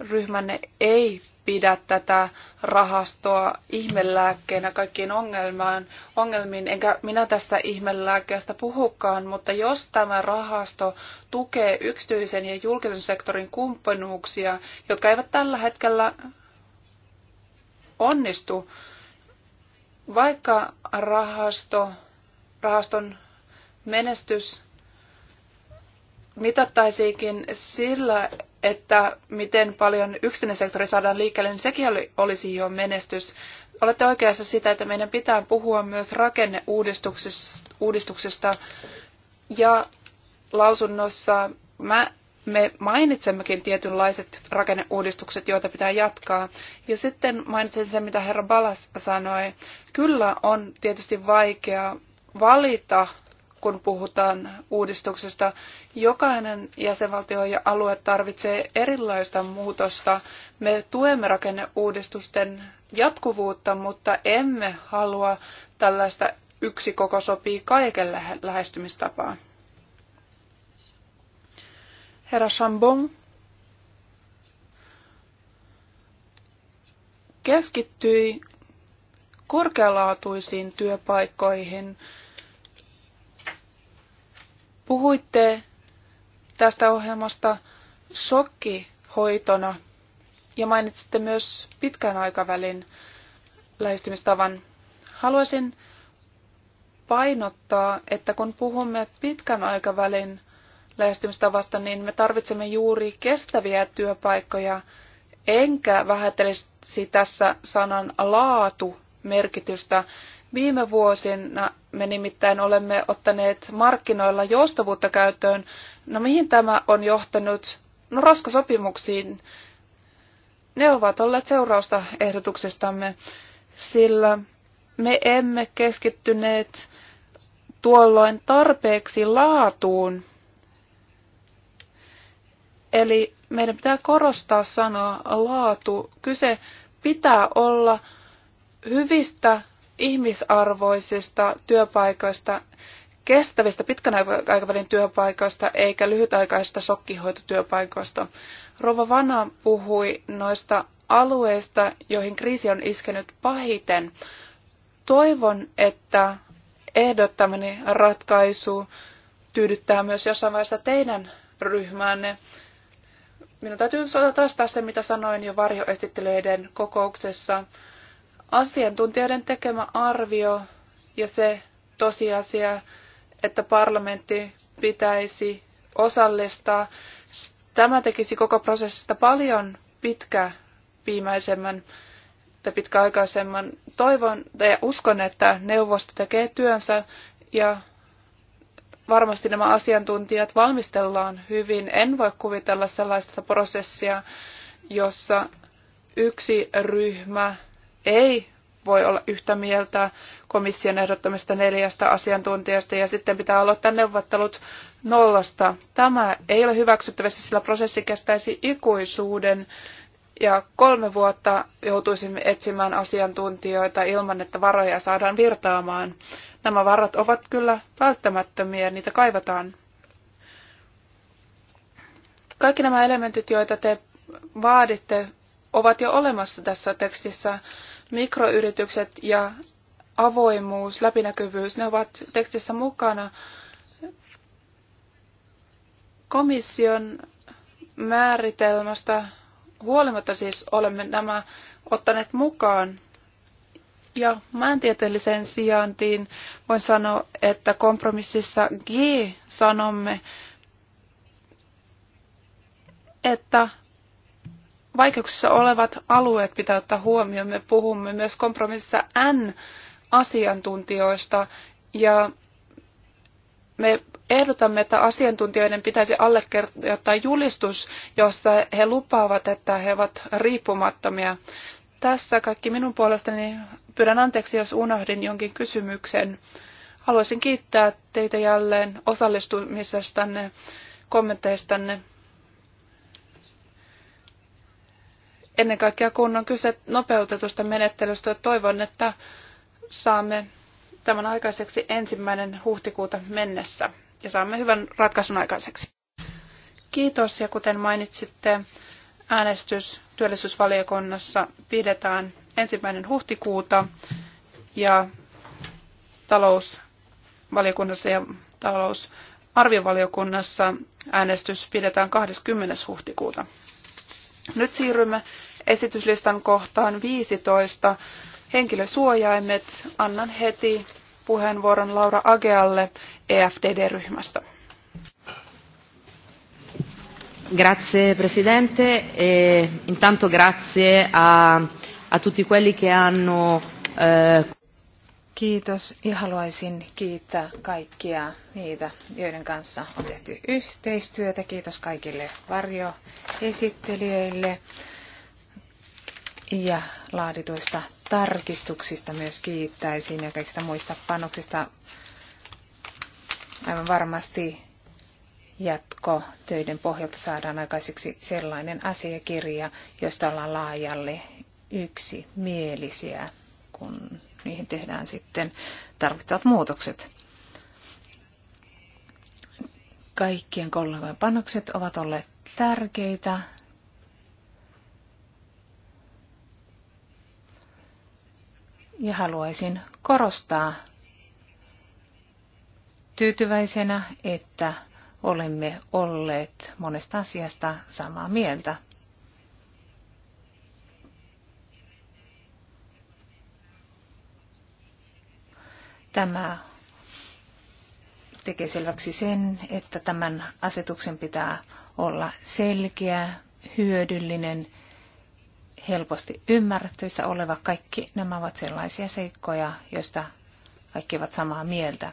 ryhmänne ei pidä tätä rahastoa ihmelääkkeenä kaikkiin ongelmaan, ongelmiin, enkä minä tässä ihmelääkkeestä puhukaan, mutta jos tämä rahasto tukee yksityisen ja julkisen sektorin kumppanuuksia, jotka eivät tällä hetkellä onnistu, vaikka rahasto, rahaston menestys mitattaisiinkin sillä, että miten paljon yksityinen sektori saadaan liikkeelle, niin sekin oli, olisi jo menestys. Olette oikeassa sitä, että meidän pitää puhua myös rakenneuudistuksista ja lausunnossa mä me mainitsemmekin tietynlaiset rakenneuudistukset, joita pitää jatkaa. Ja sitten mainitsen sen, mitä herra Balas sanoi. Kyllä on tietysti vaikea valita, kun puhutaan uudistuksesta. Jokainen jäsenvaltio ja alue tarvitsee erilaista muutosta. Me tuemme rakenneuudistusten jatkuvuutta, mutta emme halua tällaista yksi koko sopii kaikelle lähestymistapaa. Herra Chambon keskittyi korkealaatuisiin työpaikkoihin. Puhuitte tästä ohjelmasta shokkihoitona ja mainitsitte myös pitkän aikavälin lähestymistavan. Haluaisin painottaa, että kun puhumme pitkän aikavälin lähestymistavasta, niin me tarvitsemme juuri kestäviä työpaikkoja, enkä vähätelisi tässä sanan laatu merkitystä. Viime vuosina me nimittäin olemme ottaneet markkinoilla joustavuutta käyttöön. No mihin tämä on johtanut? No raskasopimuksiin. Ne ovat olleet seurausta ehdotuksestamme, sillä me emme keskittyneet tuolloin tarpeeksi laatuun Eli meidän pitää korostaa sanaa laatu. Kyse pitää olla hyvistä ihmisarvoisista työpaikoista, kestävistä pitkän aikavälin työpaikoista eikä lyhytaikaisista sokkihoitotyöpaikoista. Rova Vana puhui noista alueista, joihin kriisi on iskenyt pahiten. Toivon, että ehdottamani ratkaisu tyydyttää myös jossain vaiheessa teidän ryhmäänne. Minun täytyy toistaa se, mitä sanoin jo varjoesittelyiden kokouksessa. Asiantuntijoiden tekemä arvio ja se tosiasia, että parlamentti pitäisi osallistaa, tämä tekisi koko prosessista paljon pitkäpiimäisemmän tai pitkäaikaisemman. Toivon ja uskon, että neuvosto tekee työnsä ja varmasti nämä asiantuntijat valmistellaan hyvin. En voi kuvitella sellaista prosessia, jossa yksi ryhmä ei voi olla yhtä mieltä komission ehdottamista neljästä asiantuntijasta ja sitten pitää aloittaa neuvottelut nollasta. Tämä ei ole hyväksyttävässä, sillä prosessi kestäisi ikuisuuden ja kolme vuotta joutuisimme etsimään asiantuntijoita ilman, että varoja saadaan virtaamaan. Nämä varat ovat kyllä välttämättömiä, niitä kaivataan. Kaikki nämä elementit, joita te vaaditte, ovat jo olemassa tässä tekstissä. Mikroyritykset ja avoimuus, läpinäkyvyys, ne ovat tekstissä mukana. Komission määritelmästä huolimatta siis olemme nämä ottaneet mukaan ja maantieteelliseen sijaintiin voin sanoa, että kompromississa G sanomme, että vaikeuksissa olevat alueet pitää ottaa huomioon. Me puhumme myös kompromississa N asiantuntijoista ja me ehdotamme, että asiantuntijoiden pitäisi allekirjoittaa julistus, jossa he lupaavat, että he ovat riippumattomia. Tässä kaikki minun puolestani Pyydän anteeksi, jos unohdin jonkin kysymyksen. Haluaisin kiittää teitä jälleen osallistumisestanne, kommenteistanne. Ennen kaikkea kun on kyse nopeutetusta menettelystä, toivon, että saamme tämän aikaiseksi ensimmäinen huhtikuuta mennessä ja saamme hyvän ratkaisun aikaiseksi. Kiitos ja kuten mainitsitte, äänestys työllisyysvaliokunnassa pidetään ensimmäinen huhtikuuta ja talousvaliokunnassa ja talousarviovaliokunnassa äänestys pidetään 20. huhtikuuta. Nyt siirrymme esityslistan kohtaan 15. Henkilösuojaimet. Annan heti puheenvuoron Laura Agealle EFDD-ryhmästä. Grazie Presidente e intanto grazie a a tutti quelli che hanno... Eh, Kiitos ja haluaisin kiittää kaikkia niitä, joiden kanssa on tehty yhteistyötä. Kiitos kaikille varjoesittelijöille ja laadituista tarkistuksista myös kiittäisin ja kaikista muista panoksista aivan varmasti jatko töiden pohjalta saadaan aikaiseksi sellainen asiakirja, josta ollaan laajalle yksimielisiä, kun niihin tehdään sitten tarvittavat muutokset. Kaikkien kollegojen panokset ovat olleet tärkeitä. Ja haluaisin korostaa tyytyväisenä, että olemme olleet monesta asiasta samaa mieltä. Tämä tekee selväksi sen, että tämän asetuksen pitää olla selkeä, hyödyllinen, helposti ymmärrettävissä oleva. Kaikki nämä ovat sellaisia seikkoja, joista kaikki ovat samaa mieltä.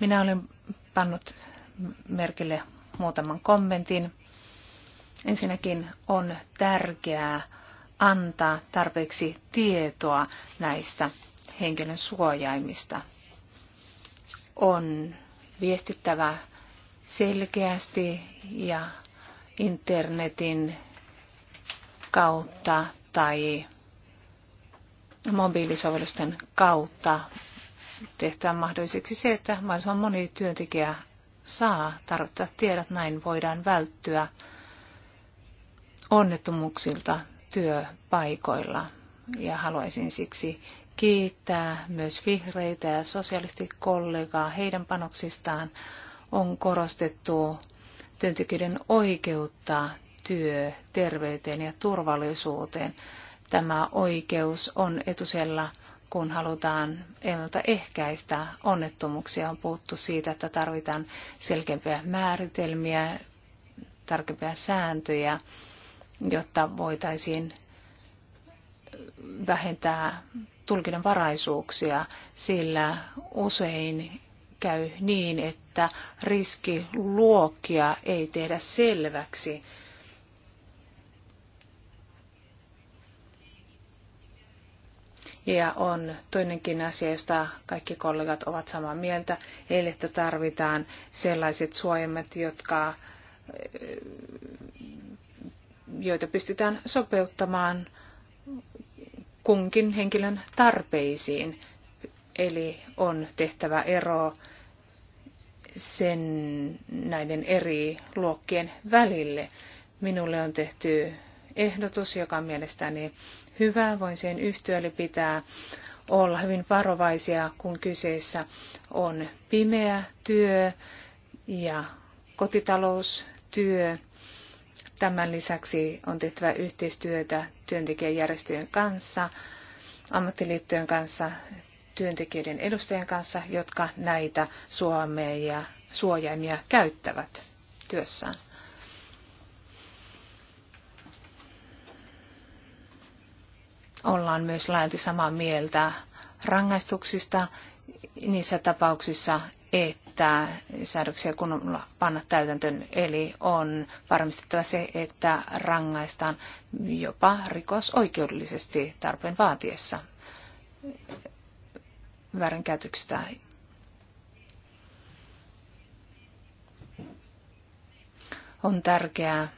Minä olen pannut merkille muutaman kommentin. Ensinnäkin on tärkeää antaa tarpeeksi tietoa näistä henkilön suojaimista on viestittävä selkeästi ja internetin kautta tai mobiilisovellusten kautta tehtävä mahdolliseksi se, että mahdollisimman moni työntekijä saa tarvittaa tiedot. Näin voidaan välttyä onnettomuuksilta työpaikoilla. Ja haluaisin siksi kiittää myös vihreitä ja sosialistikollegaa heidän panoksistaan. On korostettu työntekijöiden oikeutta työ, terveyteen ja turvallisuuteen. Tämä oikeus on etusella, kun halutaan ennaltaehkäistä onnettomuuksia. On puhuttu siitä, että tarvitaan selkeämpiä määritelmiä, tarkempia sääntöjä, jotta voitaisiin vähentää tulkinnanvaraisuuksia, sillä usein käy niin, että riskiluokkia ei tehdä selväksi. Ja on toinenkin asia, josta kaikki kollegat ovat samaa mieltä, eli että tarvitaan sellaiset suojelmat, jotka, joita pystytään sopeuttamaan kunkin henkilön tarpeisiin. Eli on tehtävä ero sen näiden eri luokkien välille. Minulle on tehty ehdotus, joka on mielestäni hyvä, voin siihen yhtyä, eli pitää olla hyvin varovaisia, kun kyseessä on pimeä työ ja kotitaloustyö Tämän lisäksi on tehtävä yhteistyötä työntekijäjärjestöjen kanssa, ammattiliittojen kanssa, työntekijöiden edustajien kanssa, jotka näitä suomeja, suojaimia käyttävät työssään. Ollaan myös laajalti samaa mieltä rangaistuksista niissä tapauksissa, että säädöksiä kunnolla panna täytäntöön. Eli on varmistettava se, että rangaistaan jopa rikos oikeudellisesti tarpeen vaatiessa väärinkäytöksistä. On tärkeää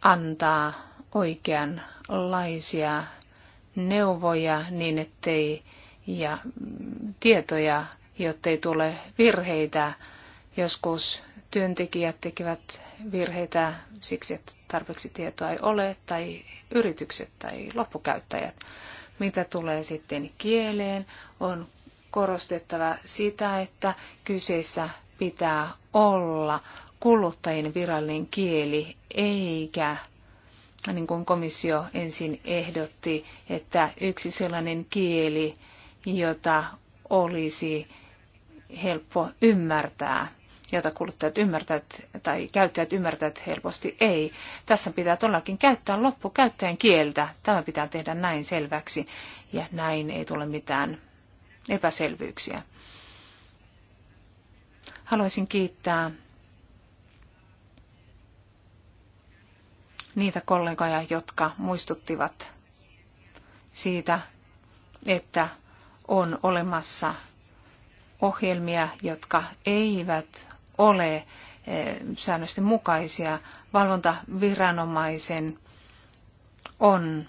antaa oikeanlaisia neuvoja niin, ettei ja tietoja, jottei tule virheitä. Joskus työntekijät tekevät virheitä siksi, että tarpeeksi tietoa ei ole, tai yritykset tai loppukäyttäjät. Mitä tulee sitten kieleen, on korostettava sitä, että kyseessä pitää olla kuluttajien virallinen kieli, eikä niin kuin komissio ensin ehdotti, että yksi sellainen kieli, jota olisi helppo ymmärtää, jota kuluttajat ymmärtävät tai käyttäjät ymmärtävät helposti ei. Tässä pitää todellakin käyttää loppukäyttäjän kieltä. Tämä pitää tehdä näin selväksi ja näin ei tule mitään epäselvyyksiä. Haluaisin kiittää niitä kollegoja, jotka muistuttivat siitä, että on olemassa ohjelmia, jotka eivät ole eh, säännösten mukaisia. Valvontaviranomaisen on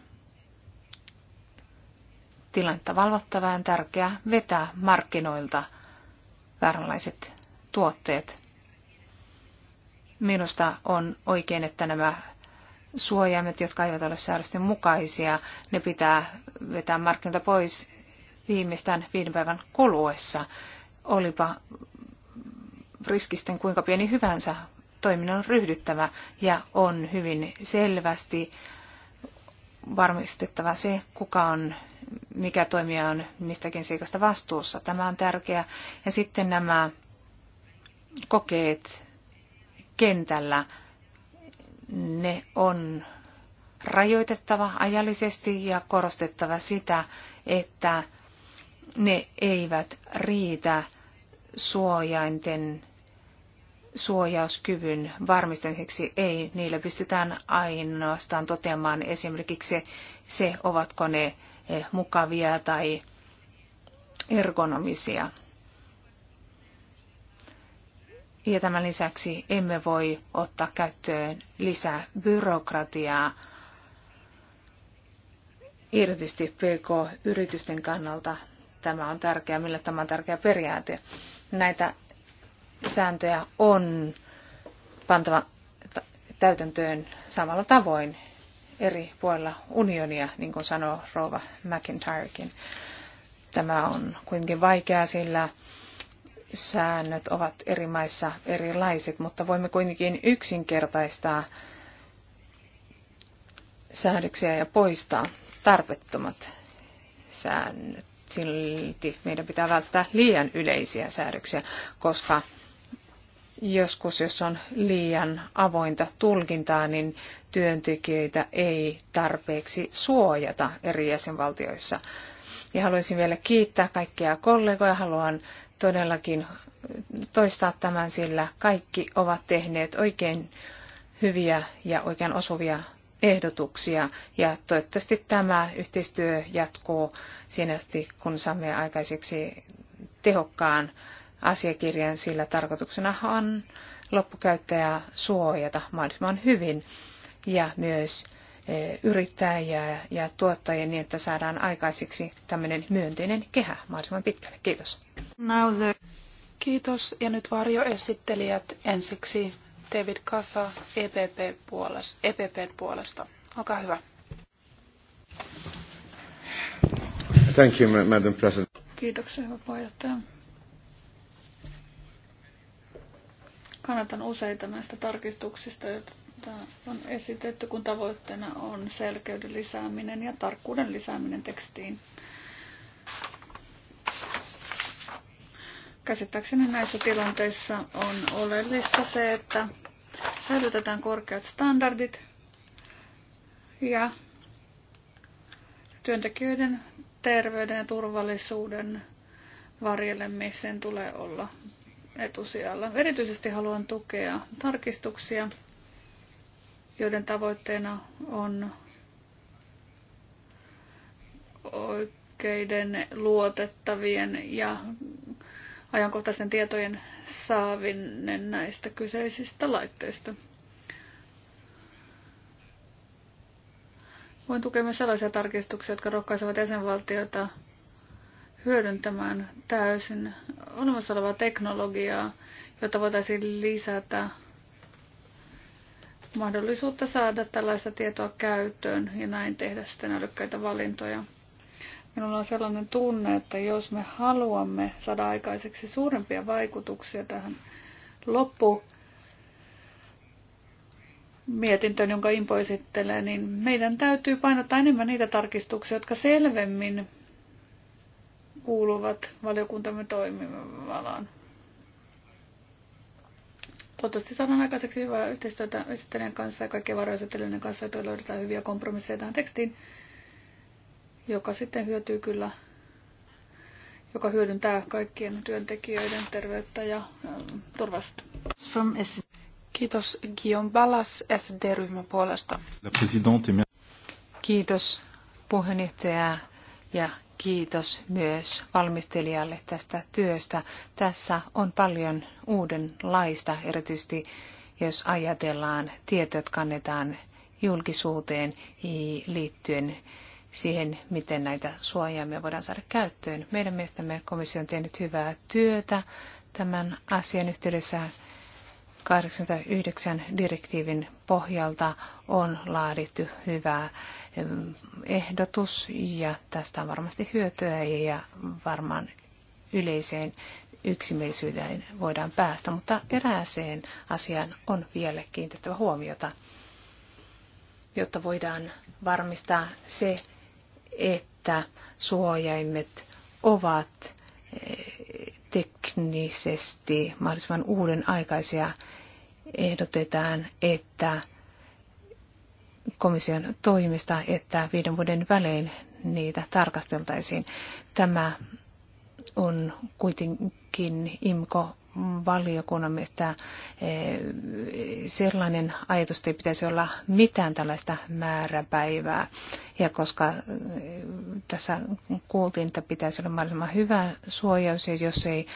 tilannetta ja tärkeää vetää markkinoilta vääränlaiset tuotteet. Minusta on oikein, että nämä suojaimet, jotka eivät ole säädösten mukaisia, ne pitää vetää markkinoilta pois viimeistään viiden päivän kuluessa, olipa riskisten kuinka pieni hyvänsä toiminnan ryhdyttävä ja on hyvin selvästi varmistettava se, kuka on, mikä toimija on mistäkin seikasta vastuussa. Tämä on tärkeää. Ja sitten nämä kokeet kentällä, ne on rajoitettava ajallisesti ja korostettava sitä, että ne eivät riitä suojainten suojauskyvyn varmistamiseksi ei, niillä pystytään ainoastaan toteamaan esimerkiksi se, ovatko ne eh, mukavia tai ergonomisia. Ja tämän lisäksi emme voi ottaa käyttöön lisää byrokratiaa, erityisesti PK-yritysten kannalta tämä on tärkeä, millä tämä on tärkeä periaate. Näitä sääntöjä on pantava täytäntöön samalla tavoin eri puolilla unionia, niin kuin sanoo Rova McIntyrekin. Tämä on kuitenkin vaikeaa, sillä säännöt ovat eri maissa erilaiset, mutta voimme kuitenkin yksinkertaistaa säädöksiä ja poistaa tarpeettomat säännöt silti meidän pitää välttää liian yleisiä säädöksiä, koska joskus, jos on liian avointa tulkintaa, niin työntekijöitä ei tarpeeksi suojata eri jäsenvaltioissa. Ja haluaisin vielä kiittää kaikkia kollegoja. Haluan todellakin toistaa tämän, sillä kaikki ovat tehneet oikein hyviä ja oikein osuvia ehdotuksia ja toivottavasti tämä yhteistyö jatkuu siinä asti, kun saamme aikaiseksi tehokkaan asiakirjan, sillä tarkoituksena on loppukäyttäjä suojata mahdollisimman hyvin ja myös e, yrittäjiä ja tuottajia niin, että saadaan aikaiseksi tämmöinen myönteinen kehä mahdollisimman pitkälle. Kiitos. Kiitos. Ja nyt varjoesittelijät ensiksi David Kasa EPP puolesta, EPPn puolesta. Olkaa hyvä. Thank you, Madam President. Kiitoksia, hyvä puheenjohtaja. Kannatan useita näistä tarkistuksista, joita on esitetty, kun tavoitteena on selkeyden lisääminen ja tarkkuuden lisääminen tekstiin. Käsittääkseni näissä tilanteissa on oleellista se, että säilytetään korkeat standardit ja työntekijöiden terveyden ja turvallisuuden varjelemisen tulee olla etusijalla. Erityisesti haluan tukea tarkistuksia, joiden tavoitteena on oikeiden, luotettavien ja ajankohtaisten tietojen saavinen näistä kyseisistä laitteista. Voin tukea myös sellaisia tarkistuksia, jotka rohkaisevat jäsenvaltioita hyödyntämään täysin olemassa olevaa teknologiaa, jota voitaisiin lisätä mahdollisuutta saada tällaista tietoa käyttöön ja näin tehdä sitten älykkäitä valintoja. Minulla on sellainen tunne, että jos me haluamme saada aikaiseksi suurempia vaikutuksia tähän loppu mietintöön, jonka Impo esittelee, niin meidän täytyy painottaa enemmän niitä tarkistuksia, jotka selvemmin kuuluvat valiokuntamme toimivalaan. Toivottavasti saadaan aikaiseksi hyvää yhteistyötä esittelijän kanssa ja kaikkien varoisetelijöiden kanssa, että löydetään hyviä kompromisseja tähän tekstiin joka sitten hyötyy kyllä, joka hyödyntää kaikkien työntekijöiden terveyttä ja ähm, turvallisuutta. Kiitos Guillaume Ballas SD-ryhmän puolesta. Kiitos puheenjohtaja ja kiitos myös valmistelijalle tästä työstä. Tässä on paljon uudenlaista, erityisesti jos ajatellaan tietoja, jotka annetaan julkisuuteen liittyen siihen, miten näitä suojaimia voidaan saada käyttöön. Meidän mielestämme komissio on tehnyt hyvää työtä tämän asian yhteydessä. 89 direktiivin pohjalta on laadittu hyvä ehdotus ja tästä on varmasti hyötyä ja varmaan yleiseen yksimielisyyteen voidaan päästä, mutta erääseen asiaan on vielä kiinnitettävä huomiota, jotta voidaan varmistaa se, että suojaimet ovat eh, teknisesti mahdollisimman uuden aikaisia. Ehdotetaan, että komission toimista, että viiden vuoden välein niitä tarkasteltaisiin. Tämä on kuitenkin IMKO valiokunnan mielestä eh, sellainen ajatus, että ei pitäisi olla mitään tällaista määräpäivää. Ja koska eh, tässä kuultiin, että pitäisi olla mahdollisimman hyvä suojaus, ja jos ei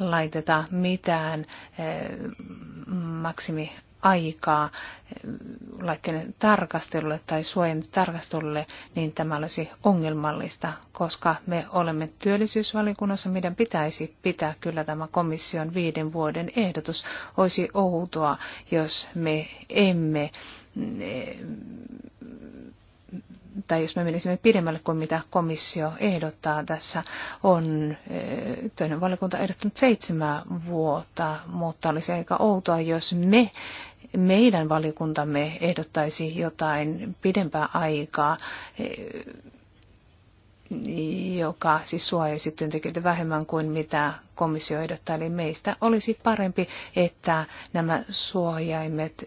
laiteta mitään eh, maksimi aikaa eh, laitteen tarkastelulle tai suojan tarkastelulle, niin tämä olisi ongelmallista, koska me olemme työllisyysvalikunnassa, meidän pitäisi pitää kyllä tämä komission viiden vuoden ehdotus. Olisi outoa, jos me emme mm, eh, tai jos me menisimme pidemmälle kuin mitä komissio ehdottaa tässä, on eh, toinen valiokunta ehdottanut seitsemää vuotta, mutta olisi aika outoa, jos me meidän valiokuntamme ehdottaisi jotain pidempää aikaa eh, joka siis suojaisi työntekijöitä vähemmän kuin mitä komissio ehdottaa. Eli meistä olisi parempi, että nämä suojaimet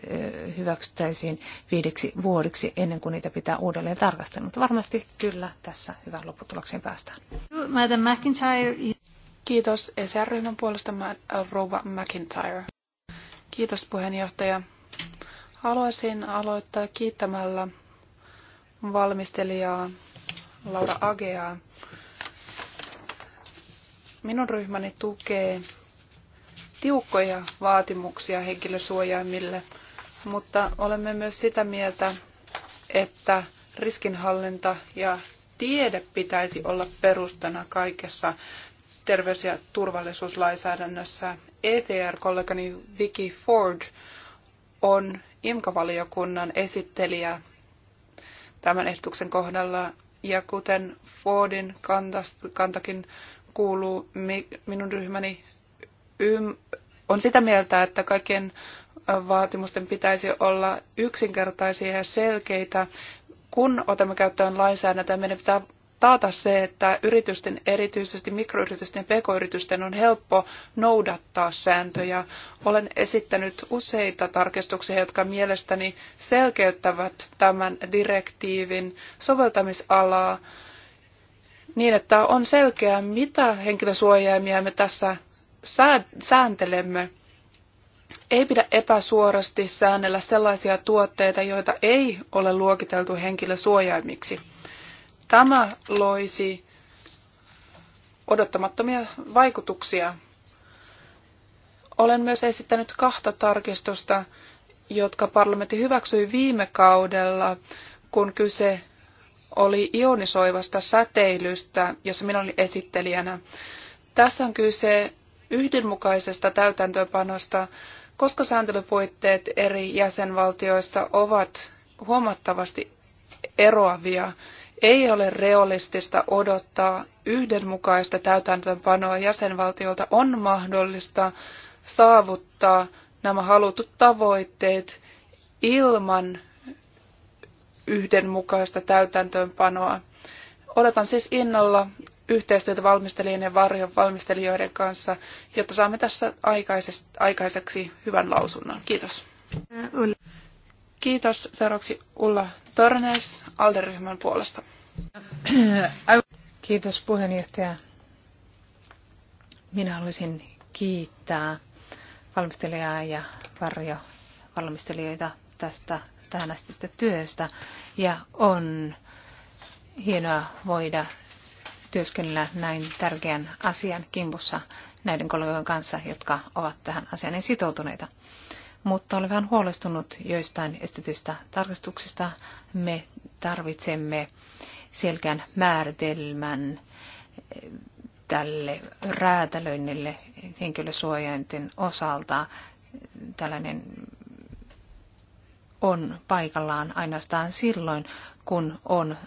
hyväksyttäisiin viideksi vuodeksi ennen kuin niitä pitää uudelleen tarkastella. Mutta varmasti kyllä tässä hyvän lopputulokseen päästään. Madam McIntyre. Kiitos ESR-ryhmän puolesta Rova McIntyre. Kiitos puheenjohtaja. Haluaisin aloittaa kiittämällä valmistelijaa Laura Ageaa. Minun ryhmäni tukee tiukkoja vaatimuksia henkilösuojaimille, mutta olemme myös sitä mieltä, että riskinhallinta ja tiede pitäisi olla perustana kaikessa terveys- ja turvallisuuslainsäädännössä. ECR-kollegani Vicky Ford on IMKA-valiokunnan esittelijä tämän ehdotuksen kohdalla. Ja kuten Fordin kantakin kuuluu, minun ryhmäni on sitä mieltä, että kaikkien vaatimusten pitäisi olla yksinkertaisia ja selkeitä. Kun otamme käyttöön lainsäädäntöä, meidän pitää taata se, että yritysten, erityisesti mikroyritysten ja pk-yritysten on helppo noudattaa sääntöjä. Olen esittänyt useita tarkistuksia, jotka mielestäni selkeyttävät tämän direktiivin soveltamisalaa niin, että on selkeää, mitä henkilösuojaimia me tässä sääntelemme. Ei pidä epäsuorasti säännellä sellaisia tuotteita, joita ei ole luokiteltu henkilösuojaimiksi. Tämä loisi odottamattomia vaikutuksia. Olen myös esittänyt kahta tarkistusta, jotka parlamentti hyväksyi viime kaudella, kun kyse oli ionisoivasta säteilystä, jossa minä olin esittelijänä. Tässä on kyse yhdenmukaisesta täytäntöönpanosta, koska sääntelypuitteet eri jäsenvaltioissa ovat huomattavasti eroavia. Ei ole realistista odottaa yhdenmukaista täytäntöönpanoa jäsenvaltiolta. On mahdollista saavuttaa nämä halutut tavoitteet ilman yhdenmukaista täytäntöönpanoa. Odotan siis innolla yhteistyötä valmistelijien ja varjon valmistelijoiden kanssa, jotta saamme tässä aikaiseksi hyvän lausunnon. Kiitos. Kiitos. Seuraavaksi Ulla Törnäis Alderyhmän puolesta. Kiitos puheenjohtaja. Minä haluaisin kiittää valmistelijaa ja varjo valmistelijoita tästä tähän asti työstä. Ja on hienoa voida työskennellä näin tärkeän asian kimpussa näiden kollegojen kanssa, jotka ovat tähän asiaan sitoutuneita mutta olen vähän huolestunut joistain estetyistä tarkastuksista. Me tarvitsemme selkeän määritelmän eh, tälle räätälöinnille henkilösuojainten osalta. Tällainen on paikallaan ainoastaan silloin, kun on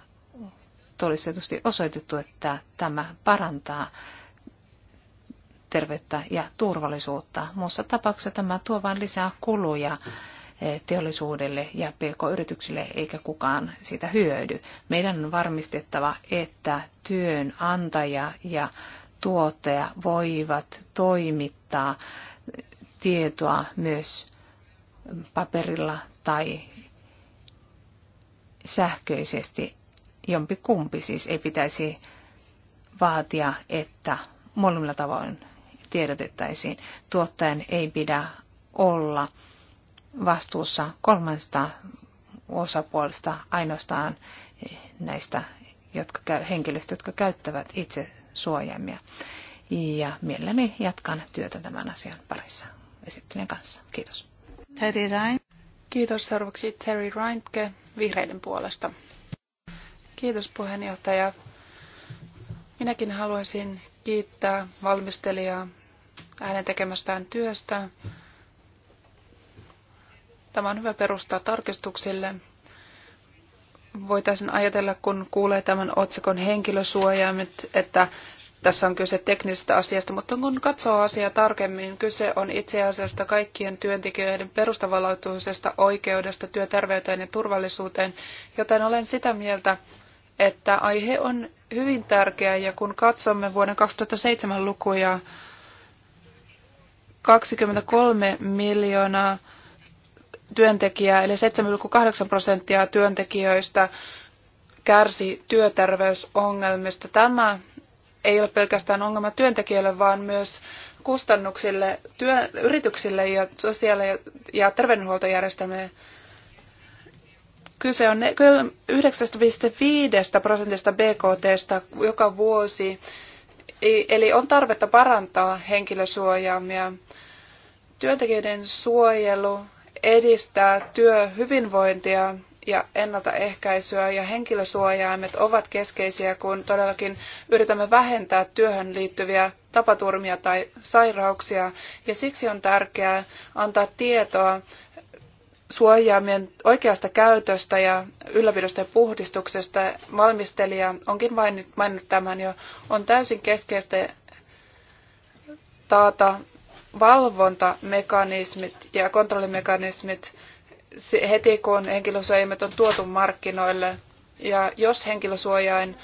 todistetusti osoitettu, että tämä parantaa terveyttä ja turvallisuutta. Muussa tapauksessa tämä tuo vain lisää kuluja eh, teollisuudelle ja pk-yrityksille, eikä kukaan siitä hyödy. Meidän on varmistettava, että työnantaja ja tuottaja voivat toimittaa tietoa myös paperilla tai sähköisesti. Jompi kumpi siis ei pitäisi vaatia, että molemmilla tavoin tiedotettaisiin. Tuottajan ei pidä olla vastuussa kolmesta osapuolesta ainoastaan näistä jotka käy, henkilöistä, jotka käyttävät itse suojaimia. Ja mielelläni jatkan työtä tämän asian parissa esittelijän kanssa. Kiitos. Terry Ryan. Kiitos seuraavaksi Terry Reintke vihreiden puolesta. Kiitos puheenjohtaja. Minäkin haluaisin kiittää valmistelijaa hänen tekemästään työstä. Tämä on hyvä perustaa tarkistuksille. Voitaisiin ajatella, kun kuulee tämän otsikon henkilösuojaimet, että tässä on kyse teknisestä asiasta, mutta kun katsoo asiaa tarkemmin, kyse on itse asiassa kaikkien työntekijöiden perustavanlaatuisesta oikeudesta työterveyteen ja turvallisuuteen, joten olen sitä mieltä, että aihe on hyvin tärkeä ja kun katsomme vuoden 2007 lukuja, 23 miljoonaa työntekijää, eli 7,8 prosenttia työntekijöistä kärsi työterveysongelmista. Tämä ei ole pelkästään ongelma työntekijöille, vaan myös kustannuksille työ, yrityksille ja sosiaali- ja terveydenhuoltojärjestelmille. Kyse on 9,5 prosentista BKTstä joka vuosi Eli on tarvetta parantaa henkilösuojaamia. Työntekijöiden suojelu edistää työhyvinvointia ja ennaltaehkäisyä ja henkilösuojaimet ovat keskeisiä, kun todellakin yritämme vähentää työhön liittyviä tapaturmia tai sairauksia. Ja siksi on tärkeää antaa tietoa suojaamien oikeasta käytöstä ja ylläpidosta ja puhdistuksesta, valmistelija onkin maininnut tämän jo, on täysin keskeistä taata valvontamekanismit ja kontrollimekanismit heti, kun henkilösuojaimet on tuotu markkinoille. Ja jos henkilösuojain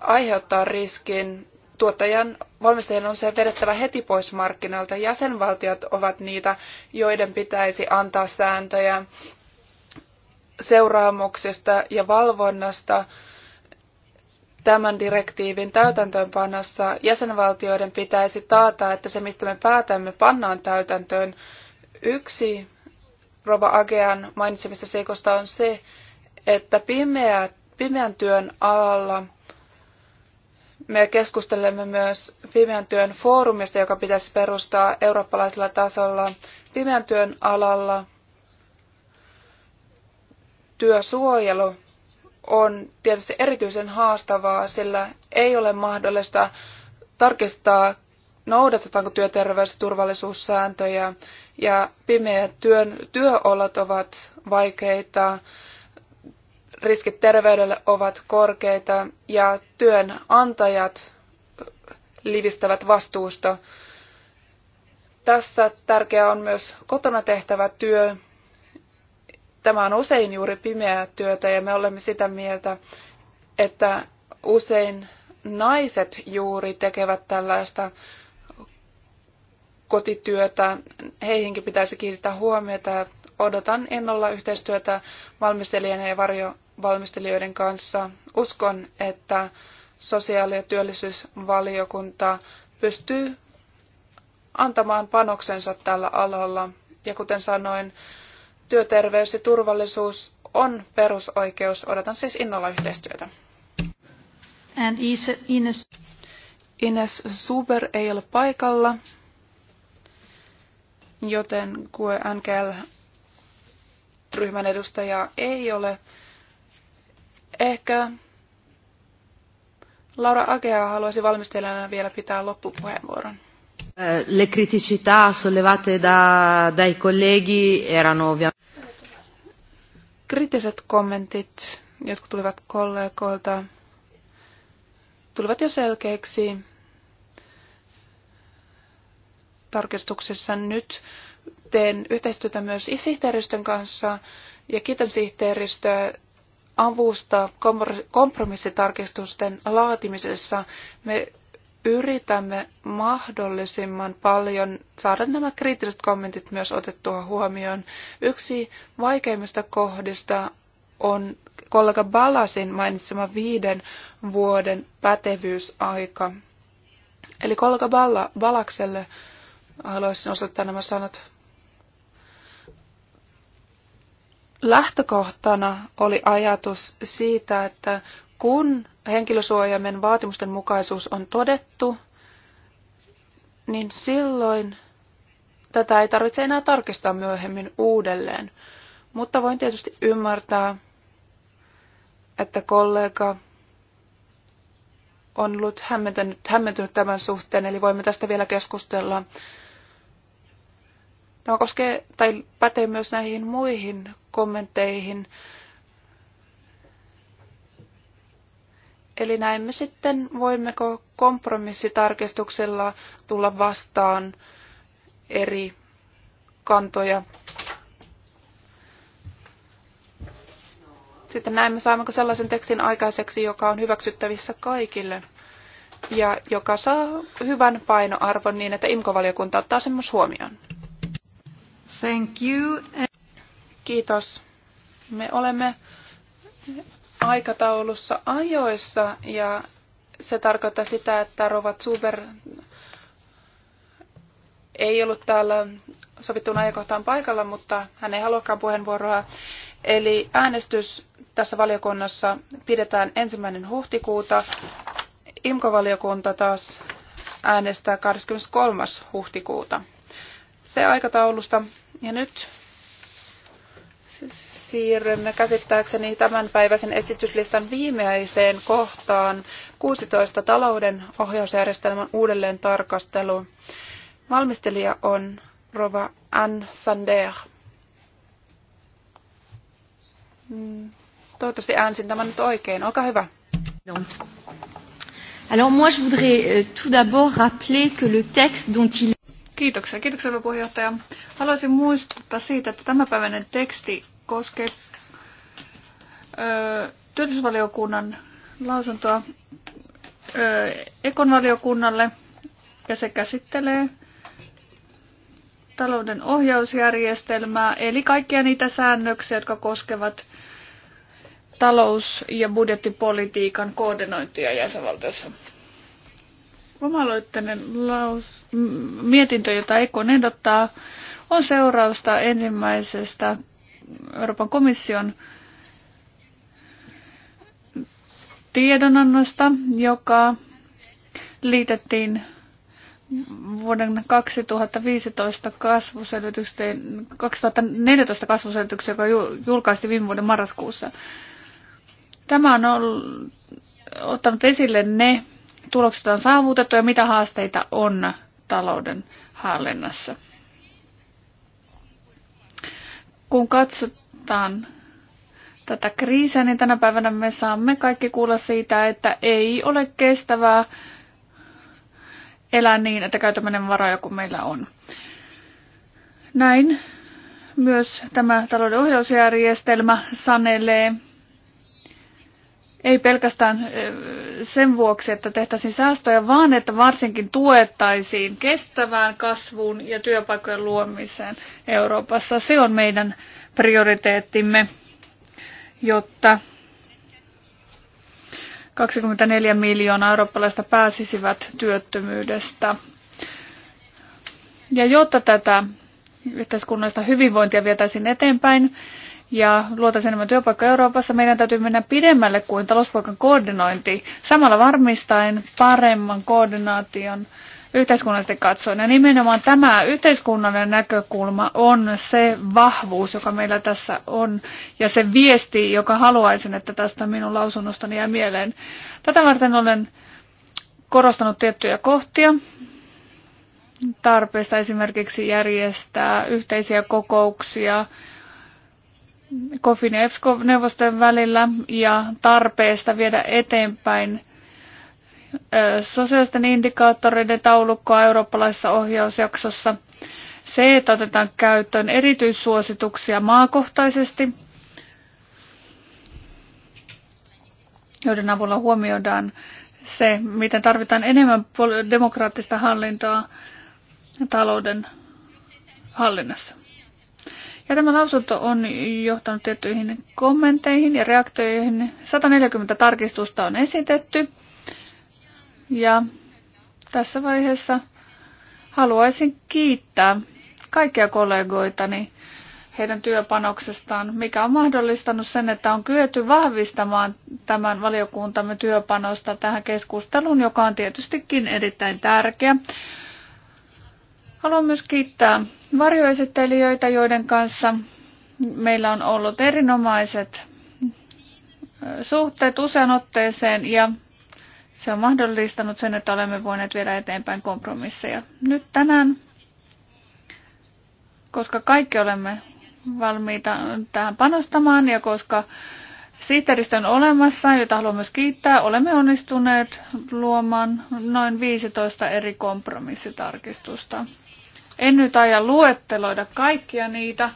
aiheuttaa riskin tuottajan valmistajien on se vedettävä heti pois markkinoilta. Jäsenvaltiot ovat niitä, joiden pitäisi antaa sääntöjä seuraamuksista ja valvonnasta tämän direktiivin täytäntöönpanossa. Jäsenvaltioiden pitäisi taata, että se mistä me päätämme pannaan täytäntöön. Yksi Rova Agean mainitsemista seikosta on se, että pimeä, pimeän työn alalla – me keskustelemme myös pimeän työn foorumista, joka pitäisi perustaa eurooppalaisella tasolla pimeän työn alalla. Työsuojelu on tietysti erityisen haastavaa, sillä ei ole mahdollista tarkistaa, noudatetaanko työterveys- ja turvallisuussääntöjä, ja pimeät työn, työolot ovat vaikeita riskit terveydelle ovat korkeita ja työnantajat livistävät vastuusta. Tässä tärkeää on myös kotona tehtävä työ. Tämä on usein juuri pimeää työtä ja me olemme sitä mieltä, että usein naiset juuri tekevät tällaista kotityötä. Heihinkin pitäisi kiinnittää huomiota. Odotan innolla yhteistyötä valmistelijana ja varjo valmistelijoiden kanssa. Uskon, että sosiaali- ja työllisyysvaliokunta pystyy antamaan panoksensa tällä alalla. Ja kuten sanoin, työterveys ja turvallisuus on perusoikeus. Odotan siis innolla yhteistyötä. And Ines. Ines Suber ei ole paikalla, joten qnkl ryhmän edustaja ei ole Ehkä Laura Agea haluaisi valmistelijana vielä pitää loppupuheenvuoron. Eh, le criticità sollevate da, dai colleghi erano ovviamente... Kritiset kommentit, jotka tulivat kollegoilta, tulivat jo selkeiksi tarkistuksessa nyt. Teen yhteistyötä myös sihteeristön kanssa ja kiitän sihteeristöä avusta kompromissitarkistusten laatimisessa. Me yritämme mahdollisimman paljon saada nämä kriittiset kommentit myös otettua huomioon. Yksi vaikeimmista kohdista on kollega Balasin mainitsema viiden vuoden pätevyysaika. Eli kollega Balla, Balakselle haluaisin osoittaa nämä sanat. lähtökohtana oli ajatus siitä, että kun henkilösuojaimen vaatimusten mukaisuus on todettu, niin silloin tätä ei tarvitse enää tarkistaa myöhemmin uudelleen. Mutta voin tietysti ymmärtää, että kollega on ollut hämmentynyt tämän suhteen, eli voimme tästä vielä keskustella Tämä koskee tai pätee myös näihin muihin kommentteihin. Eli näemme sitten, voimmeko kompromissitarkistuksella tulla vastaan eri kantoja. Sitten näemme, saammeko sellaisen tekstin aikaiseksi, joka on hyväksyttävissä kaikille ja joka saa hyvän painoarvon niin, että imkovaliokunta ottaa sen myös huomioon. Thank you. Kiitos. Me olemme aikataulussa ajoissa ja se tarkoittaa sitä, että Rova Zuber ei ollut täällä sovittuun ajankohtaan paikalla, mutta hän ei haluakaan puheenvuoroa. Eli äänestys tässä valiokunnassa pidetään ensimmäinen huhtikuuta. Imkovaliokunta taas äänestää 23. huhtikuuta se aikataulusta. Ja nyt siirrymme käsittääkseni tämän päiväisen esityslistan viimeiseen kohtaan 16 talouden ohjausjärjestelmän uudelleen tarkastelu. Valmistelija on Rova Anne Sander. Mm, toivottavasti äänsin tämän nyt oikein. Olkaa hyvä. Alors moi je voudrais euh, tout d'abord rappeler que le texte dont il Kiitoksia. Kiitoksia, hyvä puheenjohtaja. Haluaisin muistuttaa siitä, että tämänpäiväinen teksti koskee öö, työllisyysvaliokunnan lausuntoa öö, ekonvaliokunnalle ja se käsittelee talouden ohjausjärjestelmää, eli kaikkia niitä säännöksiä, jotka koskevat talous- ja budjettipolitiikan koordinointia jäsenvaltiossa. Omaloittainen laus, mietintö, jota Ekon ehdottaa, on seurausta ensimmäisestä Euroopan komission tiedonannosta, joka liitettiin vuoden 2015 kasvuselvitykseen, 2014 kasvuselvitykseen, joka julkaistiin viime vuoden marraskuussa. Tämä on ollut, ottanut esille ne tulokset on saavutettu ja mitä haasteita on talouden hallinnassa. Kun katsotaan tätä kriisiä, niin tänä päivänä me saamme kaikki kuulla siitä, että ei ole kestävää elää niin, että käytämme ne varoja kuin meillä on. Näin myös tämä talouden ohjausjärjestelmä sanelee ei pelkästään sen vuoksi, että tehtäisiin säästöjä, vaan että varsinkin tuettaisiin kestävään kasvuun ja työpaikkojen luomiseen Euroopassa. Se on meidän prioriteettimme, jotta 24 miljoonaa eurooppalaista pääsisivät työttömyydestä. Ja jotta tätä yhteiskunnallista hyvinvointia vietäisiin eteenpäin, ja luotaisiin enemmän työpaikkoja Euroopassa, meidän täytyy mennä pidemmälle kuin talouspolitiikan koordinointi, samalla varmistaen paremman koordinaation yhteiskunnallisesti katsoen. Ja nimenomaan tämä yhteiskunnallinen näkökulma on se vahvuus, joka meillä tässä on, ja se viesti, joka haluaisin, että tästä minun lausunnostani jää mieleen. Tätä varten olen korostanut tiettyjä kohtia tarpeesta esimerkiksi järjestää yhteisiä kokouksia, COFIN ja EPSCO-neuvostojen välillä ja tarpeesta viedä eteenpäin sosiaalisten indikaattoreiden taulukkoa eurooppalaisessa ohjausjaksossa. Se, että otetaan käyttöön erityissuosituksia maakohtaisesti, joiden avulla huomioidaan se, miten tarvitaan enemmän demokraattista hallintoa talouden hallinnassa. Ja tämä lausunto on johtanut tiettyihin kommentteihin ja reaktioihin. 140 tarkistusta on esitetty. Ja tässä vaiheessa haluaisin kiittää kaikkia kollegoitani heidän työpanoksestaan, mikä on mahdollistanut sen, että on kyetty vahvistamaan tämän valiokuntamme työpanosta tähän keskusteluun, joka on tietystikin erittäin tärkeä. Haluan myös kiittää varjoesittelijöitä, joiden kanssa meillä on ollut erinomaiset suhteet usean otteeseen ja se on mahdollistanut sen, että olemme voineet viedä eteenpäin kompromisseja. Nyt tänään, koska kaikki olemme valmiita tähän panostamaan ja koska sihteeristön olemassa, jota haluan myös kiittää, olemme onnistuneet luomaan noin 15 eri kompromissitarkistusta. En nyt aja luetteloida kaikkia niitä,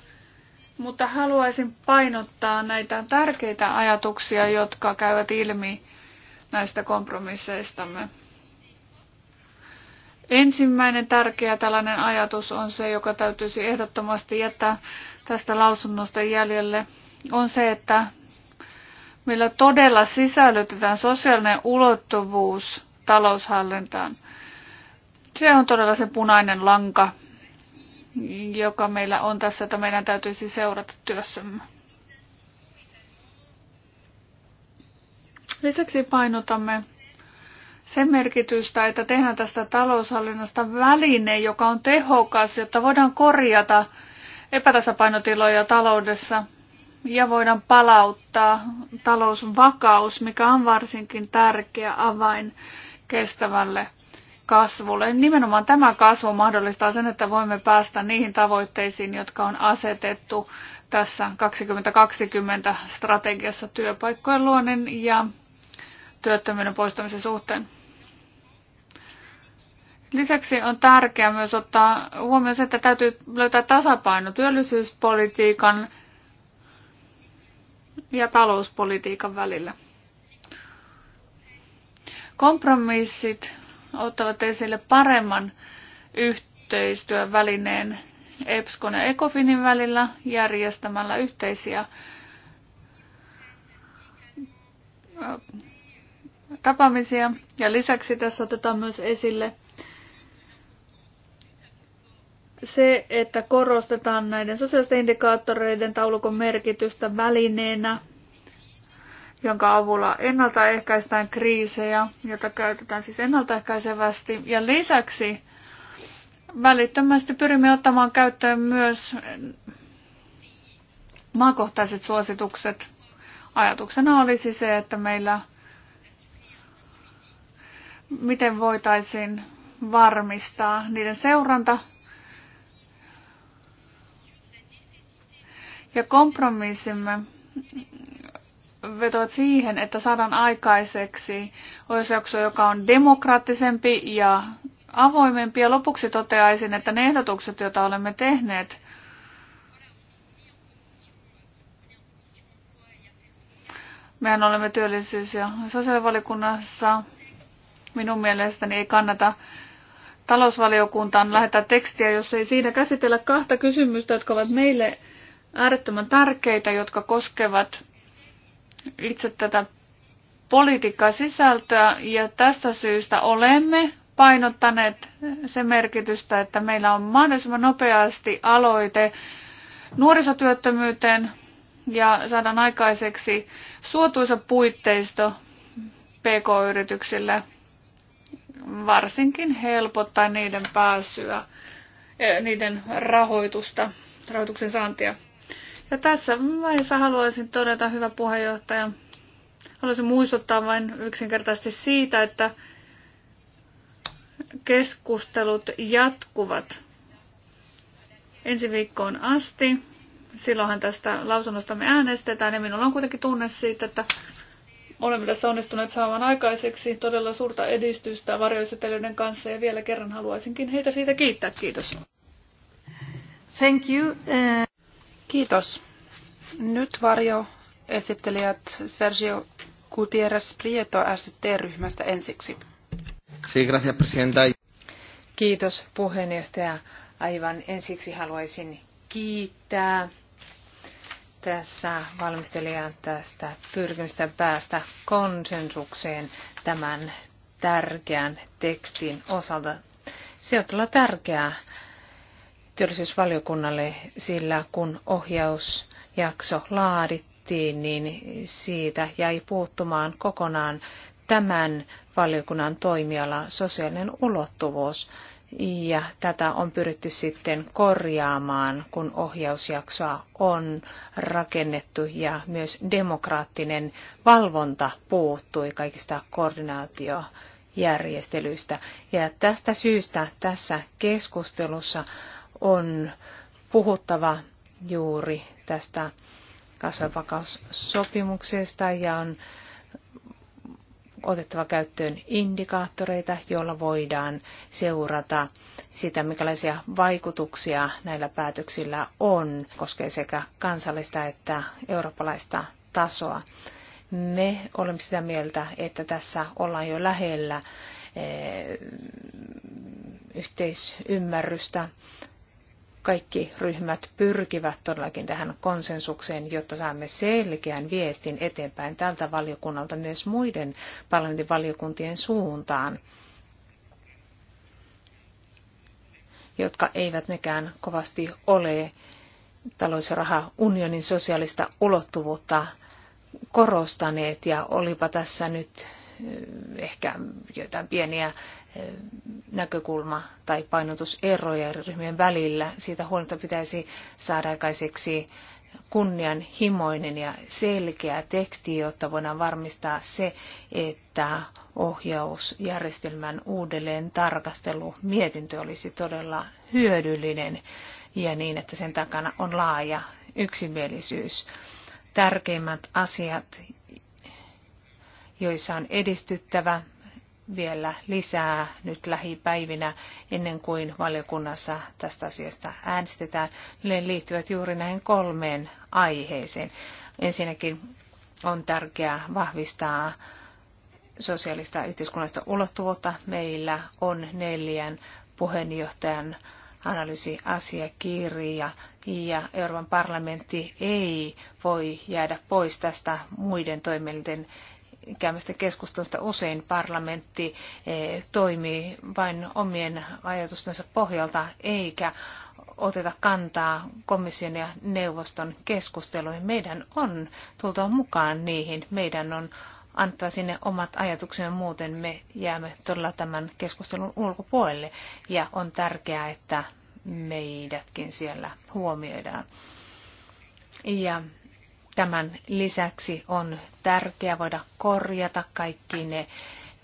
mutta haluaisin painottaa näitä tärkeitä ajatuksia, jotka käyvät ilmi näistä kompromisseistamme. Ensimmäinen tärkeä tällainen ajatus on se, joka täytyisi ehdottomasti jättää tästä lausunnosta jäljelle, on se, että millä todella sisällytetään sosiaalinen ulottuvuus taloushallintaan. Se on todella se punainen lanka, joka meillä on tässä, että meidän täytyisi seurata työssämme. Lisäksi painotamme sen merkitystä, että tehdään tästä taloushallinnasta väline, joka on tehokas, jotta voidaan korjata epätasapainotiloja taloudessa ja voidaan palauttaa talousvakaus, mikä on varsinkin tärkeä avain kestävälle kasvulle. Nimenomaan tämä kasvu mahdollistaa sen, että voimme päästä niihin tavoitteisiin, jotka on asetettu tässä 2020 strategiassa työpaikkojen luonnin ja työttömyyden poistamisen suhteen. Lisäksi on tärkeää myös ottaa huomioon se, että täytyy löytää tasapaino työllisyyspolitiikan ja talouspolitiikan välillä. Kompromissit ottavat esille paremman yhteistyön välineen EPSCON ja ECOFINin välillä järjestämällä yhteisiä tapaamisia. Ja lisäksi tässä otetaan myös esille se, että korostetaan näiden sosiaalisten indikaattoreiden taulukon merkitystä välineenä – jonka avulla ennaltaehkäistään kriisejä, jota käytetään siis ennaltaehkäisevästi. Ja lisäksi välittömästi pyrimme ottamaan käyttöön myös maakohtaiset suositukset. Ajatuksena olisi se, että meillä miten voitaisiin varmistaa niiden seuranta ja kompromissimme vetoat siihen, että saadaan aikaiseksi ohjausjakso, joka on demokraattisempi ja avoimempi. Ja lopuksi toteaisin, että ne ehdotukset, joita olemme tehneet, mehän olemme työllisyys- ja sosiaalivaliokunnassa. Minun mielestäni ei kannata talousvaliokuntaan lähettää tekstiä, jos ei siinä käsitellä kahta kysymystä, jotka ovat meille äärettömän tärkeitä, jotka koskevat itse tätä politiikkaa sisältöä ja tästä syystä olemme painottaneet sen merkitystä, että meillä on mahdollisimman nopeasti aloite nuorisotyöttömyyteen ja saadaan aikaiseksi suotuisa puitteisto PK-yrityksille, varsinkin helpottaa niiden pääsyä, eh, niiden rahoitusta, rahoituksen saantia. Ja tässä vaiheessa haluaisin todeta, hyvä puheenjohtaja, haluaisin muistuttaa vain yksinkertaisesti siitä, että keskustelut jatkuvat ensi viikkoon asti. Silloinhan tästä lausunnosta me äänestetään ja minulla on kuitenkin tunne siitä, että olemme tässä onnistuneet saamaan aikaiseksi todella suurta edistystä varjoisetelijöiden kanssa ja vielä kerran haluaisinkin heitä siitä kiittää. Kiitos. Thank you. Uh... Kiitos. Nyt varjo esittelijät Sergio Gutierrez Prieto ST-ryhmästä ensiksi. Sí, gracias, presidenta. Kiitos puheenjohtaja. Aivan ensiksi haluaisin kiittää tässä valmistelijan tästä pyrkimystä päästä konsensukseen tämän tärkeän tekstin osalta. Se on tärkeää työllisyysvaliokunnalle, sillä kun ohjausjakso laadittiin, niin siitä jäi puuttumaan kokonaan tämän valiokunnan toimiala sosiaalinen ulottuvuus. Ja tätä on pyritty sitten korjaamaan, kun ohjausjaksoa on rakennettu ja myös demokraattinen valvonta puuttui kaikista koordinaatiojärjestelyistä. Ja tästä syystä tässä keskustelussa on puhuttava juuri tästä kasvavakaussopimuksesta ja on otettava käyttöön indikaattoreita, joilla voidaan seurata sitä, minkälaisia vaikutuksia näillä päätöksillä on, koskee sekä kansallista että eurooppalaista tasoa. Me olemme sitä mieltä, että tässä ollaan jo lähellä eh, yhteisymmärrystä kaikki ryhmät pyrkivät todellakin tähän konsensukseen, jotta saamme selkeän viestin eteenpäin tältä valiokunnalta myös muiden parlamentin valiokuntien suuntaan, jotka eivät nekään kovasti ole talous- ja rahaunionin sosiaalista ulottuvuutta korostaneet ja olipa tässä nyt Eh, ehkä jotain pieniä eh, näkökulma- tai painotuseroja eri ryhmien välillä. Siitä huolta pitäisi saada aikaiseksi kunnianhimoinen ja selkeä teksti, jotta voidaan varmistaa se, että ohjausjärjestelmän uudelleen tarkastelu mietintö olisi todella hyödyllinen ja niin, että sen takana on laaja yksimielisyys. Tärkeimmät asiat, joissa on edistyttävä vielä lisää nyt lähipäivinä ennen kuin valiokunnassa tästä asiasta äänestetään. Ne liittyvät juuri näihin kolmeen aiheeseen. Ensinnäkin on tärkeää vahvistaa sosiaalista yhteiskunnallista ulottuvuutta. Meillä on neljän puheenjohtajan analyysiasiakirja ja Euroopan parlamentti ei voi jäädä pois tästä muiden toimielinten käymästä keskustelusta usein parlamentti eh, toimii vain omien ajatustensa pohjalta eikä oteta kantaa komission ja neuvoston keskusteluihin. Meidän on tultava mukaan niihin. Meidän on antaa sinne omat ajatuksemme, muuten me jäämme todella tämän keskustelun ulkopuolelle. Ja on tärkeää, että meidätkin siellä huomioidaan. Ja Tämän lisäksi on tärkeää voida korjata kaikki ne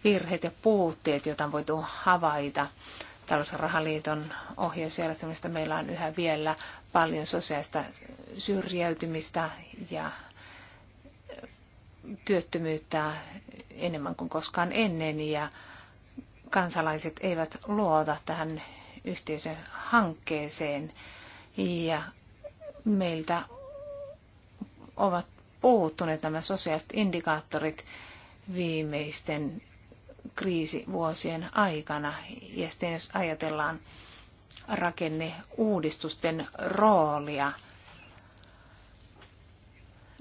virheet ja puutteet, joita on voitu havaita. Talousrahaliiton ja ohjausjärjestelmästä meillä on yhä vielä paljon sosiaalista syrjäytymistä ja työttömyyttä enemmän kuin koskaan ennen ja kansalaiset eivät luota tähän yhteisön hankkeeseen ja meiltä ovat puhuttuneet nämä sosiaaliset indikaattorit viimeisten kriisivuosien aikana. Ja sitten jos ajatellaan rakenneuudistusten roolia,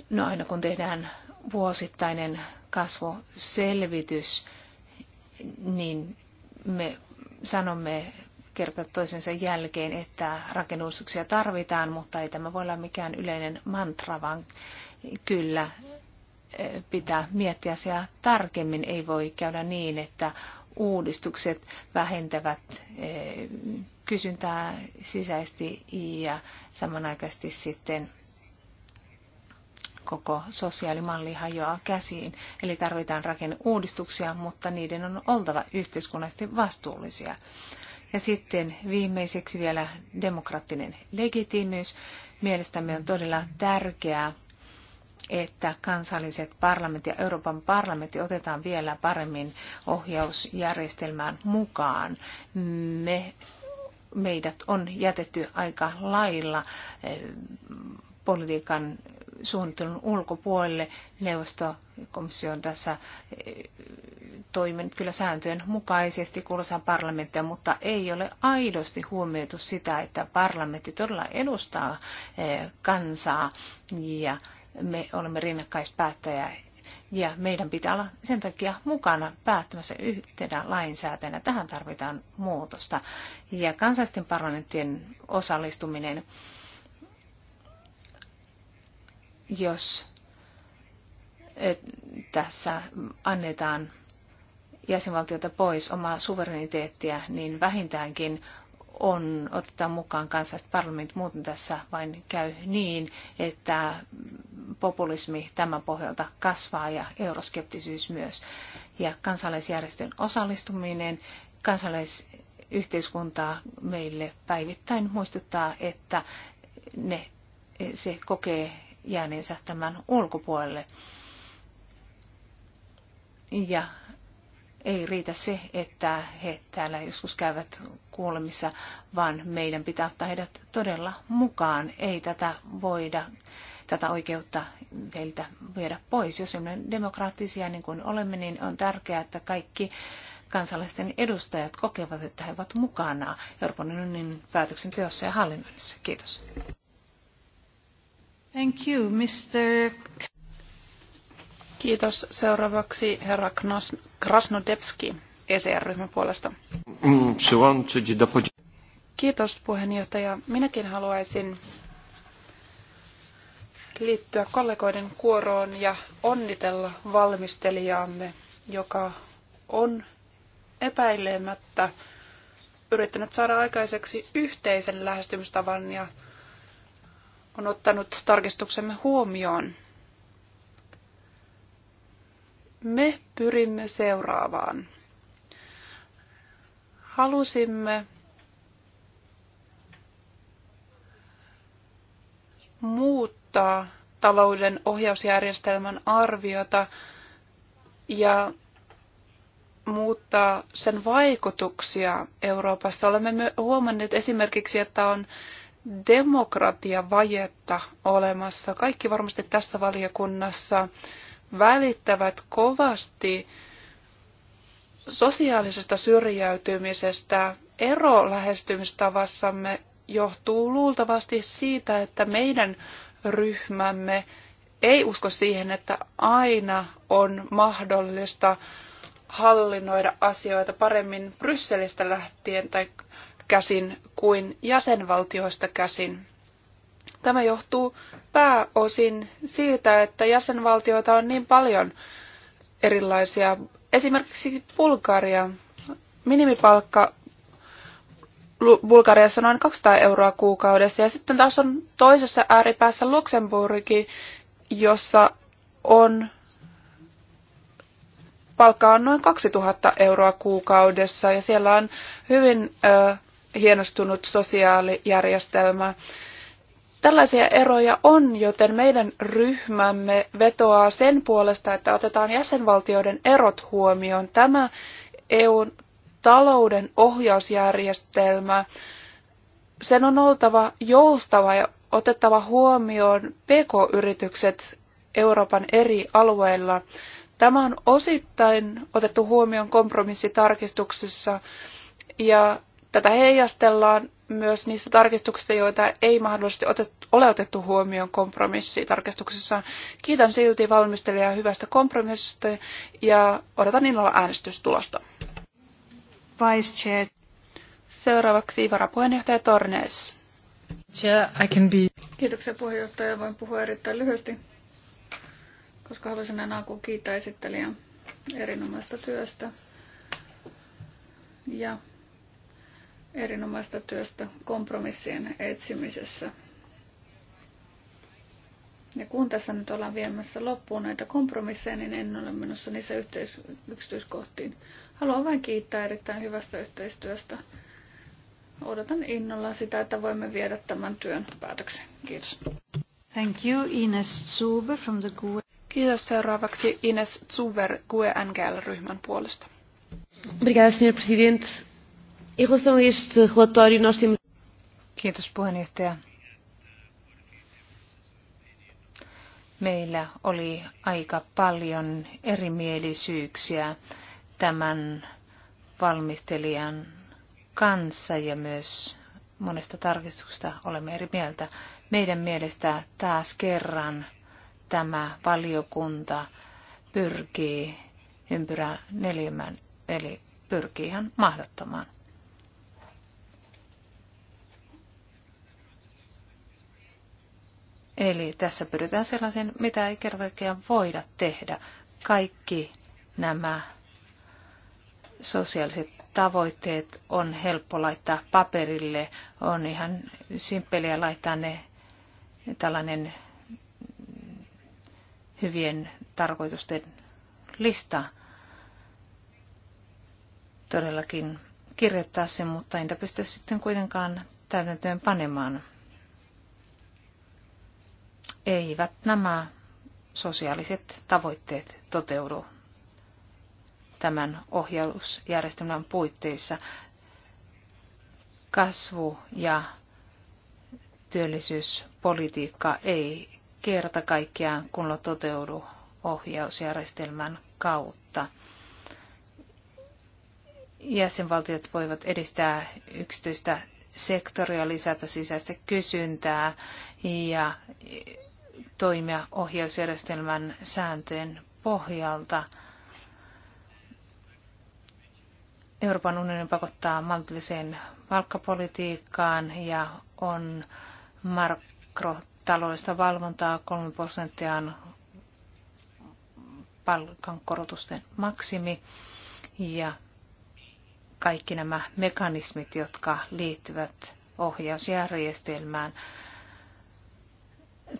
no aina kun tehdään vuosittainen kasvuselvitys, niin me sanomme kerta toisensa jälkeen, että rakennuksia tarvitaan, mutta ei tämä voi olla mikään yleinen mantra, vaan kyllä eh, pitää miettiä asiaa tarkemmin. Ei voi käydä niin, että uudistukset vähentävät eh, kysyntää sisäisesti ja samanaikaisesti sitten koko sosiaalimalli hajoaa käsiin. Eli tarvitaan rakenneuudistuksia, mutta niiden on oltava yhteiskunnallisesti vastuullisia. Ja sitten viimeiseksi vielä demokraattinen legitiimiys. Mielestämme on todella tärkeää, että kansalliset parlamentit ja Euroopan parlamentti otetaan vielä paremmin ohjausjärjestelmään mukaan. Me, meidät on jätetty aika lailla eh, politiikan suunnittelun ulkopuolelle. Neuvostokomissio on tässä eh, toiminut kyllä sääntöjen mukaisesti kuuluisaa parlamenttia, mutta ei ole aidosti huomioitu sitä, että parlamentti todella edustaa eh, kansaa ja me olemme rinnakkaispäättäjä ja meidän pitää olla sen takia mukana päättämässä yhtenä lainsäätäjänä. Tähän tarvitaan muutosta. Ja kansallisten parlamenttien osallistuminen jos tässä annetaan jäsenvaltiota pois omaa suvereniteettia, niin vähintäänkin on, otetaan mukaan kansalliset parlament muuten tässä vain käy niin, että populismi tämän pohjalta kasvaa ja euroskeptisyys myös. Ja kansalaisjärjestön osallistuminen, kansalaisyhteiskuntaa meille päivittäin muistuttaa, että ne, se kokee jääneensä tämän ulkopuolelle. Ja ei riitä se, että he täällä joskus käyvät kuulemissa, vaan meidän pitää ottaa heidät todella mukaan. Ei tätä voida, tätä oikeutta heiltä viedä pois. Jos olemme demokraattisia niin kuin olemme, niin on tärkeää, että kaikki kansalaisten edustajat kokevat, että he ovat mukana Euroopan unionin päätöksenteossa ja hallinnoinnissa. Kiitos. Kiitos. Seuraavaksi herra Krasnodebski ECR-ryhmän puolesta. Mm, Kiitos puheenjohtaja. Minäkin haluaisin liittyä kollegoiden kuoroon ja onnitella valmistelijaamme, joka on epäilemättä yrittänyt saada aikaiseksi yhteisen lähestymistavan ja on ottanut tarkistuksemme huomioon. Me pyrimme seuraavaan. Halusimme muuttaa talouden ohjausjärjestelmän arviota ja muuttaa sen vaikutuksia Euroopassa. Olemme huomanneet esimerkiksi, että on demokratiavajetta olemassa. Kaikki varmasti tässä valiokunnassa välittävät kovasti sosiaalisesta syrjäytymisestä. Ero lähestymistavassamme johtuu luultavasti siitä, että meidän ryhmämme ei usko siihen, että aina on mahdollista hallinnoida asioita paremmin Brysselistä lähtien tai käsin kuin jäsenvaltioista käsin. Tämä johtuu pääosin siitä, että jäsenvaltioita on niin paljon erilaisia. Esimerkiksi Bulgaria. Minimipalkka Bulgariassa noin 200 euroa kuukaudessa. Ja sitten taas on toisessa ääripäässä Luxemburgi, jossa on palkka on noin 2000 euroa kuukaudessa ja siellä on hyvin ö, hienostunut sosiaalijärjestelmä. Tällaisia eroja on, joten meidän ryhmämme vetoaa sen puolesta, että otetaan jäsenvaltioiden erot huomioon. Tämä EUn talouden ohjausjärjestelmä, sen on oltava joustava ja otettava huomioon pk-yritykset Euroopan eri alueilla. Tämä on osittain otettu huomioon kompromissitarkistuksessa ja Tätä heijastellaan myös niissä tarkistuksissa, joita ei mahdollisesti otettu, ole otettu huomioon kompromissitarkistuksessa. Kiitän silti valmistelijaa hyvästä kompromissista ja odotan innolla äänestystulosta. Vice Chair. Seuraavaksi varapuheenjohtaja Tornes. Chair, I can be... Kiitoksia puheenjohtaja. Voin puhua erittäin lyhyesti, koska haluaisin enää kuin kiittää esittelijän erinomaista työstä. Ja erinomaista työstä kompromissien etsimisessä. Ja kun tässä nyt ollaan viemässä loppuun näitä kompromisseja, niin en ole menossa niissä yhteis- yksityiskohtiin. Haluan vain kiittää erittäin hyvästä yhteistyöstä. Odotan innolla sitä, että voimme viedä tämän työn päätökseen. Kiitos. Thank you, Ines Zuber from the GUE. Kiitos seuraavaksi Ines Zuber GUE-NGL-ryhmän puolesta. Obrigada, senhor presidente. Kiitos puheenjohtaja. Meillä oli aika paljon erimielisyyksiä tämän valmistelijan kanssa ja myös monesta tarkistuksesta olemme eri mieltä. Meidän mielestä taas kerran tämä valiokunta pyrkii ympyrä neljämän, eli pyrkii ihan mahdottomaan. Eli tässä pyritään sellaisen, mitä ei kertakaan voida tehdä. Kaikki nämä sosiaaliset tavoitteet on helppo laittaa paperille. On ihan simppeliä laittaa ne tällainen hyvien tarkoitusten lista todellakin kirjoittaa sen, mutta entä pysty sitten kuitenkaan täytäntöön panemaan eivät nämä sosiaaliset tavoitteet toteudu tämän ohjausjärjestelmän puitteissa. Kasvu ja työllisyyspolitiikka ei kerta kaikkiaan kunnolla toteudu ohjausjärjestelmän kautta. Jäsenvaltiot voivat edistää yksityistä sektoria, lisätä sisäistä kysyntää ja toimia ohjausjärjestelmän sääntöjen pohjalta. Euroopan unioni pakottaa maltilliseen palkkapolitiikkaan ja on makrotaloudellista valvontaa 3 prosenttia palkankorotusten maksimi ja kaikki nämä mekanismit, jotka liittyvät ohjausjärjestelmään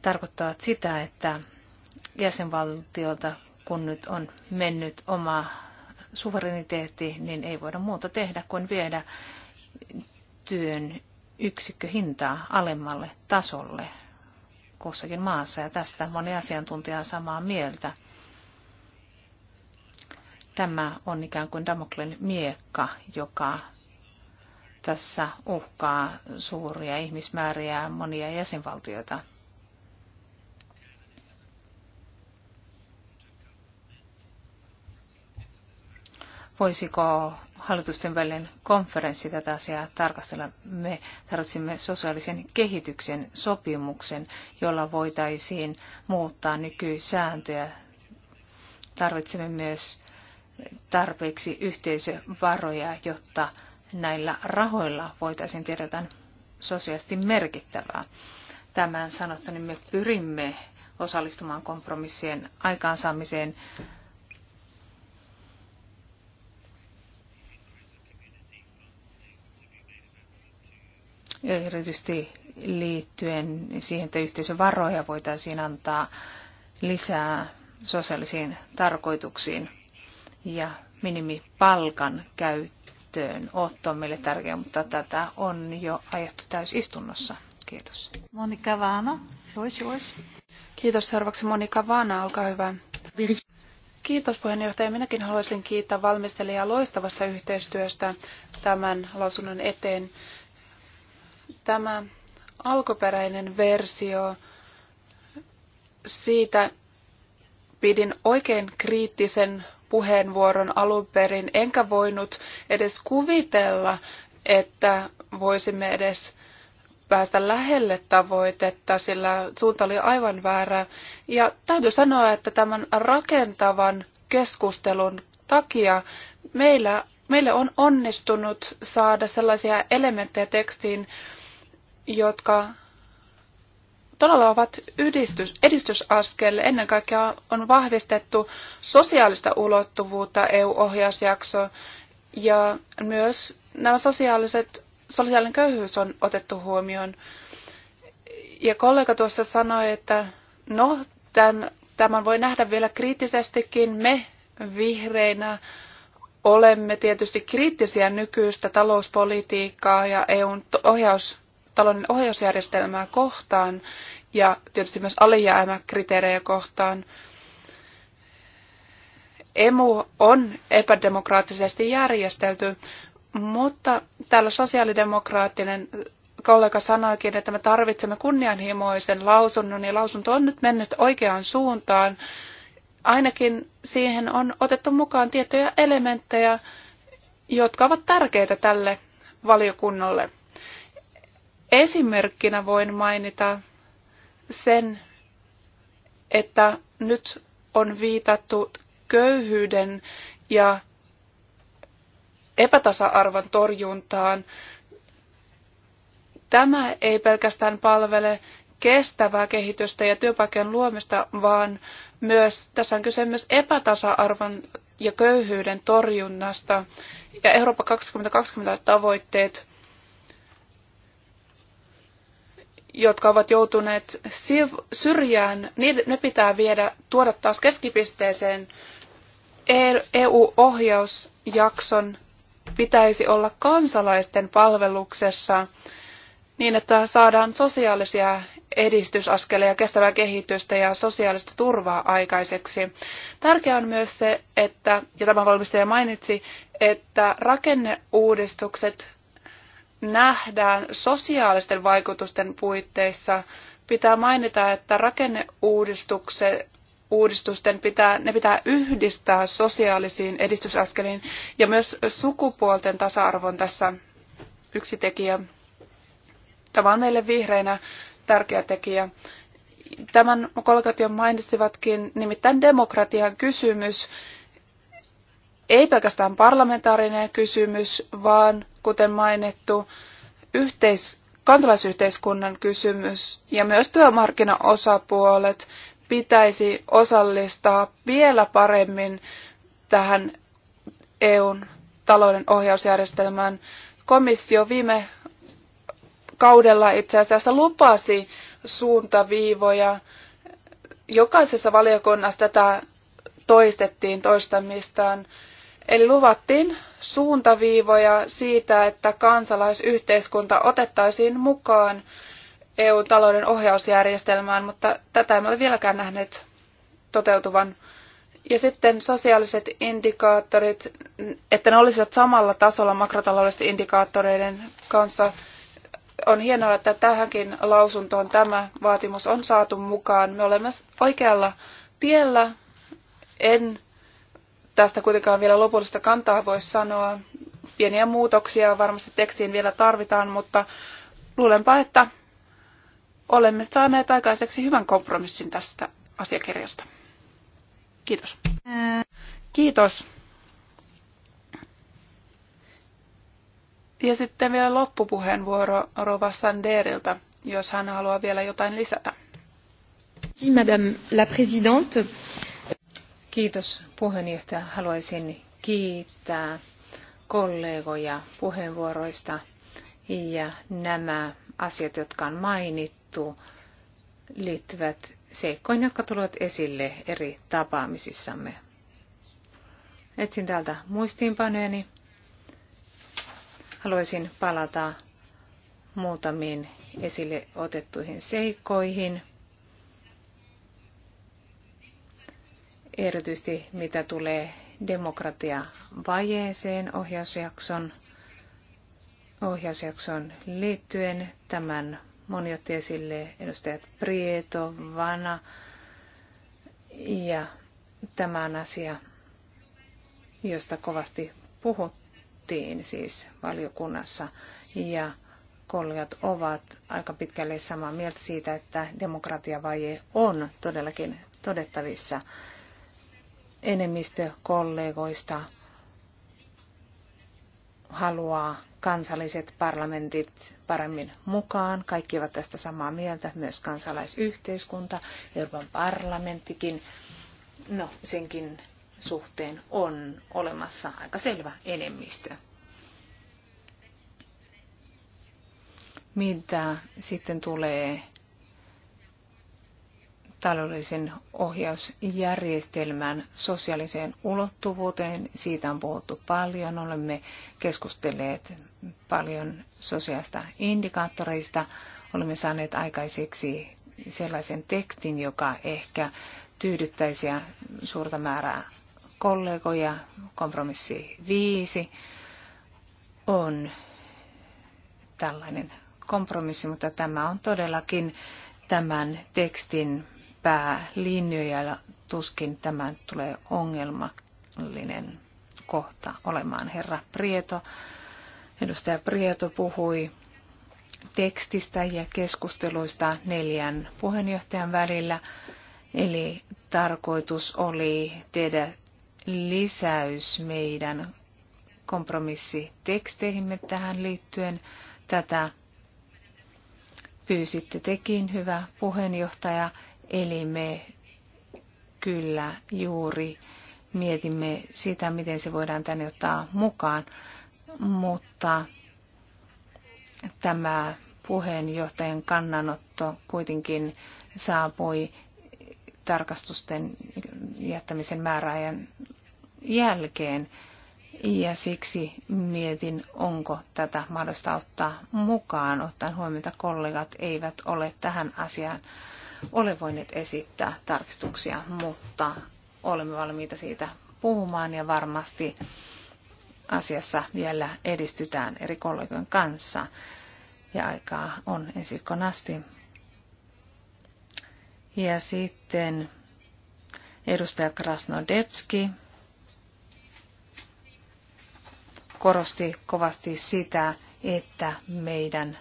tarkoittavat sitä, että jäsenvaltiolta, kun nyt on mennyt oma suvereniteetti, niin ei voida muuta tehdä kuin viedä työn yksikköhintaa alemmalle tasolle kussakin maassa, ja tästä moni asiantuntija on samaa mieltä. Tämä on ikään kuin Damoklen miekka, joka tässä uhkaa suuria ihmismääriä monia jäsenvaltioita – Voisiko hallitusten välinen konferenssi tätä asiaa tarkastella? Me tarvitsemme sosiaalisen kehityksen sopimuksen, jolla voitaisiin muuttaa nykysääntöjä. Tarvitsemme myös tarpeeksi yhteisövaroja, jotta näillä rahoilla voitaisiin tehdä jotain sosiaalisesti merkittävää. Tämän sanottuna niin me pyrimme osallistumaan kompromissien aikaansaamiseen erityisesti liittyen siihen, että yhteisön varoja voitaisiin antaa lisää sosiaalisiin tarkoituksiin ja minimipalkan käyttöön otto on meille tärkeä, mutta tätä on jo ajettu täysistunnossa. Kiitos. Monika Vaana, Kiitos seuraavaksi Monika Vaana, olkaa hyvä. Kiitos puheenjohtaja. Minäkin haluaisin kiittää valmistelijaa loistavasta yhteistyöstä tämän lausunnon eteen tämä alkuperäinen versio, siitä pidin oikein kriittisen puheenvuoron alun perin, enkä voinut edes kuvitella, että voisimme edes päästä lähelle tavoitetta, sillä suunta oli aivan väärä. Ja täytyy sanoa, että tämän rakentavan keskustelun takia meillä, meille on onnistunut saada sellaisia elementtejä tekstiin, jotka todella ovat yhdistys, edistysaskel. Ennen kaikkea on vahvistettu sosiaalista ulottuvuutta EU-ohjausjakso ja myös nämä sosiaaliset, sosiaalinen köyhyys on otettu huomioon. Ja kollega tuossa sanoi, että no, tämän, tämän voi nähdä vielä kriittisestikin. Me vihreinä olemme tietysti kriittisiä nykyistä talouspolitiikkaa ja EUn ohjaus talouden ohjausjärjestelmää kohtaan ja tietysti myös alijäämäkriteerejä kohtaan. Emu on epädemokraattisesti järjestelty, mutta täällä sosiaalidemokraattinen kollega sanoikin, että me tarvitsemme kunnianhimoisen lausunnon ja lausunto on nyt mennyt oikeaan suuntaan. Ainakin siihen on otettu mukaan tiettyjä elementtejä, jotka ovat tärkeitä tälle valiokunnalle. Esimerkkinä voin mainita sen, että nyt on viitattu köyhyyden ja epätasa-arvon torjuntaan. Tämä ei pelkästään palvele kestävää kehitystä ja työpaikan luomista, vaan myös, tässä on kyse myös epätasa-arvon ja köyhyyden torjunnasta. Ja Eurooppa 2020 tavoitteet jotka ovat joutuneet syrjään, ne pitää viedä, tuoda taas keskipisteeseen. EU-ohjausjakson e pitäisi olla kansalaisten palveluksessa niin, että saadaan sosiaalisia edistysaskeleja, kestävää kehitystä ja sosiaalista turvaa aikaiseksi. Tärkeää on myös se, että, ja tämä valmistaja mainitsi, että rakenneuudistukset nähdään sosiaalisten vaikutusten puitteissa. Pitää mainita, että rakenneuudistuksen uudistusten pitää, ne pitää yhdistää sosiaalisiin edistysaskeliin ja myös sukupuolten tasa-arvo on tässä yksi tekijä. Tämä on meille vihreinä tärkeä tekijä. Tämän kollegat jo mainitsivatkin, nimittäin demokratian kysymys ei pelkästään parlamentaarinen kysymys, vaan kuten mainittu, yhteis, kansalaisyhteiskunnan kysymys ja myös työmarkkinaosapuolet pitäisi osallistaa vielä paremmin tähän EUn talouden ohjausjärjestelmään. Komissio viime kaudella itse asiassa lupasi suuntaviivoja. Jokaisessa valiokunnassa tätä toistettiin toistamistaan. Eli luvattiin suuntaviivoja siitä, että kansalaisyhteiskunta otettaisiin mukaan EU-talouden ohjausjärjestelmään, mutta tätä emme ole vieläkään nähneet toteutuvan. Ja sitten sosiaaliset indikaattorit, että ne olisivat samalla tasolla makrotaloudellisten indikaattoreiden kanssa. On hienoa, että tähänkin lausuntoon tämä vaatimus on saatu mukaan. Me olemme oikealla tiellä. En tästä kuitenkaan vielä lopullista kantaa voi sanoa. Pieniä muutoksia varmasti tekstiin vielä tarvitaan, mutta luulenpa, että olemme saaneet aikaiseksi hyvän kompromissin tästä asiakirjasta. Kiitos. Kiitos. Ja sitten vielä loppupuheenvuoro Rova Sanderilta, jos hän haluaa vielä jotain lisätä. Madame la Présidente. Kiitos puheenjohtaja. Haluaisin kiittää kollegoja puheenvuoroista ja nämä asiat, jotka on mainittu, liittyvät seikkoihin, jotka tulevat esille eri tapaamisissamme. Etsin täältä muistiinpanojeni. Haluaisin palata muutamiin esille otettuihin seikkoihin – erityisesti mitä tulee demokratiavajeeseen ohjausjakson, ohjausjakson liittyen. Tämän moni otti esille edustajat Prieto, Vana ja tämä on asia, josta kovasti puhuttiin siis valiokunnassa ja kollegat ovat aika pitkälle samaa mieltä siitä, että demokratiavaje on todellakin todettavissa enemmistö kollegoista haluaa kansalliset parlamentit paremmin mukaan. Kaikki ovat tästä samaa mieltä, myös kansalaisyhteiskunta, Euroopan parlamenttikin. No, senkin suhteen on olemassa aika selvä enemmistö. Mitä sitten tulee taloudellisen ohjausjärjestelmän sosiaaliseen ulottuvuuteen. Siitä on puhuttu paljon. Olemme keskustelleet paljon sosiaalista indikaattoreista. Olemme saaneet aikaiseksi sellaisen tekstin, joka ehkä tyydyttäisi suurta määrää kollegoja. Kompromissi 5 on tällainen kompromissi, mutta tämä on todellakin tämän tekstin päälinjoja ja tuskin tämä tulee ongelmallinen kohta olemaan. Herra Prieto, edustaja Prieto puhui tekstistä ja keskusteluista neljän puheenjohtajan välillä. Eli tarkoitus oli tehdä lisäys meidän kompromissiteksteihimme tähän liittyen. Tätä pyysitte tekin, hyvä puheenjohtaja, Eli me kyllä juuri mietimme sitä, miten se voidaan tänne ottaa mukaan, mutta tämä puheenjohtajan kannanotto kuitenkin saapui tarkastusten jättämisen määräajan jälkeen. Ja siksi mietin, onko tätä mahdollista ottaa mukaan, ottaen huomioon, että kollegat eivät ole tähän asiaan ole voineet esittää tarkistuksia, mutta olemme valmiita siitä puhumaan ja varmasti asiassa vielä edistytään eri kollegojen kanssa. Ja aikaa on ensi viikon asti. Ja sitten edustaja Krasnodebski korosti kovasti sitä, että meidän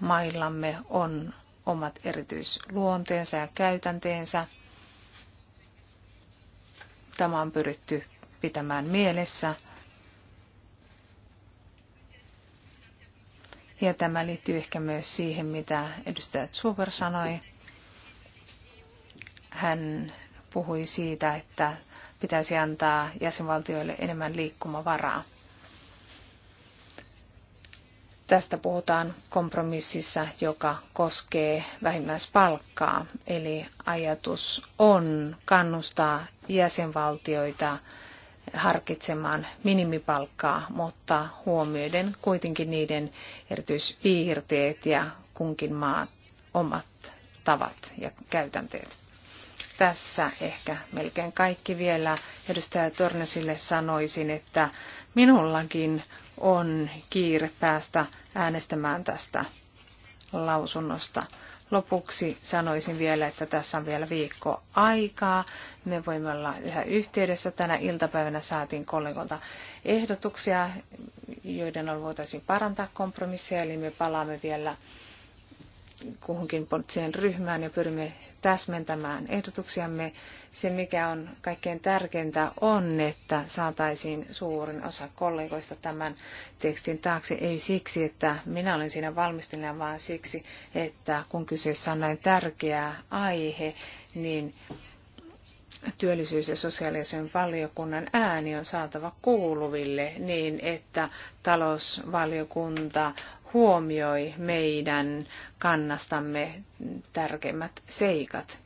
maillamme on omat erityisluonteensa ja käytänteensä. Tämä on pyritty pitämään mielessä. Ja tämä liittyy ehkä myös siihen, mitä edustaja Zuber sanoi. Hän puhui siitä, että pitäisi antaa jäsenvaltioille enemmän liikkumavaraa. Tästä puhutaan kompromississa, joka koskee vähimmäispalkkaa. Eli ajatus on kannustaa jäsenvaltioita harkitsemaan minimipalkkaa, mutta huomioiden kuitenkin niiden erityispiirteet ja kunkin maan omat tavat ja käytänteet. Tässä ehkä melkein kaikki vielä. Edustaja Tornesille sanoisin, että Minullakin on kiire päästä äänestämään tästä lausunnosta. Lopuksi sanoisin vielä, että tässä on vielä viikko aikaa. Me voimme olla yhä yhteydessä. Tänä iltapäivänä saatiin kollegolta ehdotuksia, joiden on voitaisiin parantaa kompromisseja, eli me palaamme vielä kuhunkin poliittiseen ryhmään ja pyrimme täsmentämään ehdotuksiamme. Se, mikä on kaikkein tärkeintä, on, että saataisiin suurin osa kollegoista tämän tekstin taakse. Ei siksi, että minä olen siinä valmistelija, vaan siksi, että kun kyseessä on näin tärkeä aihe, niin työllisyys- ja sosiaalisen valiokunnan ääni on saatava kuuluville niin, että talousvaliokunta huomioi meidän kannastamme tärkeimmät seikat.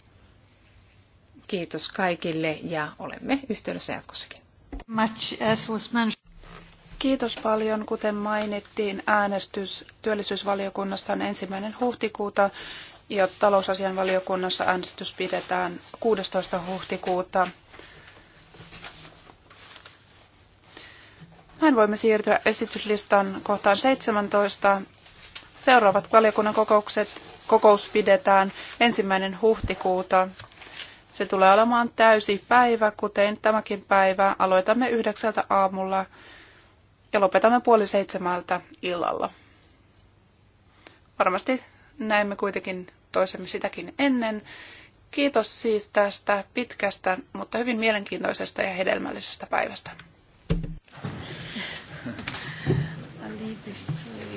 Kiitos kaikille ja olemme yhteydessä jatkossakin. Kiitos paljon. Kuten mainittiin, äänestys työllisyysvaliokunnasta on ensimmäinen huhtikuuta ja talousasianvaliokunnassa äänestys pidetään 16. huhtikuuta. Näin voimme siirtyä esityslistan kohtaan 17. Seuraavat valiokunnan kokoukset, kokous pidetään ensimmäinen huhtikuuta. Se tulee olemaan täysi päivä, kuten tämäkin päivä. Aloitamme yhdeksältä aamulla ja lopetamme puoli seitsemältä illalla. Varmasti näemme kuitenkin toisemme sitäkin ennen. Kiitos siis tästä pitkästä, mutta hyvin mielenkiintoisesta ja hedelmällisestä päivästä. list.